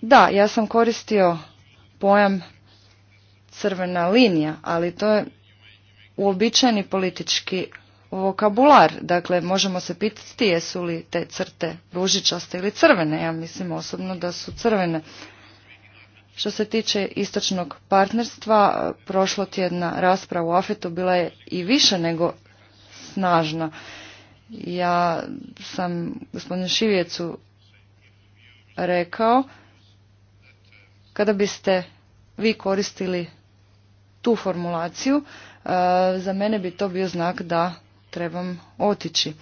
Da, ja sam koristio pojam crvena linija, ali to je uobičajeni politički vokabular. Dakle, možemo se pitati jesu li te crte ružičaste ili crvene. Ja mislim osobno da su crvene. Što se tiče istočnog partnerstva, prošlo tjedna rasprava u Afetu bila je i više nego snažna. Ja sam gospodinu Šivjecu rekao, kada biste vi koristili tu formulaciju, e, za mene bi to bio znak da trebam otići.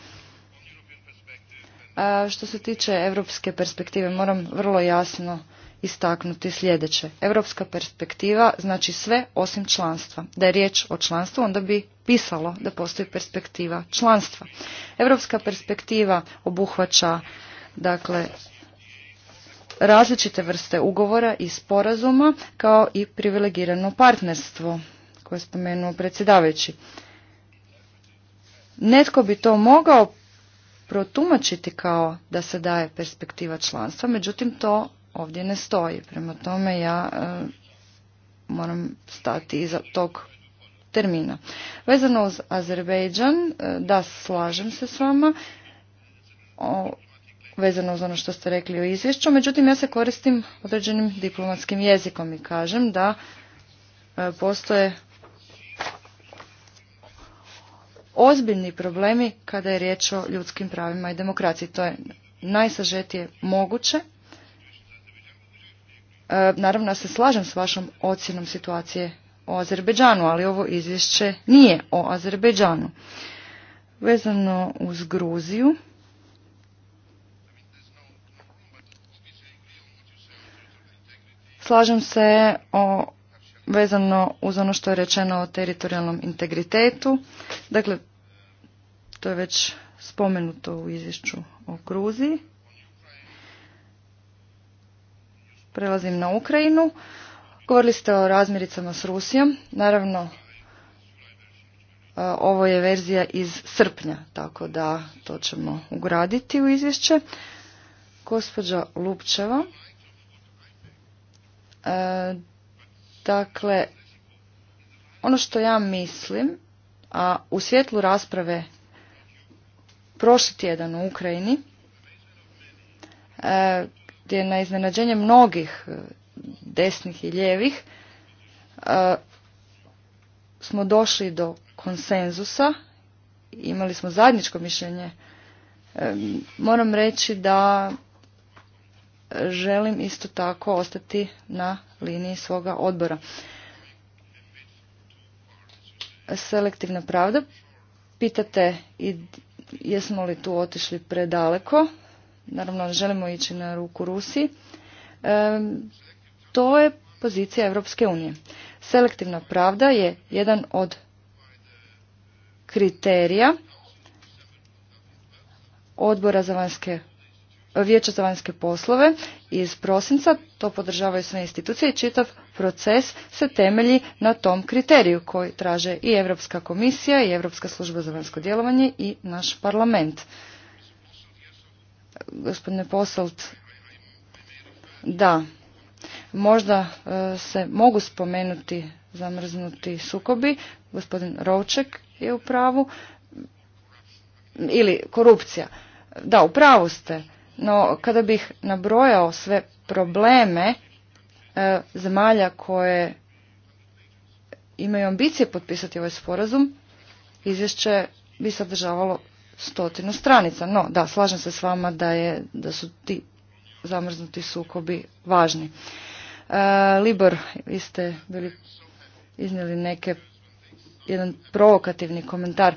E, što se tiče evropske perspektive, moram vrlo jasno istaknuti sljedeće. Europska perspektiva znači sve osim članstva. Da je riječ o članstvu, onda bi pisalo da postoji perspektiva članstva. Europska perspektiva obuhvaća dakle, različite vrste ugovora i sporazuma kao i privilegirano partnerstvo koje je spomenuo predsjedavajući. Netko bi to mogao protumačiti kao da se daje perspektiva članstva, međutim to ovdje ne stoji. Prema tome ja e, moram stati iza tog termina. Vezano uz Azerbejdžan, e, da slažem se s vama, vezano uz ono što ste rekli o izvješću, međutim ja se koristim određenim diplomatskim jezikom i kažem da e, postoje ozbiljni problemi kada je riječ o ljudskim pravima i demokraciji. To je najsažetije moguće E, naravno, ja se slažem s vašom ocjenom situacije o Azerbeđanu, ali ovo izvješće nije o Azerbeđanu. Vezano uz Gruziju, slažem se o vezano uz ono što je rečeno o teritorijalnom integritetu. Dakle, to je već spomenuto u izvješću o Gruziji. prelazim na Ukrajinu. Govorili ste o razmiricama s Rusijom. Naravno, e, ovo je verzija iz srpnja, tako da to ćemo ugraditi u izvješće. Gospođa Lupčeva. E, dakle, ono što ja mislim, a u svjetlu rasprave prošli tjedan u Ukrajini, e, je na iznenađenje mnogih e, desnih i lijevih e, smo došli do konsenzusa, imali smo zajedničko mišljenje. E, moram reći da želim isto tako ostati na liniji svoga odbora. Selektivna pravda. Pitate i jesmo li tu otišli predaleko naravno želimo ići na ruku Rusiji, e, to je pozicija Europske unije. Selektivna pravda je jedan od kriterija odbora za vanjske Vijeća za vanjske poslove iz prosinca, to podržavaju sve institucije i čitav proces se temelji na tom kriteriju koji traže i Europska komisija i Europska služba za vanjsko djelovanje i naš parlament gospodine Posalt, da, možda e, se mogu spomenuti zamrznuti sukobi, gospodin Rovček je u pravu, ili korupcija. Da, u pravu ste, no kada bih nabrojao sve probleme e, zemalja koje imaju ambicije potpisati ovaj sporazum, izvješće bi sadržavalo stotinu stranica. No, da, slažem se s vama da, je, da su ti zamrznuti sukobi važni. E, Libor, vi ste bili iznijeli neke, jedan provokativni komentar.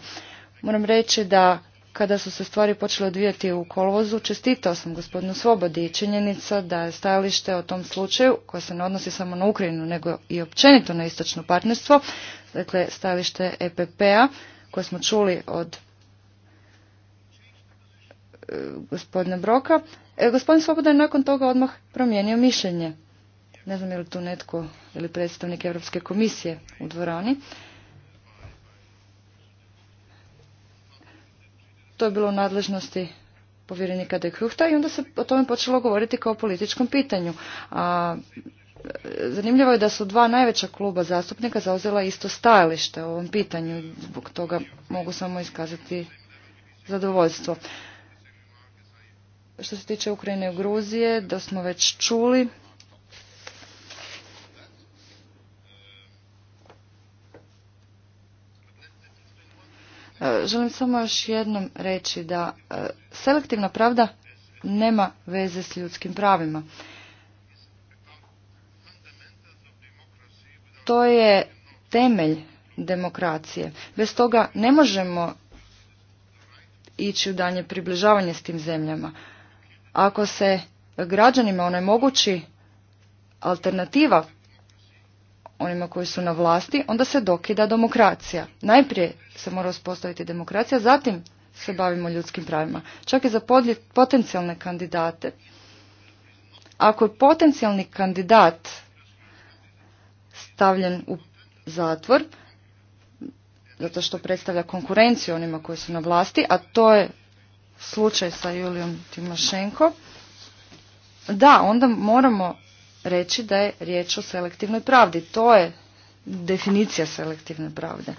Moram reći da kada su se stvari počele odvijati u kolovozu, čestitao sam gospodinu Svobodi i činjenica da je stajalište o tom slučaju, koje se ne odnosi samo na Ukrajinu, nego i općenito na istočno partnerstvo, dakle stajalište EPP-a, koje smo čuli od Gospodine Broka. E, gospodin Svoboda je nakon toga odmah promijenio mišljenje. Ne znam je li tu netko ili predstavnik Europske komisije u dvorani. To je bilo u nadležnosti povjerenika de Kruhta i onda se o tome počelo govoriti kao o političkom pitanju. A, e, zanimljivo je da su dva najveća kluba zastupnika zauzela isto stajalište o ovom pitanju. Zbog toga mogu samo iskazati zadovoljstvo što se tiče Ukrajine i Gruzije, da smo već čuli. E, želim samo još jednom reći da e, selektivna pravda nema veze s ljudskim pravima. To je temelj demokracije. Bez toga ne možemo ići u danje približavanje s tim zemljama. Ako se građanima onemogući alternativa onima koji su na vlasti, onda se dokida demokracija. Najprije se mora uspostaviti demokracija, zatim se bavimo ljudskim pravima. Čak i za potencijalne kandidate. Ako je potencijalni kandidat stavljen u zatvor, zato što predstavlja konkurenciju onima koji su na vlasti, a to je slučaj sa Julijom Timošenko, da, onda moramo reći da je riječ o selektivnoj pravdi. To je definicija selektivne pravde.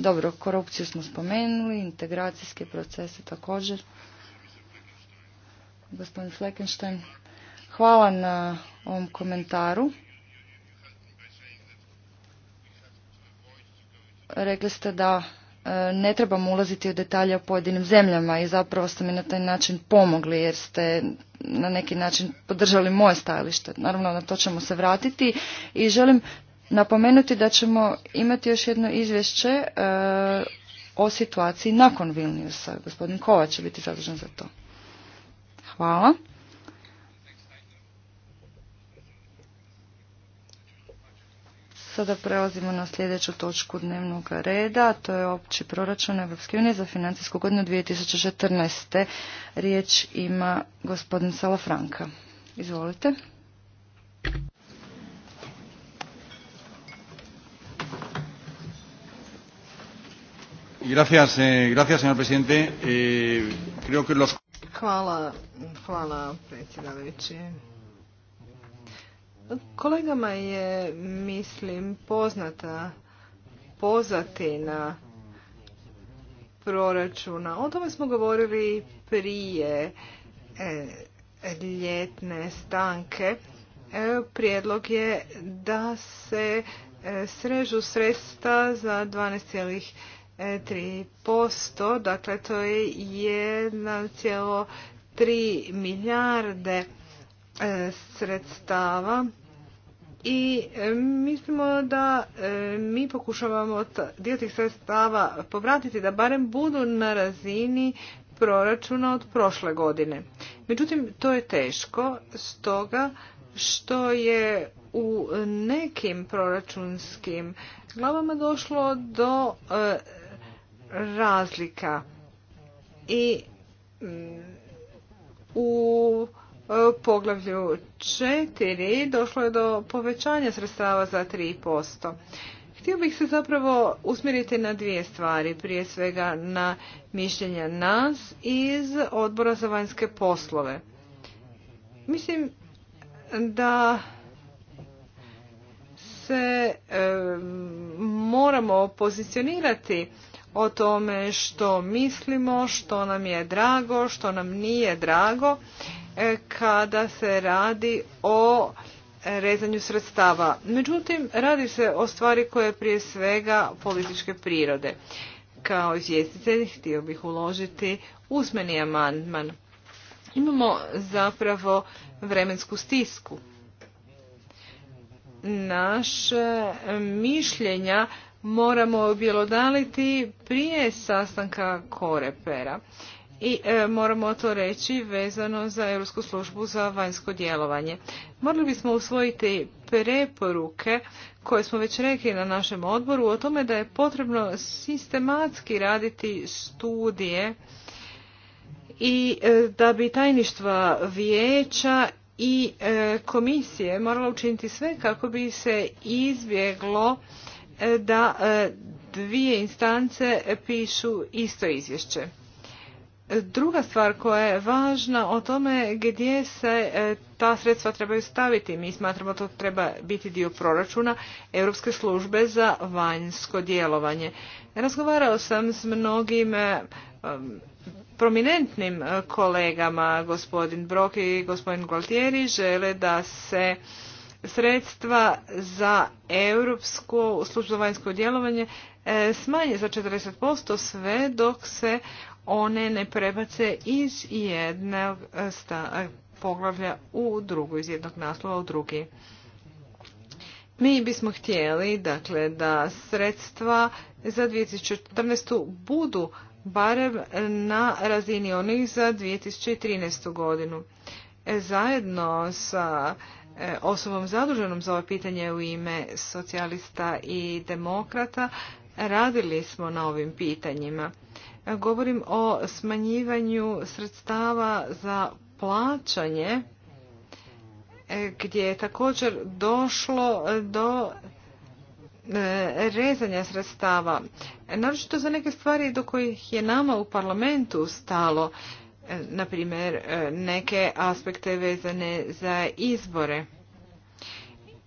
Dobro, korupciju smo spomenuli, integracijske procese također. Gospodin Fleckenstein, hvala na ovom komentaru. Rekli ste da E, ne trebamo ulaziti u detalje o pojedinim zemljama i zapravo ste mi na taj način pomogli jer ste na neki način podržali moje stajalište. Naravno na to ćemo se vratiti i želim napomenuti da ćemo imati još jedno izvješće e, o situaciji nakon Vilniusa. Gospodin Kovač će biti zadužen za to. Hvala. Sada prelazimo na sljedeću točku dnevnog reda, to je opći proračun Europske unije za financijsku godinu 2014. Riječ ima gospodin Salafranka. Izvolite. Eh, eh, hvala, hvala predsjedavajući. Kolegama je, mislim, poznata pozatina proračuna. O tome smo govorili prije e, ljetne stanke. E, prijedlog je da se e, srežu sredstva za 12,3%, dakle to je 1,3 milijarde E, sredstava i e, mislimo da e, mi pokušavamo dio tih sredstava povratiti da barem budu na razini proračuna od prošle godine. Međutim, to je teško stoga što je u nekim proračunskim glavama došlo do razlika i u E, poglavlju 4 došlo je do povećanja sredstava za 3%. Htio bih se zapravo usmjeriti na dvije stvari, prije svega na mišljenja nas iz odbora za vanjske poslove. Mislim da se e, moramo pozicionirati o tome što mislimo, što nam je drago, što nam nije drago E, kada se radi o rezanju sredstava. Međutim, radi se o stvari koje prije svega političke prirode. Kao izvjestitelj htio bih uložiti usmeni amandman. Imamo zapravo vremensku stisku. Naše mišljenja moramo objelodaliti prije sastanka korepera i e, moramo to reći vezano za Europsku službu za vanjsko djelovanje. Morali bismo usvojiti preporuke koje smo već rekli na našem odboru o tome da je potrebno sistematski raditi studije i e, da bi tajništva vijeća i e, komisije morala učiniti sve kako bi se izbjeglo da dvije instance pišu isto izvješće. Druga stvar koja je važna o tome gdje se e, ta sredstva trebaju staviti. Mi smatramo to treba biti dio proračuna Europske službe za vanjsko djelovanje. Razgovarao sam s mnogim e, prominentnim e, kolegama, gospodin Brok i gospodin Gualtieri, žele da se sredstva za Europsku službu za vanjsko djelovanje smanje za 40% sve dok se one ne prebace iz jednog e, e, poglavlja u drugu, iz jednog naslova u drugi. Mi bismo htjeli dakle, da sredstva za 2014. budu barem na razini onih za 2013. godinu. E, zajedno sa osobom zaduženom za ovo pitanje u ime socijalista i demokrata radili smo na ovim pitanjima govorim o smanjivanju sredstava za plaćanje e, gdje je također došlo do e, rezanja sredstava. Naročito za neke stvari do kojih je nama u parlamentu stalo, e, na primjer neke aspekte vezane za izbore.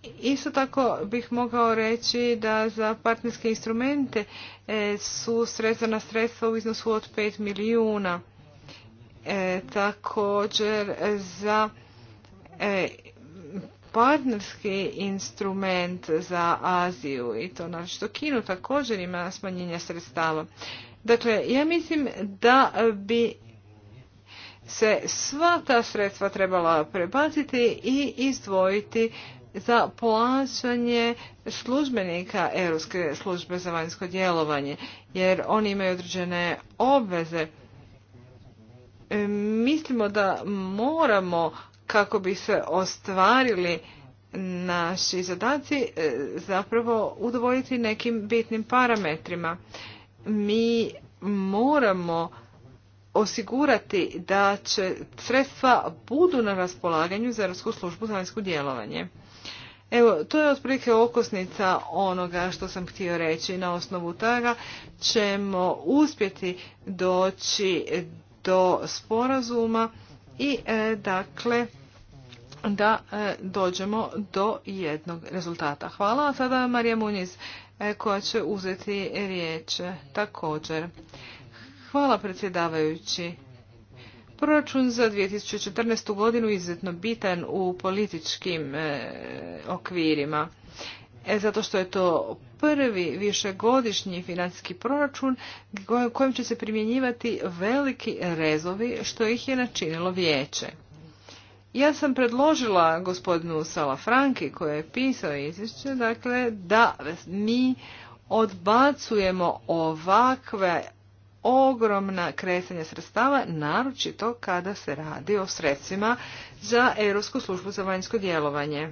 Isto tako bih mogao reći da za partnerske instrumente e, su na sredstva u iznosu od 5 milijuna. E, također za e, partnerski instrument za Aziju i to što Kinu također ima smanjenja sredstava. Dakle, ja mislim da bi se sva ta sredstva trebala prebaciti i izdvojiti za plaćanje službenika Europske službe za vanjsko djelovanje, jer oni imaju određene obveze. E, mislimo da moramo, kako bi se ostvarili naši zadaci, e, zapravo udovoljiti nekim bitnim parametrima. Mi moramo osigurati da će sredstva budu na raspolaganju za Europsku službu za vanjsko djelovanje. Evo, to je otprilike okosnica onoga što sam htio reći. Na osnovu toga ćemo uspjeti doći do sporazuma i e, dakle da e, dođemo do jednog rezultata. Hvala. A sada Marija Muniz e, koja će uzeti riječ također. Hvala predsjedavajući. Proračun za 2014. godinu izuzetno bitan u političkim e, okvirima. E, zato što je to prvi višegodišnji financijski proračun kojem će se primjenjivati veliki rezovi što ih je načinilo vijeće. Ja sam predložila gospodinu Salafranki koji je pisao izvješće dakle, da mi odbacujemo ovakve ogromna kresanja sredstava, naročito kada se radi o sredstvima za Europsku službu za vanjsko djelovanje.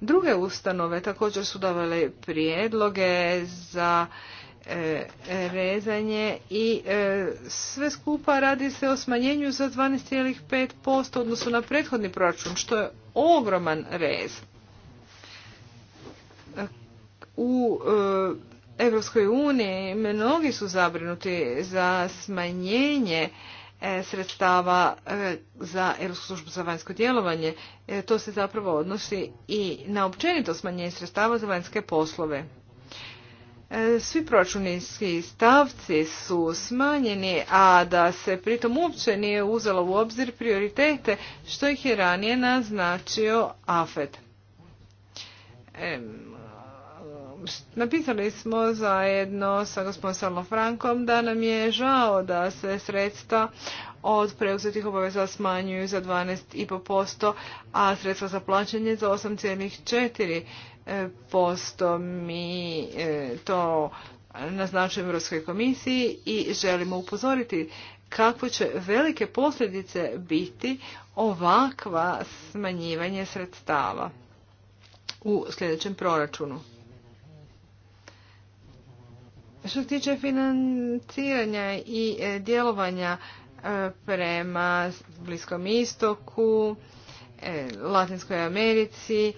Druge ustanove također su davale prijedloge za e, rezanje i e, sve skupa radi se o smanjenju za 12,5% odnosno na prethodni proračun, što je ogroman rez. U e, Europskoj uniji mnogi su zabrinuti za smanjenje e, sredstava e, za Europsku službu za vanjsko djelovanje. E, to se zapravo odnosi i na općenito smanjenje sredstava za vanjske poslove. Svi proračunski stavci su smanjeni, a da se pritom uopće nije uzelo u obzir prioritete što ih je ranije naznačio AFED napisali smo zajedno sa gospodinom Frankom da nam je žao da se sredstva od preuzetih obaveza smanjuju za 12,5%, a sredstva za plaćanje za 8,4%. Mi e, to naznačujemo Europskoj komisiji i želimo upozoriti kakve će velike posljedice biti ovakva smanjivanje sredstava u sljedećem proračunu. Što se tiče financiranja i e, djelovanja e, prema Bliskom istoku, e, Latinskoj Americi,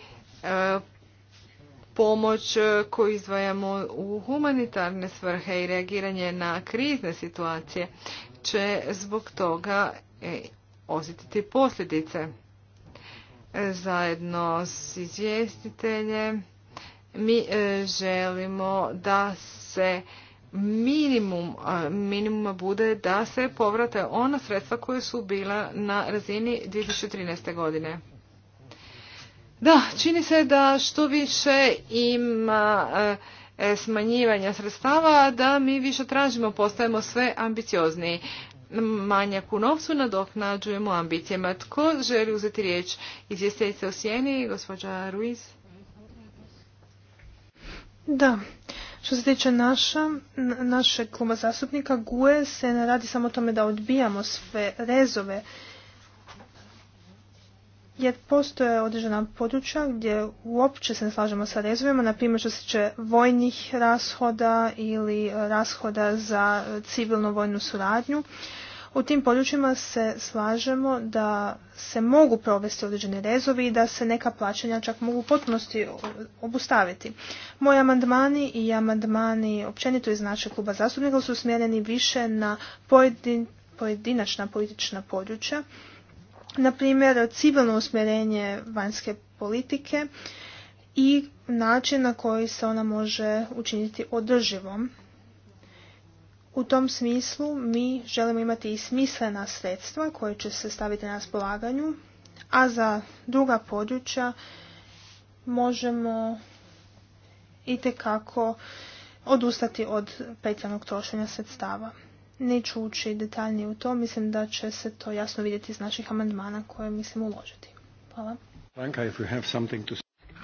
pomoć koju izdvajamo u humanitarne svrhe i reagiranje na krizne situacije će zbog toga osjetiti posljedice. Zajedno s izvjestiteljem mi želimo da se minimum minimuma bude da se povrate ona sredstva koje su bila na razini 2013. godine. Da, čini se da što više ima e, smanjivanja sredstava, da mi više tražimo, postajemo sve ambiciozniji. Manjak u novcu nadoknađujemo ambicijama. Tko želi uzeti riječ? Izvjestiteljica o sjeni, gospođa Ruiz. Da, što se tiče našeg kluba zastupnika, GUE se ne radi samo o tome da odbijamo sve rezove, jer postoje određena područja gdje uopće se ne slažemo sa rezovima, na primjer što se tiče vojnih rashoda ili rashoda za civilno-vojnu suradnju. U tim područjima se slažemo da se mogu provesti određene rezovi i da se neka plaćanja čak mogu u potpunosti obustaviti. Moji amandmani i amandmani općenito iz našeg kluba zastupnika su usmjereni više na pojedinačna politična područja, na primjer civilno usmjerenje vanjske politike i način na koji se ona može učiniti održivom u tom smislu mi želimo imati i smislena sredstva koje će se staviti na raspolaganju, a za druga područja možemo itekako odustati od petljanog trošenja sredstava. Neću ući detaljnije u to, mislim da će se to jasno vidjeti iz naših amandmana koje mislim uložiti. Hvala.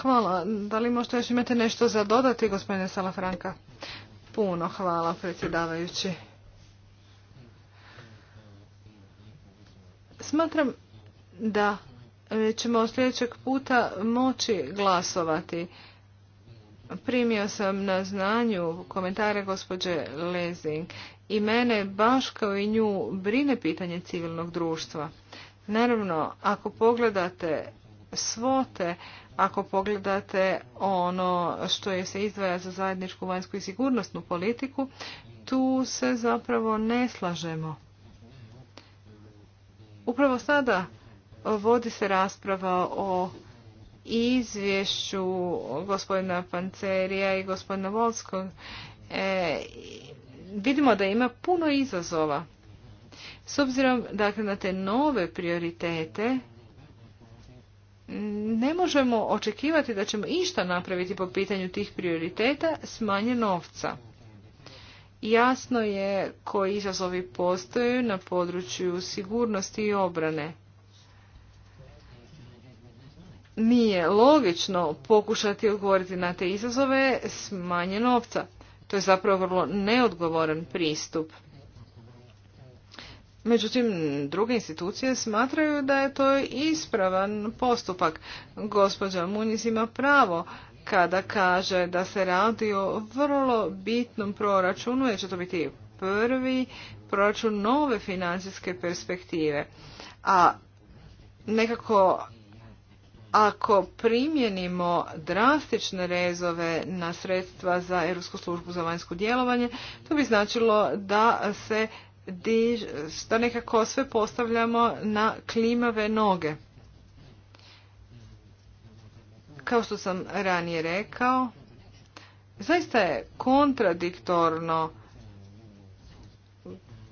Hvala. Da li možda još imate nešto za dodati, gospodine Salafranka? Puno hvala predsjedavajući. Smatram da ćemo sljedećeg puta moći glasovati. Primio sam na znanju komentare gospođe Lezing i mene baš kao i nju brine pitanje civilnog društva. Naravno, ako pogledate svote ako pogledate ono što je se izdvaja za zajedničku vanjsku i sigurnosnu politiku, tu se zapravo ne slažemo. Upravo sada vodi se rasprava o izvješću gospodina Pancerija i gospodina Volskog. E, vidimo da ima puno izazova. S obzirom dakle, na te nove prioritete, ne možemo očekivati da ćemo išta napraviti po pitanju tih prioriteta s manje novca. Jasno je koji izazovi postoju na području sigurnosti i obrane. Nije logično pokušati odgovoriti na te izazove s manje novca. To je zapravo vrlo neodgovoran pristup. Međutim, druge institucije smatraju da je to ispravan postupak. Gospođa Muniz ima pravo kada kaže da se radi o vrlo bitnom proračunu, jer će to biti prvi proračun nove financijske perspektive. A nekako ako primjenimo drastične rezove na sredstva za Europsku službu za vanjsko djelovanje, to bi značilo da se da nekako sve postavljamo na klimave noge. Kao što sam ranije rekao, zaista je kontradiktorno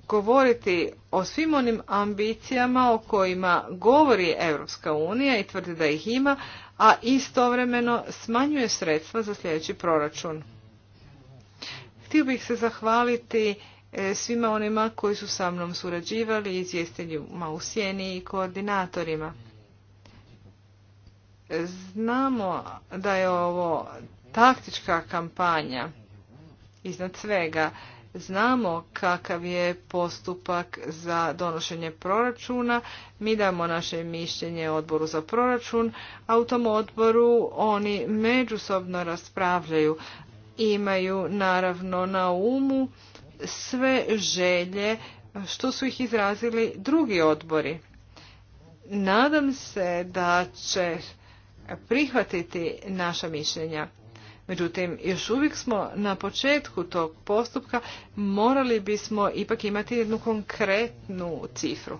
govoriti o svim onim ambicijama o kojima govori Europska unija i tvrdi da ih ima, a istovremeno smanjuje sredstva za sljedeći proračun. Htio bih se zahvaliti E, svima onima koji su sa mnom surađivali, izvjestiteljima u sjeni i koordinatorima. E, znamo da je ovo taktička kampanja iznad svega. Znamo kakav je postupak za donošenje proračuna. Mi damo naše mišljenje odboru za proračun, a u tom odboru oni međusobno raspravljaju. Imaju naravno na umu sve želje što su ih izrazili drugi odbori. Nadam se da će prihvatiti naša mišljenja. Međutim, još uvijek smo na početku tog postupka morali bismo ipak imati jednu konkretnu cifru.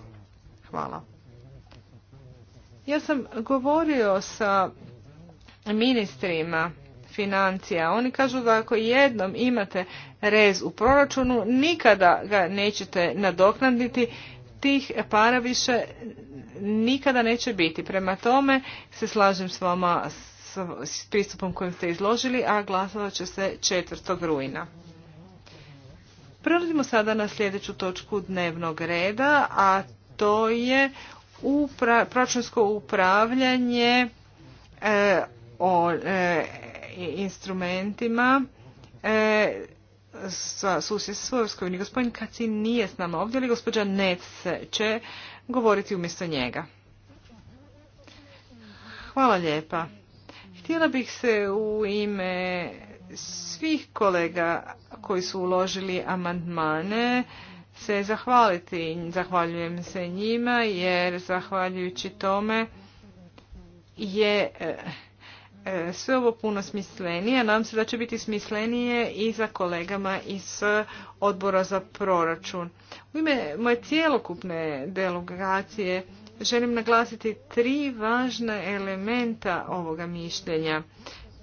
Hvala. Ja sam govorio sa ministrima financija. Oni kažu da ako jednom imate rez u proračunu, nikada ga nećete nadoknaditi, tih para više nikada neće biti. Prema tome se slažem s vama s pristupom kojim ste izložili, a glasovat će se 4. rujna. Prelazimo sada na sljedeću točku dnevnog reda, a to je upra proračunsko upravljanje e, o, e, instrumentima e, sa kojim Gospodin Kacin nije s nama ovdje, ali gospođa Nec će govoriti umjesto njega. Hvala lijepa. Htjela bih se u ime svih kolega koji su uložili amandmane se zahvaliti. Zahvaljujem se njima jer zahvaljujući tome je e, E, sve ovo puno smislenije. Nadam se da će biti smislenije i za kolegama iz odbora za proračun. U ime moje cijelokupne delegacije želim naglasiti tri važna elementa ovoga mišljenja.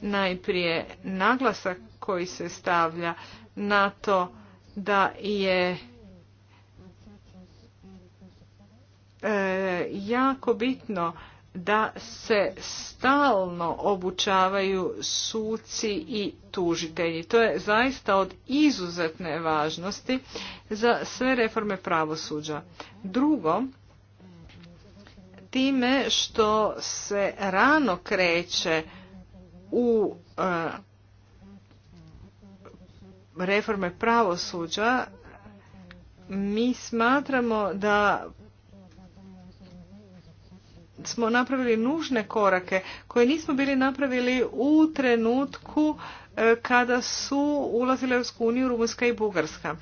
Najprije naglasak koji se stavlja na to da je e, jako bitno da se stalno obučavaju suci i tužitelji. To je zaista od izuzetne važnosti za sve reforme pravosuđa. Drugo, time što se rano kreće u e, reforme pravosuđa, mi smatramo da smo napravili nužne korake koje nismo bili napravili u trenutku e, kada su ulazile u Europsku uniju Rumunjska i Bugarska.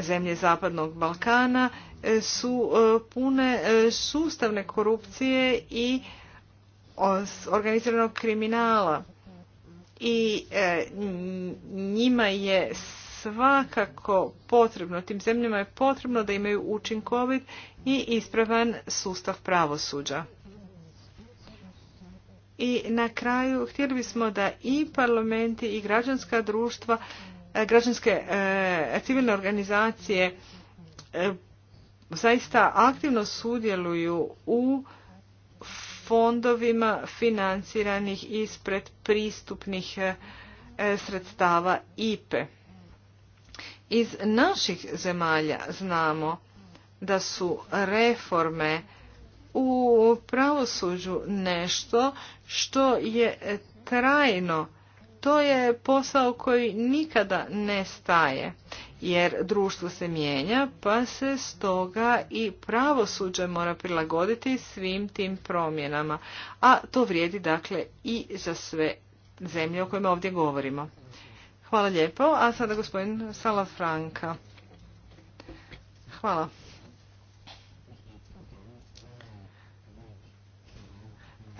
Zemlje Zapadnog Balkana e, su e, pune sustavne korupcije i organiziranog kriminala i njima je svakako potrebno, tim zemljama je potrebno da imaju učinkovit i ispravan sustav pravosuđa. I na kraju htjeli bismo da i parlamenti i građanska društva, e, građanske e, civilne organizacije e, zaista aktivno sudjeluju u fondovima financiranih ispred pristupnih sredstava IPE. Iz naših zemalja znamo da su reforme u pravosuđu nešto što je trajno. To je posao koji nikada ne staje, jer društvo se mijenja, pa se stoga i pravosuđe mora prilagoditi svim tim promjenama. A to vrijedi dakle i za sve zemlje o kojima ovdje govorimo. Hvala lijepo, a sada gospodin Salafranka. Hvala.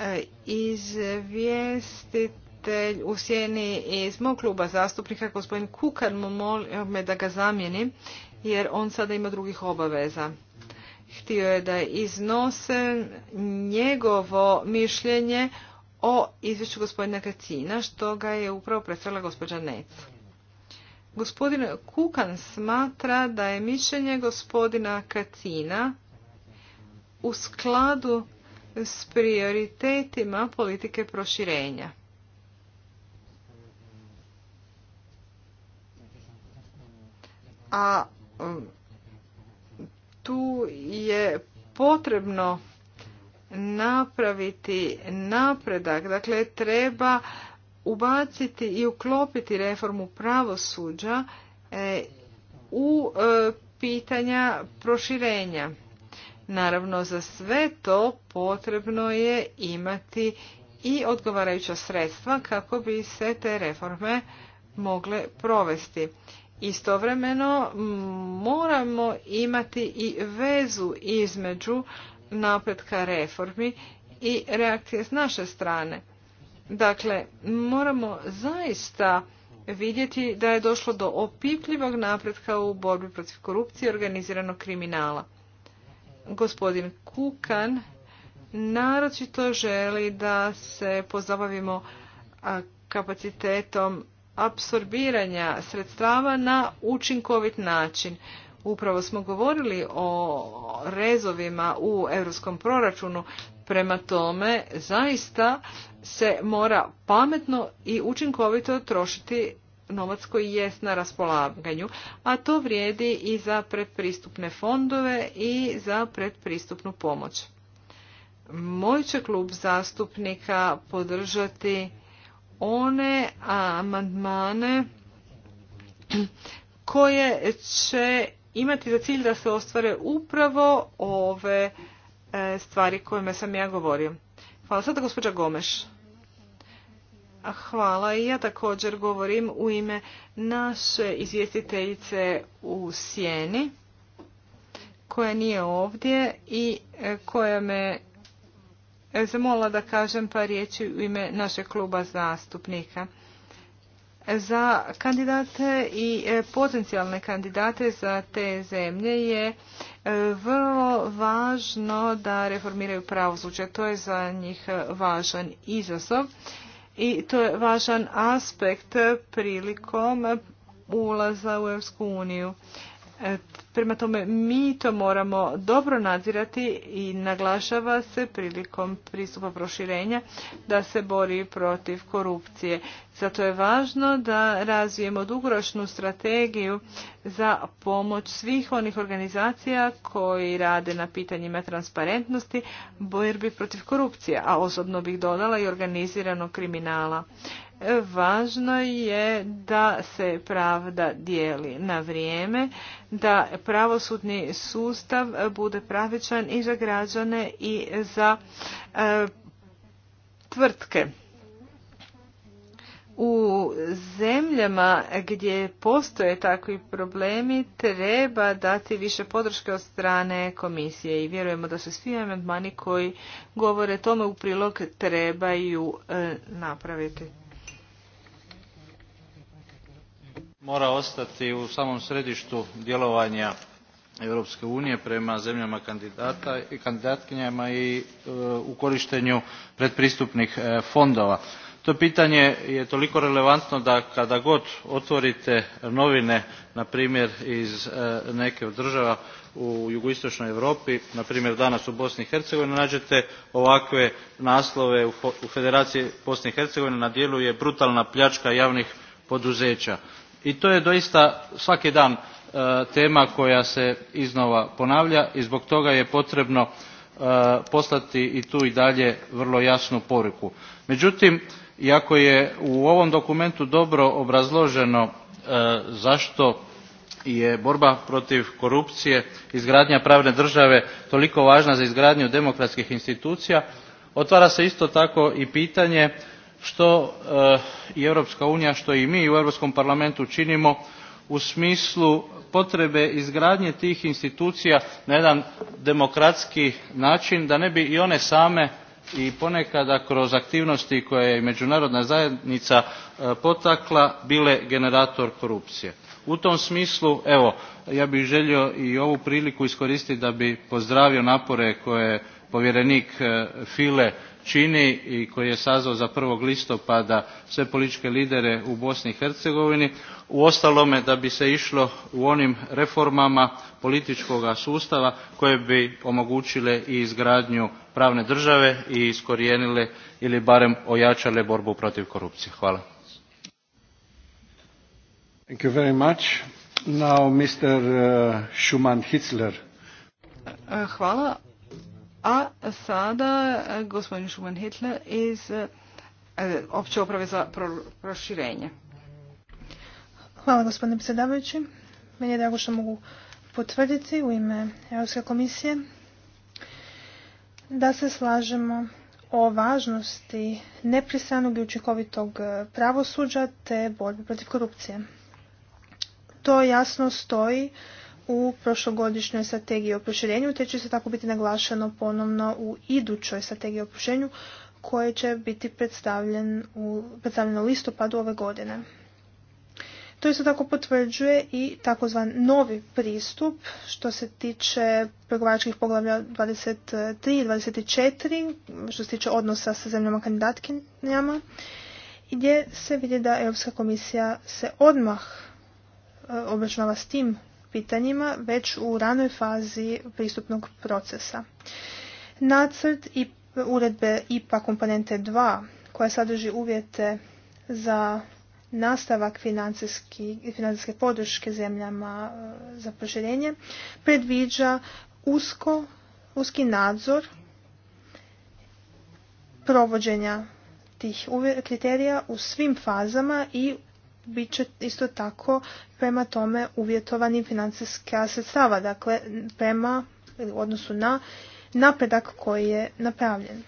E, izvjestitelj u sjeni iz mog kluba zastupnika, gospodin Kukan, molio me da ga zamijeni jer on sada ima drugih obaveza. Htio je da iznose njegovo mišljenje o izvješću gospodina Kacina, što ga je upravo predstavila gospođa Nec. Gospodin Kukan smatra da je mišljenje gospodina Kacina u skladu s prioritetima politike proširenja. A um, tu je potrebno napraviti napredak. Dakle, treba ubaciti i uklopiti reformu pravosuđa e, u e, pitanja proširenja. Naravno, za sve to potrebno je imati i odgovarajuća sredstva kako bi se te reforme mogle provesti. Istovremeno moramo imati i vezu između napretka reformi i reakcije s naše strane. Dakle, moramo zaista vidjeti da je došlo do opipljivog napretka u borbi protiv korupcije i organiziranog kriminala gospodin Kukan naročito želi da se pozabavimo kapacitetom apsorbiranja sredstava na učinkovit način. Upravo smo govorili o rezovima u europskom proračunu, prema tome zaista se mora pametno i učinkovito trošiti novac koji je na raspolaganju, a to vrijedi i za predpristupne fondove i za predpristupnu pomoć. Moj će klub zastupnika podržati one amandmane koje će imati za cilj da se ostvare upravo ove e, stvari kojima sam ja govorio. Hvala sada gospođa Gomeš. Hvala i ja također govorim u ime naše izvjestiteljice u Sjeni koja nije ovdje i e, koja me e, zamola da kažem pa riječi u ime našeg kluba zastupnika. Za kandidate i e, potencijalne kandidate za te zemlje je vrlo važno da reformiraju pravosuđe. To je za njih važan izazov i to je važan aspekt prilikom ulaza u Europsku uniju. E, prema tome, mi to moramo dobro nadzirati i naglašava se prilikom pristupa proširenja da se bori protiv korupcije. Zato je važno da razvijemo dugoročnu strategiju za pomoć svih onih organizacija koji rade na pitanjima transparentnosti, borbi protiv korupcije, a osobno bih dodala i organiziranog kriminala. Važno je da se pravda dijeli na vrijeme, da pravosudni sustav bude pravičan i za građane i za e, tvrtke u zemljama gdje postoje takvi problemi treba dati više podrške od strane komisije i vjerujemo da se svi amandmani koji govore tome u prilog trebaju e, napraviti. Mora ostati u samom središtu djelovanja Europske unije prema zemljama kandidata i kandidatkinjama i e, u korištenju predpristupnih e, fondova to pitanje je toliko relevantno da kada god otvorite novine na primjer iz e, neke od država u jugoistočnoj europi na primjer danas u bosni i hercegovini nađete ovakve naslove u federaciji bosne i hercegovine na djelu je brutalna pljačka javnih poduzeća i to je doista svaki dan e, tema koja se iznova ponavlja i zbog toga je potrebno E, poslati i tu i dalje vrlo jasnu poruku. međutim iako je u ovom dokumentu dobro obrazloženo e, zašto je borba protiv korupcije izgradnja pravne države toliko važna za izgradnju demokratskih institucija otvara se isto tako i pitanje što e, i europska unija što i mi u europskom parlamentu činimo u smislu potrebe izgradnje tih institucija na jedan demokratski način da ne bi i one same i ponekad kroz aktivnosti koje je međunarodna zajednica e, potakla bile generator korupcije. u tom smislu evo ja bih želio i ovu priliku iskoristiti da bih pozdravio napore koje povjerenik e, File čini i koji je sazvao za jedan listopada sve političke lidere u bosni i hercegovini uostalome da bi se išlo u onim reformama političkoga sustava koje bi omogućile i izgradnju pravne države i iskorijenile ili barem ojačale borbu protiv korupcije. hvala. Uh, hvala. A sada e, gospodin Šuman Hitler iz e, opće uprave za proširenje. Hvala gospodine predsjedavajući. Meni je drago što mogu potvrditi u ime Europske komisije da se slažemo o važnosti nepristranog i učinkovitog e, pravosuđa te borbe protiv korupcije. To jasno stoji u prošlogodišnjoj strategiji o proširenju, te će se tako biti naglašeno ponovno u idućoj strategiji o proširenju, koje će biti predstavljen u, predstavljeno u listopadu ove godine. To isto tako potvrđuje i takozvan novi pristup što se tiče pregovaračkih poglavlja 23 i 24, što se tiče odnosa sa zemljama kandidatkinjama, gdje se vidi da Europska komisija se odmah e, obračunava s tim pitanjima već u ranoj fazi pristupnog procesa. Nacrt i uredbe IPA komponente 2 koja sadrži uvjete za nastavak financijske podrške zemljama e, za proširenje predviđa usko, uski nadzor provođenja tih kriterija u svim fazama i bit će isto tako prema tome uvjetovani financijska sredstava, dakle prema ili u odnosu na napredak koji je napravljen.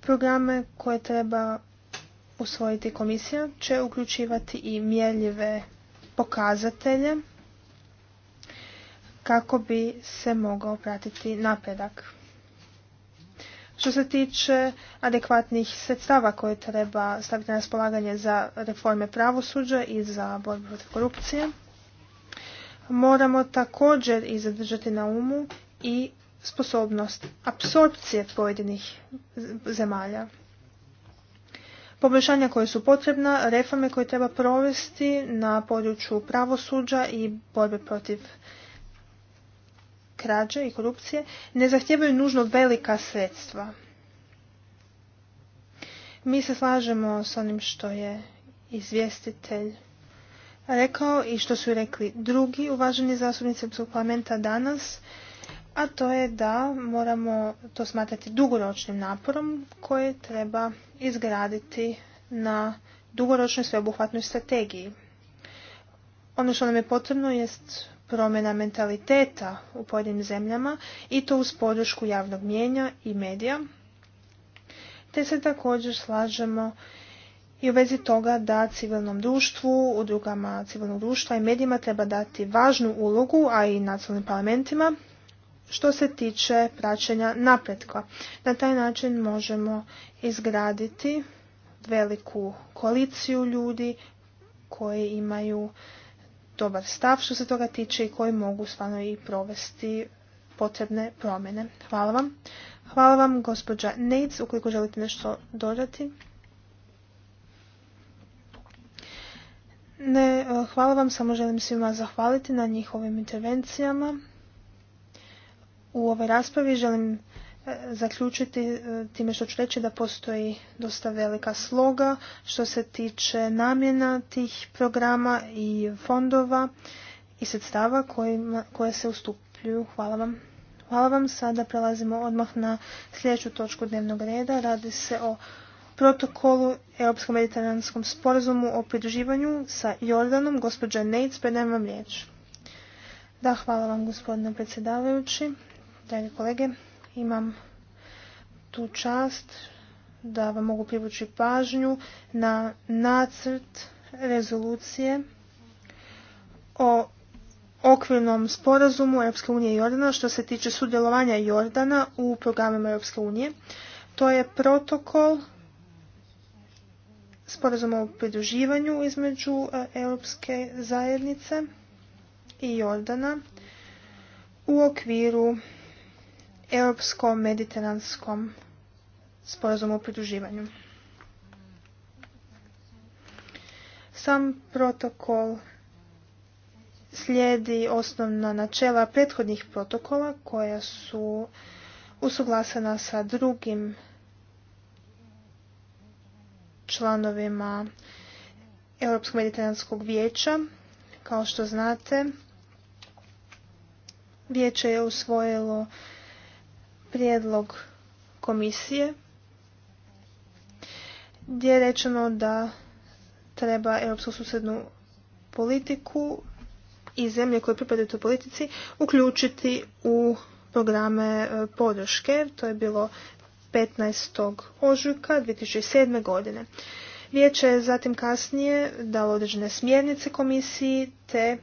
Programe koje treba usvojiti komisija će uključivati i mjerljive pokazatelje kako bi se mogao pratiti napredak. Što se tiče adekvatnih sredstava koje treba staviti na raspolaganje za reforme pravosuđa i za borbu protiv korupcije, moramo također i zadržati na umu i sposobnost apsorpcije pojedinih zemalja. Poboljšanja koje su potrebna, reforme koje treba provesti na području pravosuđa i borbe protiv krađe i korupcije ne zahtijevaju nužno velika sredstva. Mi se slažemo s onim što je izvjestitelj rekao i što su rekli drugi uvaženi zastupnici parlamenta danas, a to je da moramo to smatrati dugoročnim naporom koje treba izgraditi na dugoročnoj sveobuhvatnoj strategiji. Ono što nam je potrebno jest promjena mentaliteta u pojedinim zemljama i to uz podršku javnog mijenja i medija. Te se također slažemo i u vezi toga da civilnom društvu, udrugama civilnog društva i medijima treba dati važnu ulogu, a i nacionalnim parlamentima, što se tiče praćenja napretka. Na taj način možemo izgraditi veliku koaliciju ljudi koji imaju dobar stav što se toga tiče i koji mogu stvarno i provesti potrebne promjene. Hvala vam. Hvala vam gospođa Neitz, ukoliko želite nešto dodati. Ne, eh, hvala vam, samo želim svima zahvaliti na njihovim intervencijama. U ovoj raspravi želim zaključiti e, time što ću reći da postoji dosta velika sloga što se tiče namjena tih programa i fondova i sredstava koje se ustupljuju. Hvala vam. Hvala vam. Sada prelazimo odmah na sljedeću točku dnevnog reda. Radi se o protokolu Europskom mediteranskom sporazumu o pridruživanju sa Jordanom. Gospođa Nejc, predajem vam riječ. Da, hvala vam gospodine predsjedavajući, dragi kolege imam tu čast da vam mogu privući pažnju na nacrt rezolucije o okvirnom sporazumu Europske unije i Jordana što se tiče sudjelovanja Jordana u programima Europske unije. To je protokol sporazuma o pridruživanju između e, Europske zajednice i Jordana u okviru europskom mediteranskom sporazumu o pridruživanju. Sam protokol slijedi osnovna načela prethodnih protokola koja su usuglasena sa drugim članovima Europskog mediteranskog vijeća. Kao što znate, vijeće je usvojilo prijedlog komisije gdje je rečeno da treba europsku susjednu politiku i zemlje koje pripadaju toj politici uključiti u programe e, podrške. To je bilo 15. ožujka 2007. godine. Vijeće je zatim kasnije dalo određene smjernice komisiji te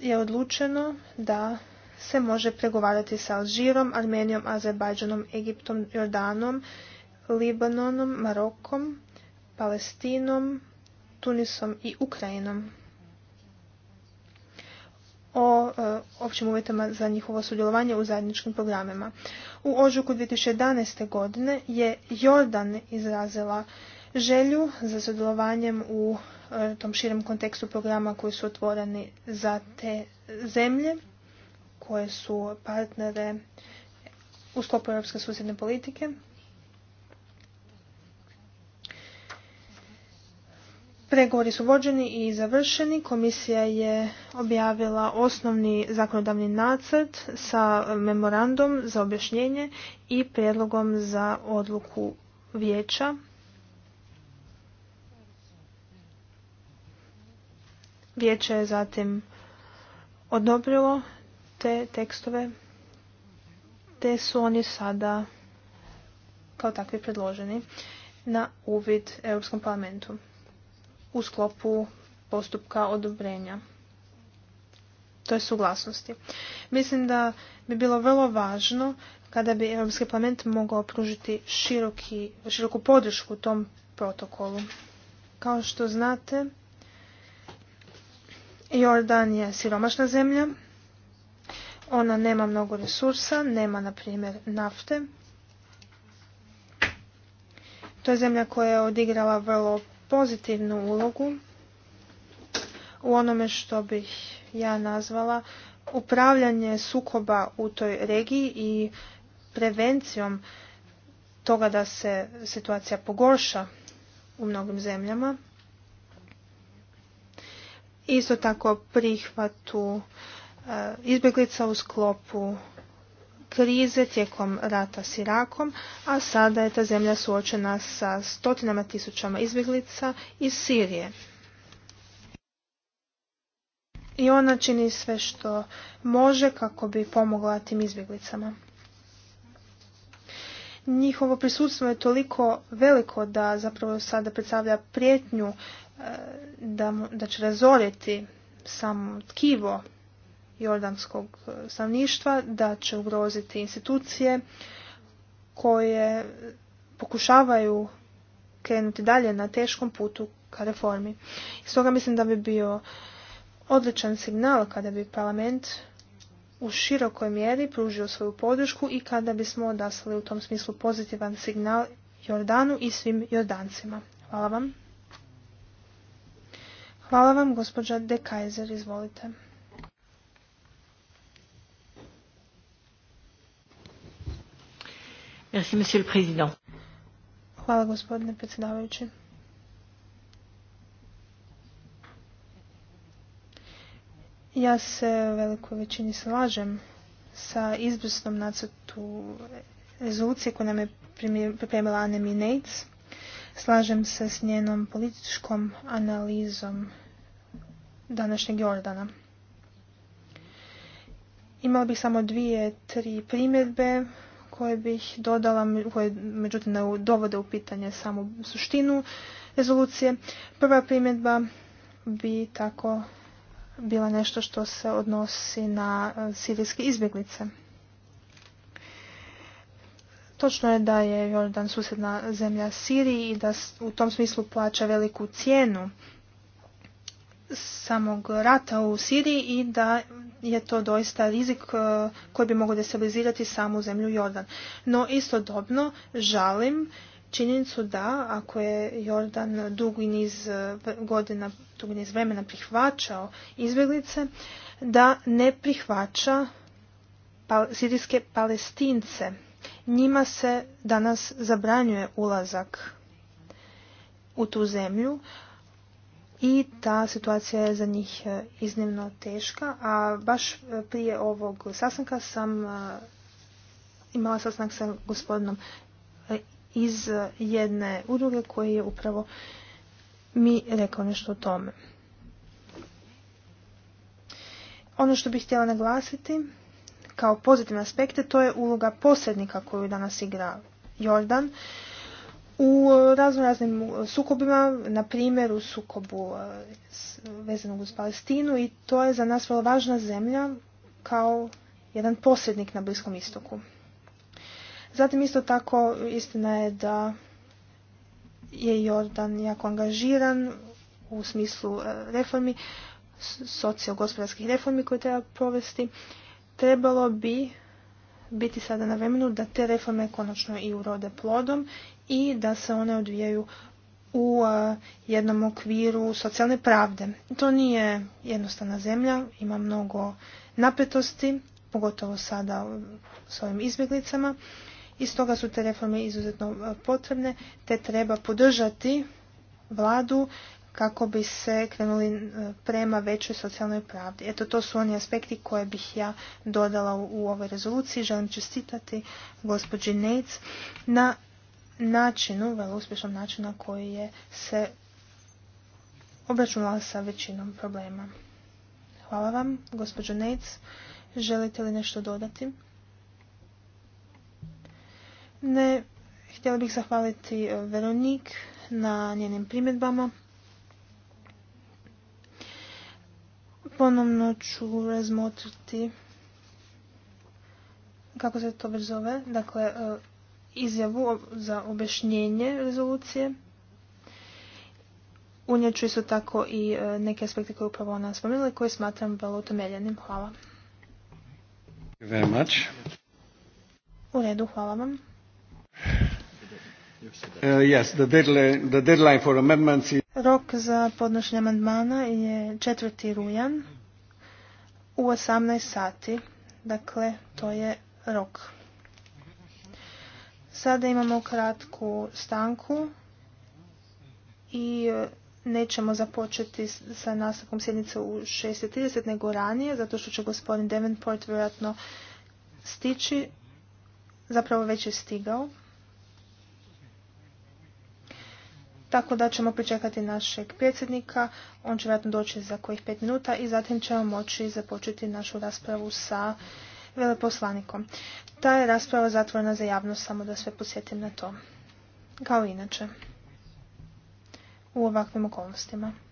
je odlučeno da se može pregovarati sa Alžirom, Armenijom, Azerbajdžanom, Egiptom, Jordanom, Libanonom, Marokom, Palestinom, Tunisom i Ukrajinom o e, općim uvjetima za njihovo sudjelovanje u zajedničkim programima. U ožuku 2011. godine je Jordan izrazila želju za sudjelovanjem u e, tom širem kontekstu programa koji su otvoreni za te zemlje koje su partnere u sklopu europske susjedne politike. Pregovori su vođeni i završeni. Komisija je objavila osnovni zakonodavni nacrt sa memorandom za objašnjenje i prijedlogom za odluku vijeća. Vijeće je zatim odobrilo te tekstove, te su oni sada kao takvi predloženi na uvid Europskom parlamentu u sklopu postupka odobrenja. To je suglasnosti. Mislim da bi bilo vrlo važno kada bi Europski parlament mogao pružiti široki, široku podršku tom protokolu. Kao što znate, Jordan je siromašna zemlja ona nema mnogo resursa, nema na primjer nafte. To je zemlja koja je odigrala vrlo pozitivnu ulogu u onome što bih ja nazvala upravljanje sukoba u toj regiji i prevencijom toga da se situacija pogorša u mnogim zemljama. Isto tako prihvatu Eh, izbjeglica u sklopu krize tijekom rata s Irakom, a sada je ta zemlja suočena sa stotinama tisućama izbjeglica iz Sirije. I ona čini sve što može kako bi pomogla tim izbjeglicama. Njihovo prisutstvo je toliko veliko da zapravo sada predstavlja prijetnju eh, da, da će razoriti samo tkivo jordanskog e, stanovništva, da će ugroziti institucije koje pokušavaju krenuti dalje na teškom putu ka reformi. Stoga mislim da bi bio odličan signal kada bi parlament u širokoj mjeri pružio svoju podršku i kada bismo odaslali u tom smislu pozitivan signal Jordanu i svim Jordancima. Hvala vam. Hvala vam, gospođa De Kaiser, izvolite. Hvala gospodine predsjedavajući. Ja se velikoj većini slažem sa izvrsnom nacrtu rezolucije koju nam je pripremila Anne Slažem se s njenom političkom analizom današnjeg Jordana. Imala bih samo dvije, tri primjedbe koje bih dodala, koje međutim ne dovode u pitanje samu suštinu rezolucije. Prva primjedba bi tako bila nešto što se odnosi na e, sirijske izbjeglice. Točno je da je Jordan susjedna zemlja Siriji i da u tom smislu plaća veliku cijenu samog rata u Siriji i da je to doista rizik e, koji bi mogao destabilizirati samu zemlju Jordan. No istodobno žalim činjenicu da ako je Jordan dugi niz e, godina, dugi niz vremena prihvaćao izbjeglice, da ne prihvaća sirijske palestince. Njima se danas zabranjuje ulazak u tu zemlju, i ta situacija je za njih e, iznimno teška, a baš e, prije ovog sastanka sam e, imala sastanak sa gospodinom iz jedne udruge koji je upravo mi rekao nešto o tome. Ono što bih htjela naglasiti kao pozitivne aspekte to je uloga posrednika koju danas igra Jordan u razno raznim sukobima, na primjer u sukobu e, vezanog uz Palestinu i to je za nas vrlo važna zemlja kao jedan posljednik na Bliskom istoku. Zatim isto tako istina je da je Jordan jako angažiran u smislu e, reformi, sociogospodarskih reformi koje treba provesti. Trebalo bi biti sada na vremenu da te reforme konačno i urode plodom i da se one odvijaju u jednom okviru socijalne pravde. To nije jednostavna zemlja, ima mnogo napetosti, pogotovo sada s ovim izbjeglicama. I stoga su te reforme izuzetno potrebne, te treba podržati vladu kako bi se krenuli prema većoj socijalnoj pravdi. Eto, to su oni aspekti koje bih ja dodala u, u ovoj rezoluciji. Želim čestitati gospođi Nec na načinu, vrlo uspješnom načinu na koji je se obračunala sa većinom problema. Hvala vam, gospođo Nejc. Želite li nešto dodati? Ne, htjela bih zahvaliti e, Veronik na njenim primjedbama. Ponovno ću razmotriti kako se to već zove. Dakle, e, izjavu za objašnjenje rezolucije. Unijet ću isto tako i e, neke aspekte koje upravo ona spomenula i koje smatram vrlo utemeljenim. Hvala. U redu, hvala vam. Uh, rok za podnošenje amandmana je 4. rujan u 18 sati. Dakle, to je rok. Sada imamo kratku stanku i e, nećemo započeti sa nastavkom sjednice u 6.30 nego ranije, zato što će gospodin Davenport vjerojatno stići, zapravo već je stigao. Tako da ćemo pričekati našeg predsjednika, on će vjerojatno doći za kojih pet minuta i zatim ćemo moći započeti našu raspravu sa veleposlanikom. Ta je rasprava zatvorena za javnost, samo da sve posjetim na to. Kao inače. U ovakvim okolnostima.